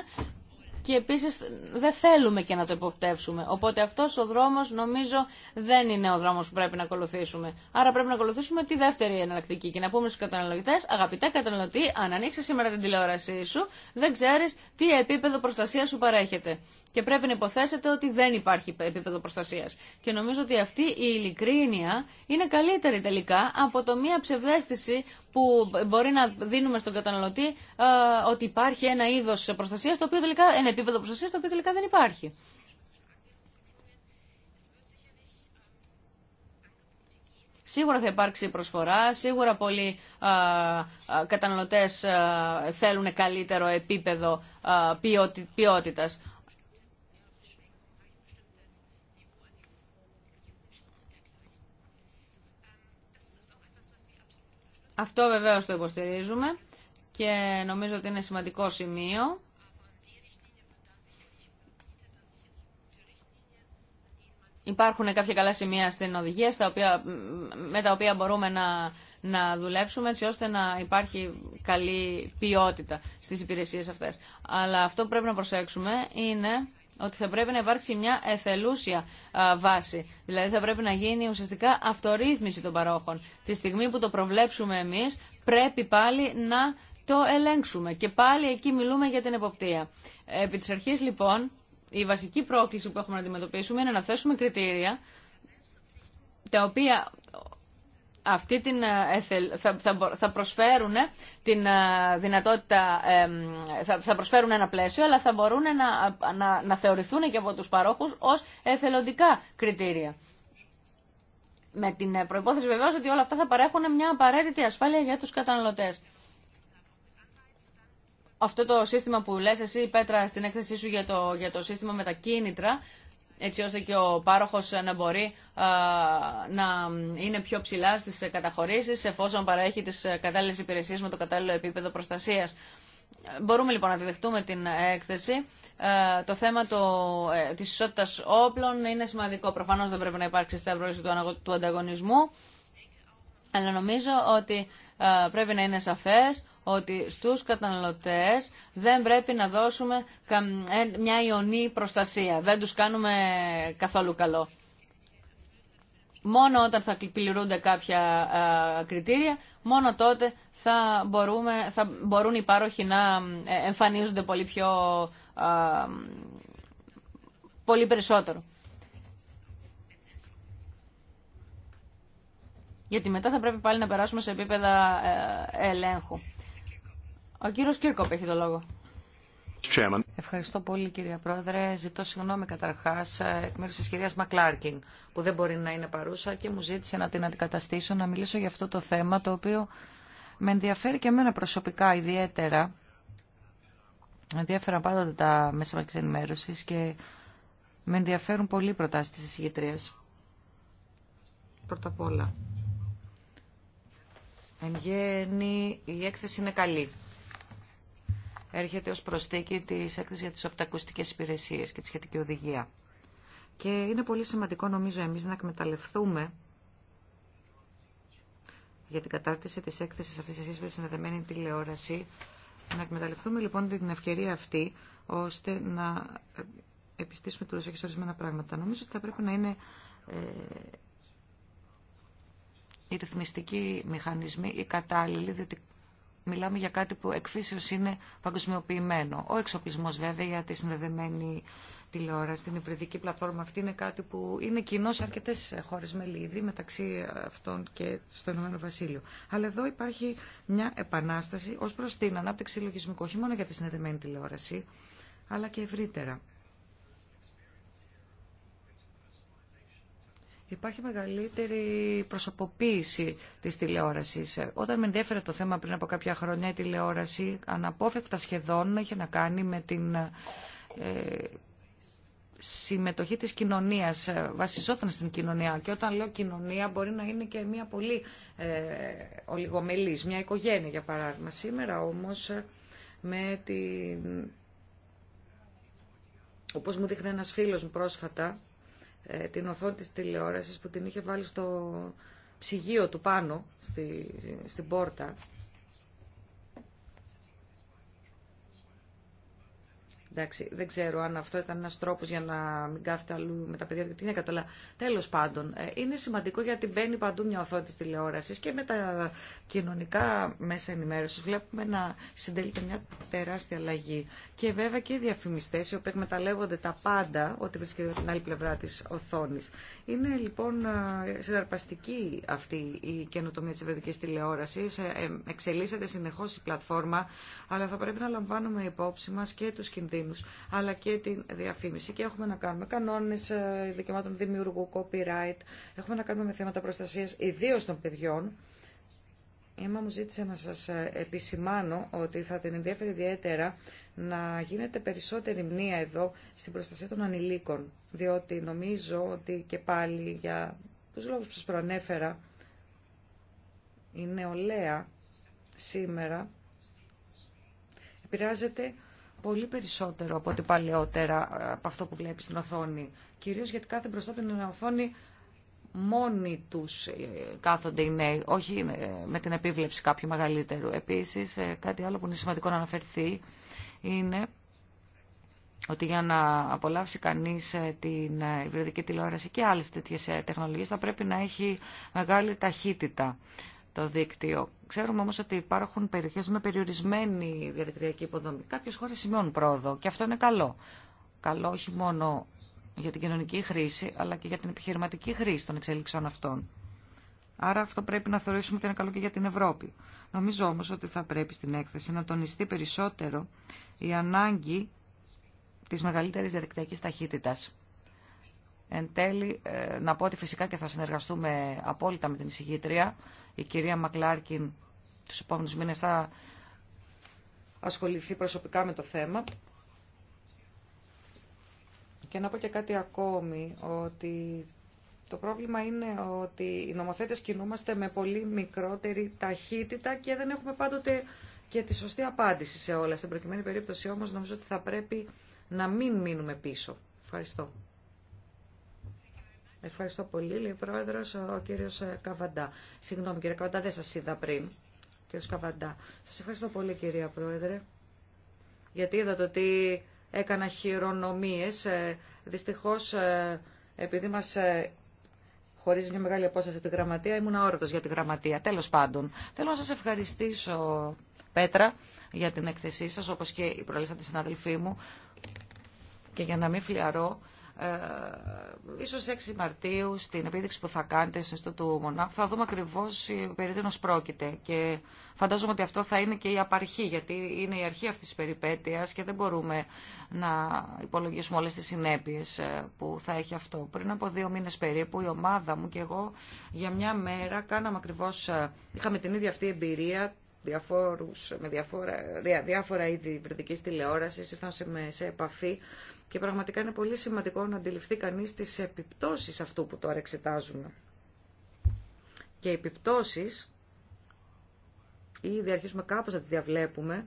και επίσης δεν θέλουμε και να το υποπτεύσουμε. Οπότε αυτός ο δρόμος νομίζω δεν είναι ο δρόμος που πρέπει να ακολουθήσουμε. Άρα πρέπει να ακολουθήσουμε τη δεύτερη εναλλακτική και να πούμε στους καταναλωτές, αγαπητέ καταναλωτή, αν ανοίξει σήμερα την τηλεόρασή σου, δεν ξέρεις τι επίπεδο προστασία σου παρέχεται. Και πρέπει να υποθέσετε ότι δεν υπάρχει επίπεδο προστασία. Και νομίζω ότι αυτή η ειλικρίνεια είναι καλύτερη τελικά από το μία ψευδέστηση που μπορεί να δίνουμε στον καταναλωτή ε, ότι υπάρχει ένα είδο προστασία, ένα επίπεδο προστασία το οποίο τελικά δεν υπάρχει. Σίγουρα θα υπάρξει προσφορά, σίγουρα πολλοί α, ε, ε, καταναλωτές θέλουν καλύτερο επίπεδο α, ποιότητας. Αυτό βεβαίως το υποστηρίζουμε και νομίζω ότι είναι σημαντικό σημείο. Υπάρχουν κάποια καλά σημεία στην οδηγία με τα οποία μπορούμε να, να δουλέψουμε έτσι ώστε να υπάρχει καλή ποιότητα στις υπηρεσίες αυτές. Αλλά αυτό που πρέπει να προσέξουμε είναι ότι θα πρέπει να υπάρξει μια εθελούσια βάση. Δηλαδή θα πρέπει να γίνει ουσιαστικά αυτορύθμιση των παρόχων. Τη στιγμή που το προβλέψουμε εμείς πρέπει πάλι να το ελέγξουμε. Και πάλι εκεί μιλούμε για την εποπτεία. Επί της αρχής λοιπόν η βασική πρόκληση που έχουμε να αντιμετωπίσουμε είναι να θέσουμε κριτήρια τα οποία αυτή την, ε, θα, προσφέρουν ε, την ε, δυνατότητα, θα, προσφέρουν ένα πλαίσιο, αλλά θα μπορούν να, να, να θεωρηθούν και από τους παρόχους ως εθελοντικά κριτήρια. Με την προϋπόθεση βεβαίως ότι όλα αυτά θα παρέχουν μια απαραίτητη ασφάλεια για τους καταναλωτές. Αυτό το σύστημα που λες εσύ, Πέτρα, στην έκθεσή σου για το, για το σύστημα με τα κίνητρα, έτσι ώστε και ο πάροχος να μπορεί να είναι πιο ψηλά στις καταχωρήσεις εφόσον παρέχει τις κατάλληλες υπηρεσίες με το κατάλληλο επίπεδο προστασίας. Μπορούμε λοιπόν να διδεχτούμε την έκθεση. Το θέμα το, ε, της ισότητας όπλων είναι σημαντικό. Προφανώς δεν πρέπει να υπάρξει στεύρωση του ανταγωνισμού. Αλλά νομίζω ότι πρέπει να είναι σαφές ότι στους καταναλωτές δεν πρέπει να δώσουμε ε, μια ιονή προστασία. Δεν τους κάνουμε καθόλου καλό. Μόνο όταν θα πληρούνται κάποια κριτήρια, μόνο τότε θα, μπορούμε, θα μπορούν οι πάροχοι να ε, εμφανίζονται πολύ, πιο, πολύ περισσότερο. Γιατί μετά θα πρέπει πάλι να περάσουμε σε επίπεδα ε, ελέγχου. Ο κύριο Κύρκοπ έχει το λόγο. Ευχαριστώ πολύ κύριε Πρόεδρε. Ζητώ συγγνώμη καταρχά. εκ μέρου τη κυρία Μακλάρκιν που δεν μπορεί να είναι παρούσα και μου ζήτησε να την αντικαταστήσω να μιλήσω για αυτό το θέμα το οποίο με ενδιαφέρει και εμένα προσωπικά ιδιαίτερα. Με Ενδιαφέραν πάντοτε τα μέσα μαζική ενημέρωση και με ενδιαφέρουν πολύ οι προτάσει τη εισηγητρίας. Πρώτα απ' όλα. Εν γέννη η έκθεση είναι καλή έρχεται ως προσθήκη της έκθεσης για τις οπτακουστικές υπηρεσίες και τη σχετική οδηγία. Και είναι πολύ σημαντικό νομίζω εμείς να εκμεταλλευτούμε για την κατάρτιση της έκθεσης αυτής της σχέσης συνδεδεμένη τηλεόραση. Να εκμεταλλευτούμε λοιπόν την ευκαιρία αυτή ώστε να επιστήσουμε του σε ορισμένα πράγματα. Νομίζω ότι θα πρέπει να είναι ε, οι ρυθμιστικοί μηχανισμοί οι κατάλληλοι, διότι μιλάμε για κάτι που εκφύσεως είναι παγκοσμιοποιημένο. Ο εξοπλισμός βέβαια για τη συνδεδεμένη τηλεόραση, την υπηρετική πλατφόρμα αυτή είναι κάτι που είναι κοινό σε αρκετές χώρες μελίδη μεταξύ αυτών και στο Ηνωμένο Βασίλειο. Αλλά εδώ υπάρχει μια επανάσταση ως προς την ανάπτυξη λογισμικού, όχι μόνο για τη συνδεδεμένη τηλεόραση, αλλά και ευρύτερα. Υπάρχει μεγαλύτερη προσωποποίηση της τηλεόρασης. Όταν με ενδιαφέρε το θέμα πριν από κάποια χρόνια, η τηλεόραση αναπόφευκτα σχεδόν είχε να κάνει με την ε, συμμετοχή της κοινωνίας. Ε, βασιζόταν στην κοινωνία. Και όταν λέω κοινωνία μπορεί να είναι και μια πολύ ε, ολιγομελής, μια οικογένεια για παράδειγμα. Σήμερα όμως ε, με την... Όπως μου δείχνει ένας φίλος μου πρόσφατα, ε, την οθόνη της τηλεόρασης που την είχε βάλει στο ψυγείο του πάνω, στη, στην πόρτα Εντάξει, δεν ξέρω αν αυτό ήταν ένα τρόπο για να μην κάθεται αλλού με τα παιδιά του γυναίκα αλλά τέλο πάντων ε, είναι σημαντικό γιατί μπαίνει παντού μια οθόνη τη τηλεόραση και με τα κοινωνικά μέσα ενημέρωση βλέπουμε να συντελείται μια τεράστια αλλαγή. Και βέβαια και οι διαφημιστέ οι οποίοι εκμεταλλεύονται τα πάντα, ό,τι βρίσκεται από την άλλη πλευρά τη οθόνη. Είναι λοιπόν ε, συναρπαστική αυτή η καινοτομία τη ευρωπαϊκή τηλεόραση. Ε, εξελίσσεται συνεχώ η πλατφόρμα, αλλά θα πρέπει να λαμβάνουμε υπόψη μα και του κινδύνου αλλά και τη διαφήμιση. Και έχουμε να κάνουμε κανόνες ε, δικαιωμάτων δημιουργού, copyright, έχουμε να κάνουμε με θέματα προστασίας, ιδίως των παιδιών. Η Έμα μου ζήτησε να σας ε, επισημάνω ότι θα την ενδιαφέρει ιδιαίτερα να γίνεται περισσότερη μνήα εδώ στην προστασία των ανηλίκων, διότι νομίζω ότι και πάλι για του λόγου που σας προανέφερα, η νεολαία σήμερα επηρεάζεται πολύ περισσότερο από ό,τι παλαιότερα από αυτό που βλέπεις στην οθόνη. Κυρίως γιατί κάθε μπροστά από την οθόνη μόνοι τους ε, κάθονται οι νέοι, όχι ε, με την επίβλεψη κάποιου μεγαλύτερου. Επίσης, ε, κάτι άλλο που είναι σημαντικό να αναφερθεί είναι ότι για να απολαύσει κανείς την υπηρετική τηλεόραση και άλλες τέτοιες τεχνολογίες θα πρέπει να έχει μεγάλη ταχύτητα δίκτυο. Ξέρουμε όμω ότι υπάρχουν περιοχέ με περιορισμένη διαδικτυακή υποδομή. Κάποιε χώρε σημειώνουν πρόοδο και αυτό είναι καλό. Καλό όχι μόνο για την κοινωνική χρήση, αλλά και για την επιχειρηματική χρήση των εξέλιξεων αυτών. Άρα αυτό πρέπει να θεωρήσουμε ότι είναι καλό και για την Ευρώπη. Νομίζω όμω ότι θα πρέπει στην έκθεση να τονιστεί περισσότερο η ανάγκη τη μεγαλύτερη διαδικτυακή ταχύτητα. Εν τέλει, ε, να πω ότι φυσικά και θα συνεργαστούμε απόλυτα με την εισηγήτρια. Η κυρία Μακλάρκιν τους επόμενους μήνες θα ασχοληθεί προσωπικά με το θέμα. Και να πω και κάτι ακόμη, ότι το πρόβλημα είναι ότι οι νομοθέτες κινούμαστε με πολύ μικρότερη ταχύτητα και δεν έχουμε πάντοτε και τη σωστή απάντηση σε όλα. Στην προκειμένη περίπτωση όμως νομίζω ότι θα πρέπει να μην μείνουμε πίσω. Ευχαριστώ. Ευχαριστώ πολύ. Λέει ο πρόεδρο, ο κύριο Καβαντά. Συγγνώμη, κύριε Καβαντά, δεν σα είδα πριν. Κύριο Καβαντά. Σα ευχαριστώ πολύ, κυρία Πρόεδρε. Γιατί είδατε ότι έκανα χειρονομίε. Ε, Δυστυχώ, ε, επειδή μα ε, χωρί μια μεγάλη απόσταση τη γραμματεία, ήμουν αόρατο για τη γραμματεία. Τέλο πάντων, θέλω να σα ευχαριστήσω, Πέτρα, για την έκθεσή σα, όπω και οι προλήσατε συναδελφοί μου. Και για να μην φλιαρώ, ε, ίσως 6 Μαρτίου στην επίδειξη που θα κάνετε στο του Μονάχου θα δούμε ακριβώς περί τίνος πρόκειται και φαντάζομαι ότι αυτό θα είναι και η απαρχή γιατί είναι η αρχή αυτής της περιπέτειας και δεν μπορούμε να υπολογίσουμε όλες τις συνέπειες ε, που θα έχει αυτό. Πριν από δύο μήνες περίπου η ομάδα μου και εγώ για μια μέρα κάναμε ακριβώς, ε, είχαμε την ίδια αυτή εμπειρία διαφόρους, με διάφορα, διάφορα είδη βρετικής τηλεόρασης, ήρθαμε σε, σε επαφή και πραγματικά είναι πολύ σημαντικό να αντιληφθεί κανείς τις επιπτώσεις αυτού που τώρα εξετάζουμε. Και οι επιπτώσεις, ήδη αρχίσουμε κάπως να τις διαβλέπουμε,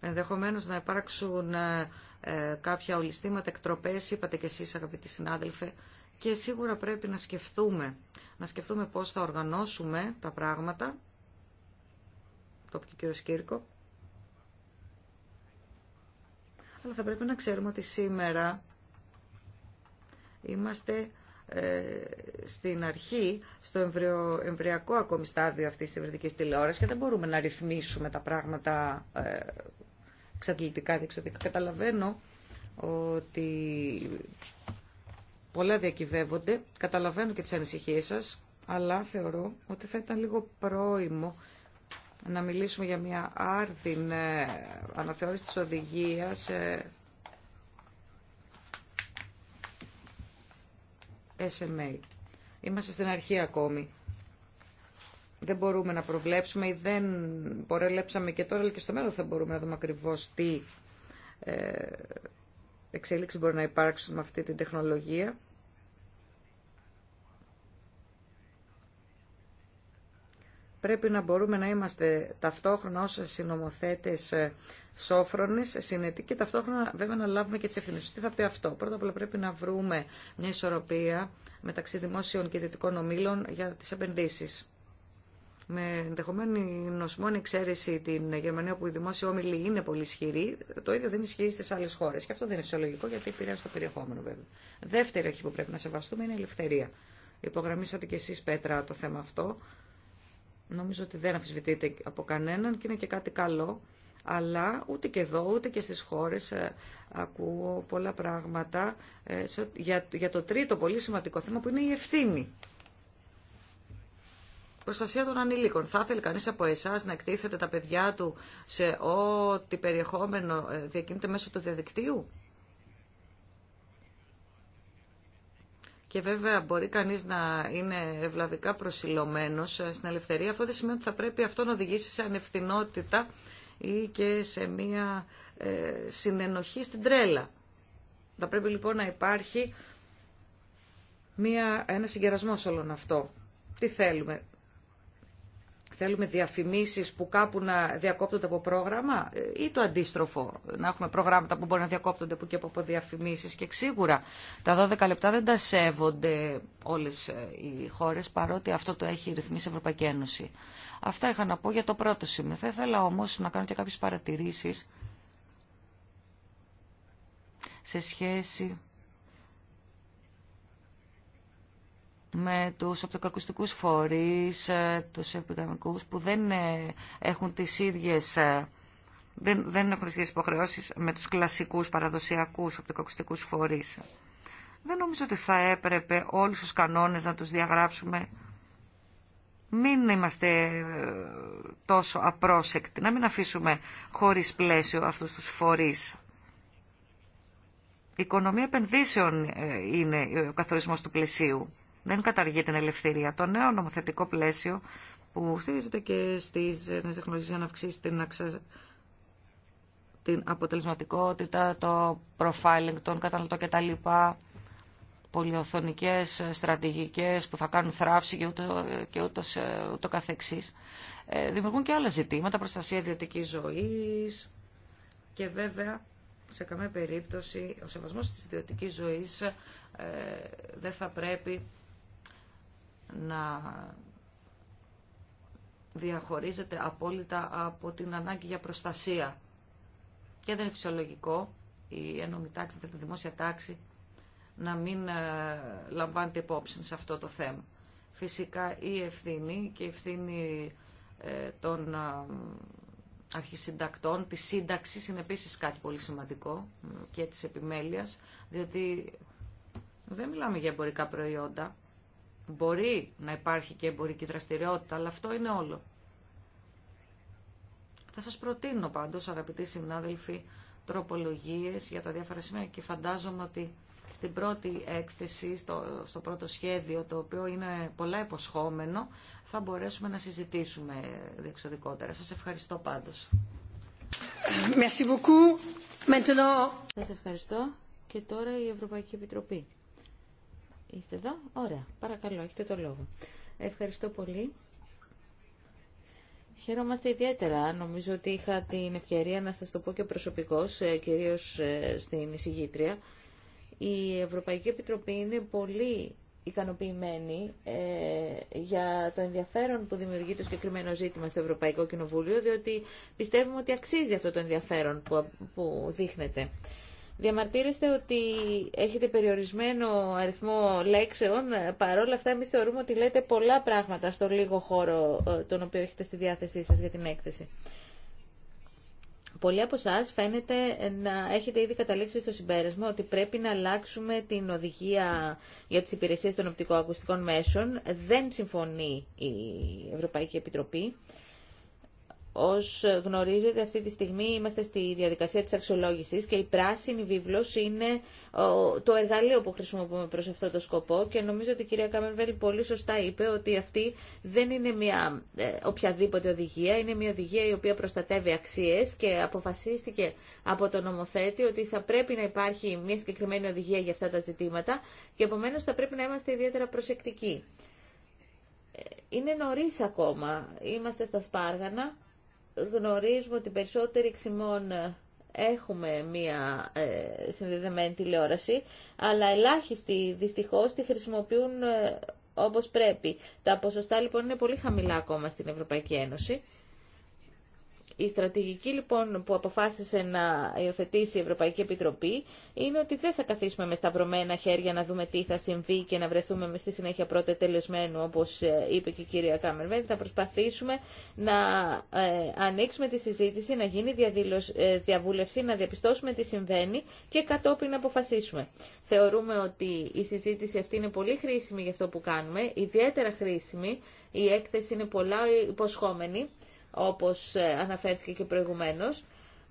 ενδεχομένως να υπάρξουν ε, ε, κάποια ολιστήματα, εκτροπές, είπατε και εσείς αγαπητοί συνάδελφε, και σίγουρα πρέπει να σκεφτούμε, να σκεφτούμε πώς θα οργανώσουμε τα πράγματα, το είπε και ο Κύρκο, αλλά θα πρέπει να ξέρουμε ότι σήμερα είμαστε ε, στην αρχή, στο εμβριο, εμβριακό ακόμη στάδιο αυτής της ευρετικής τηλεόρασης και δεν μπορούμε να ρυθμίσουμε τα πράγματα ε, εξαντλητικά, διεξοδικά. Καταλαβαίνω ότι πολλά διακυβεύονται, καταλαβαίνω και τις ανησυχίες σας, αλλά θεωρώ ότι θα ήταν λίγο πρόημο να μιλήσουμε για μια άρδιν ε, αναθεώρηση της οδηγίας ε, SMA. Είμαστε στην αρχή ακόμη. Δεν μπορούμε να προβλέψουμε ή δεν πορελέψαμε και τώρα, αλλά και στο μέλλον θα μπορούμε να δούμε ακριβώ τι ε, εξέλιξη μπορεί να υπάρξει με αυτή την τεχνολογία. πρέπει να μπορούμε να είμαστε ταυτόχρονα ως συνομοθέτες ε, σόφρονες, συνετοί και ταυτόχρονα βέβαια να λάβουμε και τις ευθύνες. Τι θα πει αυτό. Πρώτα απ' όλα πρέπει να βρούμε μια ισορροπία μεταξύ δημόσιων και ιδιωτικών ομήλων για τις επενδύσεις. Με ενδεχομένη νοσμόνη εξαίρεση την Γερμανία που η δημόσια όμιλη είναι πολύ ισχυρή, το ίδιο δεν ισχύει στι άλλε χώρε. Και αυτό δεν είναι φυσιολογικό γιατί επηρεάζει το περιεχόμενο βέβαια. Δεύτερη αρχή που πρέπει να σεβαστούμε είναι η ελευθερία. Υπογραμμίσατε κι εσεί, Πέτρα, το θέμα αυτό. Νομίζω ότι δεν αμφισβητείται από κανέναν και είναι και κάτι καλό. Αλλά ούτε και εδώ, ούτε και στις χώρες ε, ακούω πολλά πράγματα ε, για το τρίτο πολύ σημαντικό θέμα που είναι η ευθύνη. Προστασία των ανηλίκων. Θα ήθελε κανείς από εσάς να εκτίθεται τα παιδιά του σε ό,τι περιεχόμενο ε, διακινείται μέσω του διαδικτύου. και βέβαια μπορεί κανείς να είναι ευλαβικά προσιλωμένος στην ελευθερία, αυτό δεν σημαίνει ότι θα πρέπει αυτό να οδηγήσει σε ανευθυνότητα ή και σε μία ε, συνενοχή στην τρέλα. Θα πρέπει λοιπόν να υπάρχει μία, ένα συγκερασμός όλων αυτό. Τι θέλουμε. Θέλουμε διαφημίσεις που κάπου να διακόπτονται από πρόγραμμα ε, ή το αντίστροφο, να έχουμε προγράμματα που μπορεί να διακόπτονται που και από διαφημίσεις και σίγουρα τα 12 λεπτά δεν τα σέβονται όλες ε, οι χώρες παρότι αυτό το έχει ρυθμίσει η Ευρωπαϊκή Ένωση. Αυτά είχα να πω για το πρώτο σημείο. Θα ήθελα όμως να κάνω και κάποιες παρατηρήσεις σε σχέση με τους οπτικοακουστικούς φορείς, ε, τους επιδραμικούς που ε, ε, δεν έχουν τις ίδιες δεν, δεν έχουν τις υποχρεώσεις με τους κλασικούς παραδοσιακούς οπτικοακουστικούς φορείς. Δεν νομίζω ότι θα έπρεπε όλους τους κανόνες να τους διαγράψουμε. Μην είμαστε τόσο απρόσεκτοι, να μην αφήσουμε χωρίς πλαίσιο αυτούς τους φορείς. Η οικονομία επενδύσεων είναι ο καθορισμός του πλαισίου δεν καταργεί την ελευθερία. Το νέο νομοθετικό πλαίσιο που στηρίζεται και στις τεχνολογίες για να αυξήσει την, αποτελεσματικότητα, το profiling των καταναλωτών κτλ. Πολιοθωνικές, στρατηγικές που θα κάνουν θράψη και ούτω, και ε, ούτω καθεξής. Ε, δημιουργούν και άλλα ζητήματα, προστασία ιδιωτικής ζωής και βέβαια σε καμία περίπτωση ο σεβασμός της ιδιωτικής ζωής ε, δεν θα πρέπει να διαχωρίζεται απόλυτα από την ανάγκη για προστασία. Και δεν είναι φυσιολογικό η ένωμη τάξη, η δημόσια τάξη, να μην ε, λαμβάνεται υπόψη σε αυτό το θέμα. Φυσικά η ευθύνη και η ευθύνη ε, των ε, αρχισυντακτών, της σύνταξη είναι επίσης κάτι πολύ σημαντικό και της επιμέλειας, διότι δεν μιλάμε για εμπορικά προϊόντα, Μπορεί να υπάρχει και εμπορική δραστηριότητα, αλλά αυτό είναι όλο. Θα σας προτείνω πάντως, αγαπητοί συνάδελφοι, τροπολογίες για τα διάφορα σημεία και φαντάζομαι ότι στην πρώτη έκθεση, στο, στο πρώτο σχέδιο, το οποίο είναι πολλά υποσχόμενο, θα μπορέσουμε να συζητήσουμε διεξοδικότερα. Σας ευχαριστώ πάντως. Σας ευχαριστώ. Και τώρα η Ευρωπαϊκή Επιτροπή. Είστε εδώ. Ωραία. Παρακαλώ, έχετε το λόγο. Ευχαριστώ πολύ. Χαίρομαστε ιδιαίτερα. Νομίζω ότι είχα την ευκαιρία να σας το πω και προσωπικώς, ε, κυρίως ε, στην εισηγήτρια. Η Ευρωπαϊκή Επιτροπή είναι πολύ ικανοποιημένη ε, για το ενδιαφέρον που δημιουργεί το συγκεκριμένο ζήτημα στο Ευρωπαϊκό Κοινοβούλιο, διότι πιστεύουμε ότι αξίζει αυτό το ενδιαφέρον που, που δείχνεται. Διαμαρτύρεστε ότι έχετε περιορισμένο αριθμό λέξεων, παρόλα αυτά εμεί θεωρούμε ότι λέτε πολλά πράγματα στο λίγο χώρο ε, τον οποίο έχετε στη διάθεσή σα για την έκθεση. Πολλοί από εσά φαίνεται να έχετε ήδη καταλήξει στο συμπέρασμα ότι πρέπει να αλλάξουμε την οδηγία για τις υπηρεσίες των οπτικοακουστικών μέσων. Δεν συμφωνεί η Ευρωπαϊκή Επιτροπή. Ως γνωρίζετε αυτή τη στιγμή είμαστε στη διαδικασία της αξιολόγησης και η πράσινη βίβλος είναι το εργαλείο που χρησιμοποιούμε προς αυτό το σκοπό και νομίζω ότι η κυρία Καμερβέλη πολύ σωστά είπε ότι αυτή δεν είναι μια ε, οποιαδήποτε οδηγία, είναι μια οδηγία η οποία προστατεύει αξίες και αποφασίστηκε από τον νομοθέτη ότι θα πρέπει να υπάρχει μια συγκεκριμένη οδηγία για αυτά τα ζητήματα και επομένως θα πρέπει να είμαστε ιδιαίτερα προσεκτικοί. Ε, είναι νωρίς ακόμα, είμαστε στα Σπάργανα γνωρίζουμε ότι περισσότεροι ξημών έχουμε μία ε, συνδεδεμένη τηλεόραση, αλλά ελάχιστοι δυστυχώς τη χρησιμοποιούν ε, όπως πρέπει. Τα ποσοστά λοιπόν είναι πολύ χαμηλά ακόμα στην Ευρωπαϊκή Ένωση. Η στρατηγική λοιπόν που αποφάσισε να υιοθετήσει η Ευρωπαϊκή Επιτροπή είναι ότι δεν θα καθίσουμε με σταυρωμένα χέρια να δούμε τι θα συμβεί και να βρεθούμε με στη συνέχεια πρώτα τελεσμένου όπως ε, είπε και η κυρία Κάμερβεν. Θα προσπαθήσουμε να ε, ανοίξουμε τη συζήτηση, να γίνει ε, διαβούλευση, να διαπιστώσουμε τι συμβαίνει και κατόπιν να αποφασίσουμε. Θεωρούμε ότι η συζήτηση αυτή είναι πολύ χρήσιμη για αυτό που κάνουμε, ιδιαίτερα χρήσιμη. Η έκθεση είναι πολλά υποσχόμενη όπως ε, αναφέρθηκε και προηγουμένως.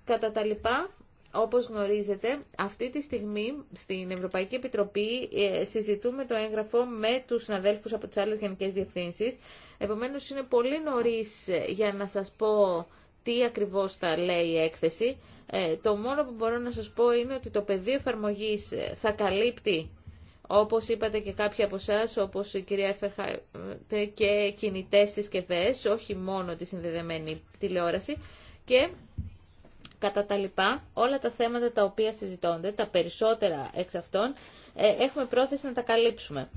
Κατά τα λοιπά, όπως γνωρίζετε, αυτή τη στιγμή στην Ευρωπαϊκή Επιτροπή ε, συζητούμε το έγγραφο με τους συναδέλφους από τις άλλες γενικές διευθύνσεις. Επομένως, είναι πολύ νωρίς ε, για να σας πω τι ακριβώς θα λέει η έκθεση. Το μόνο που μπορώ να σας πω είναι ότι το πεδίο εφαρμογής θα καλύπτει όπως είπατε και κάποιοι από εσά, όπως η κυρία και κινητές συσκευέ, όχι μόνο τη συνδεδεμένη τηλεόραση και κατά τα λοιπά, όλα τα θέματα τα οποία συζητώνται, τα περισσότερα εξ αυτών, ε, έχουμε πρόθεση να τα καλύψουμε.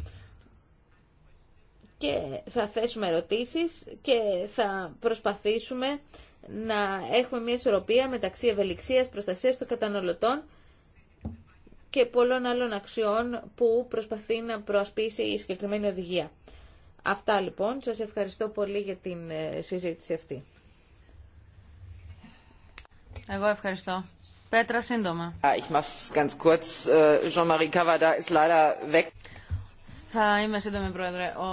Και θα θέσουμε ερωτήσεις και θα προσπαθήσουμε να έχουμε μια ισορροπία μεταξύ ευελιξίας, προστασίας των καταναλωτών και πολλών άλλων αξιών που προσπαθεί να προασπίσει η συγκεκριμένη οδηγία. Αυτά λοιπόν. Σας ευχαριστώ πολύ για την ε, συζήτηση αυτή. Εγώ ευχαριστώ. Πέτρα, σύντομα. Äh, Θα είμαι σύντομη, Πρόεδρε. Ο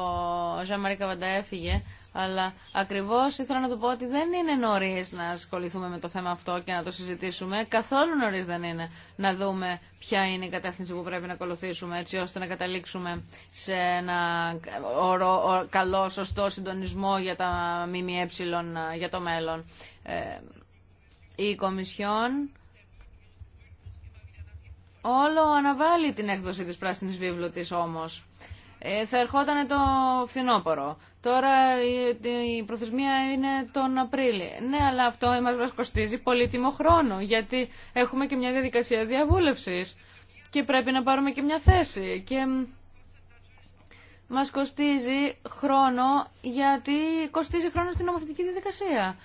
Jean-Marie έφυγε. Αλλά ακριβώ ήθελα να του πω ότι δεν είναι νωρί να ασχοληθούμε με το θέμα αυτό και να το συζητήσουμε. Καθόλου νωρί δεν είναι να δούμε ποια είναι η κατεύθυνση που πρέπει να ακολουθήσουμε, έτσι ώστε να καταλήξουμε σε ένα όρο, καλό, σωστό συντονισμό για τα ΜΜΕ για το μέλλον. Ε, η Κομισιόν όλο αναβάλει την έκδοση της Πράσινης Βίβλου της όμως. Ε, θα ερχόταν το φθινόπωρο. Τώρα η προθεσμία είναι τον Απρίλιο. Ναι, αλλά αυτό μας κοστίζει πολύτιμο χρόνο, γιατί έχουμε και μια διαδικασία διαβούλευσης και πρέπει να πάρουμε και μια θέση. Και μας κοστίζει χρόνο, γιατί κοστίζει χρόνο στην νομοθετική διαδικασία.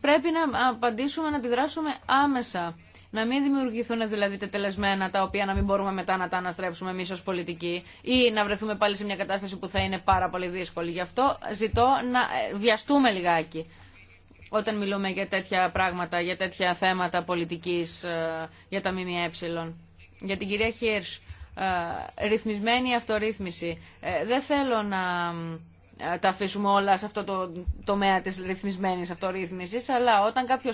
Πρέπει να απαντήσουμε, να αντιδράσουμε άμεσα. Να μην δημιουργηθούν δηλαδή τελεσμένα τα οποία να μην μπορούμε μετά να τα αναστρέψουμε εμεί ω πολιτικοί ή να βρεθούμε πάλι σε μια κατάσταση που θα είναι πάρα πολύ δύσκολη. Γι' αυτό ζητώ να ε, βιαστούμε λιγάκι όταν μιλούμε για τέτοια πράγματα, για τέτοια θέματα πολιτικής, ε, για τα ΜΜΕ. Για την κυρία Χίρς, ε, ρυθμισμένη αυτορύθμιση. Δεν θέλω να τα αφήσουμε όλα σε αυτό το τομέα της ρυθμισμένης αυτορύθμισης, αλλά όταν κάποιο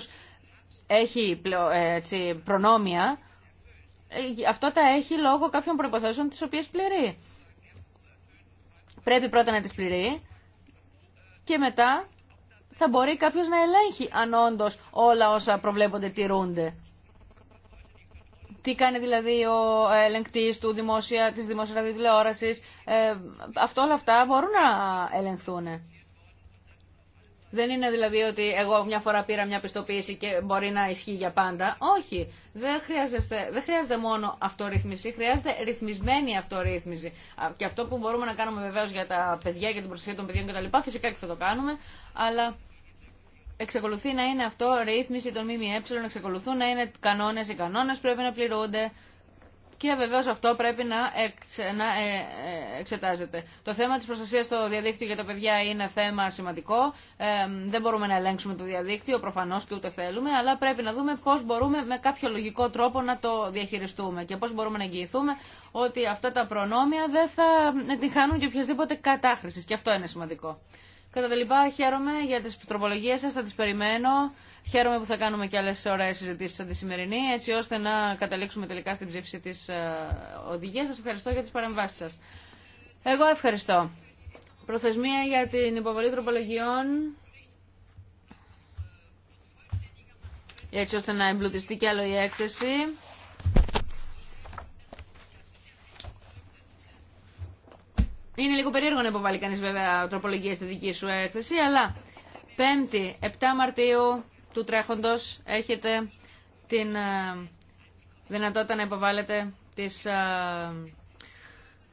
έχει ε, έτσι, προνόμια, ε, αυτό τα έχει λόγω κάποιων προϋποθέσεων τις οποίες πληρεί. Πρέπει πρώτα να τις πληρεί και μετά θα μπορεί κάποιος να ελέγχει αν όντω όλα όσα προβλέπονται τηρούνται. Τι κάνει δηλαδή ο ε, ελεγκτής του δημόσια, της δημόσιας ραδιοτηλεόρασης. Ε, αυτό όλα αυτά μπορούν να ελεγχθούν. Δεν είναι δηλαδή ότι εγώ μια φορά πήρα μια πιστοποίηση και μπορεί να ισχύει για πάντα. Όχι. Δεν χρειάζεται, δεν χρειάζεται μόνο αυτορύθμιση, χρειάζεται ρυθμισμένη αυτορύθμιση. Και αυτό που μπορούμε να κάνουμε βεβαίω για τα παιδιά, για την προστασία των παιδιών κτλ. Φυσικά και θα το κάνουμε, αλλά εξακολουθεί να είναι αυτό ρύθμιση των ΜΜΕ, εξακολουθούν να είναι κανόνε, οι κανόνε πρέπει να πληρούνται και βεβαίω αυτό πρέπει να, εξ, ε, ε, εξετάζεται. Το θέμα τη προστασία στο διαδίκτυο για τα παιδιά είναι θέμα σημαντικό. Ε, δεν μπορούμε να ελέγξουμε το διαδίκτυο, προφανώ και ούτε θέλουμε, αλλά πρέπει να δούμε πώ μπορούμε με κάποιο λογικό τρόπο να το διαχειριστούμε και πώ μπορούμε να εγγυηθούμε ότι αυτά τα προνόμια δεν θα τυχάνουν και οποιασδήποτε κατάχρηση. Και αυτό είναι σημαντικό. Κατά τα λοιπά, χαίρομαι για τι τροπολογίες σα, θα τι περιμένω. Χαίρομαι που θα κάνουμε και άλλε ωραίε συζητήσει σαν τη σημερινή, έτσι ώστε να καταλήξουμε τελικά στην ψήφιση τη ε, οδηγία. Σα ευχαριστώ για τι παρεμβάσει σα. Εγώ ευχαριστώ. Προθεσμία για την υποβολή τροπολογιών. Έτσι ώστε να εμπλουτιστεί κι άλλο η έκθεση. Είναι λίγο περίεργο να υποβάλει κανεί βέβαια τροπολογία στη δική σου έκθεση, αλλά 5η, 7 Μαρτίου, του τρέχοντος έχετε την ε, δυνατότητα να υποβάλλετε τις, ε,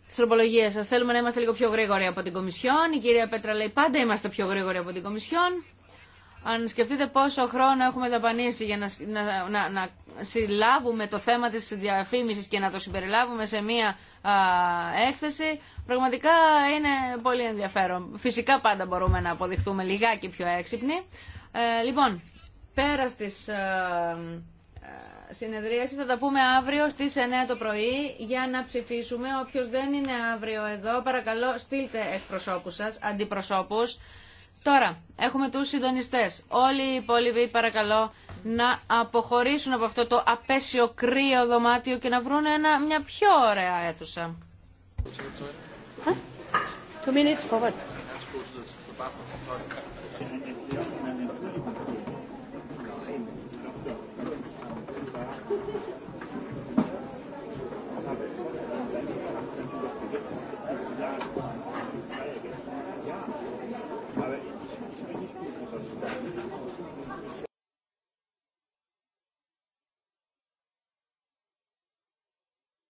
τις τροπολογίες σας. Θέλουμε να είμαστε λίγο πιο γρήγοροι από την Κομισιόν. Η κυρία Πέτρα λέει πάντα είμαστε πιο γρήγοροι από την Κομισιόν. Αν σκεφτείτε πόσο χρόνο έχουμε δαπανίσει για να, να, να, να συλλάβουμε το θέμα της διαφήμισης και να το συμπεριλάβουμε σε μία α, έκθεση, πραγματικά είναι πολύ ενδιαφέρον. Φυσικά πάντα μπορούμε να αποδειχθούμε λιγάκι πιο έξυπνοι. Ε, λοιπόν, Πέρα τη ε, ε, συνεδρίαση. Θα τα πούμε αύριο στις 9 το πρωί για να ψηφίσουμε. Όποιο δεν είναι αύριο εδώ, παρακαλώ στείλτε εκπροσώπους σα, αντιπροσώπους. Τώρα, έχουμε τους συντονιστές. Όλοι οι υπόλοιποι παρακαλώ να αποχωρήσουν από αυτό το απέσιο κρύο δωμάτιο και να βρουν ένα, μια πιο ωραία αίθουσα. Two minutes forward.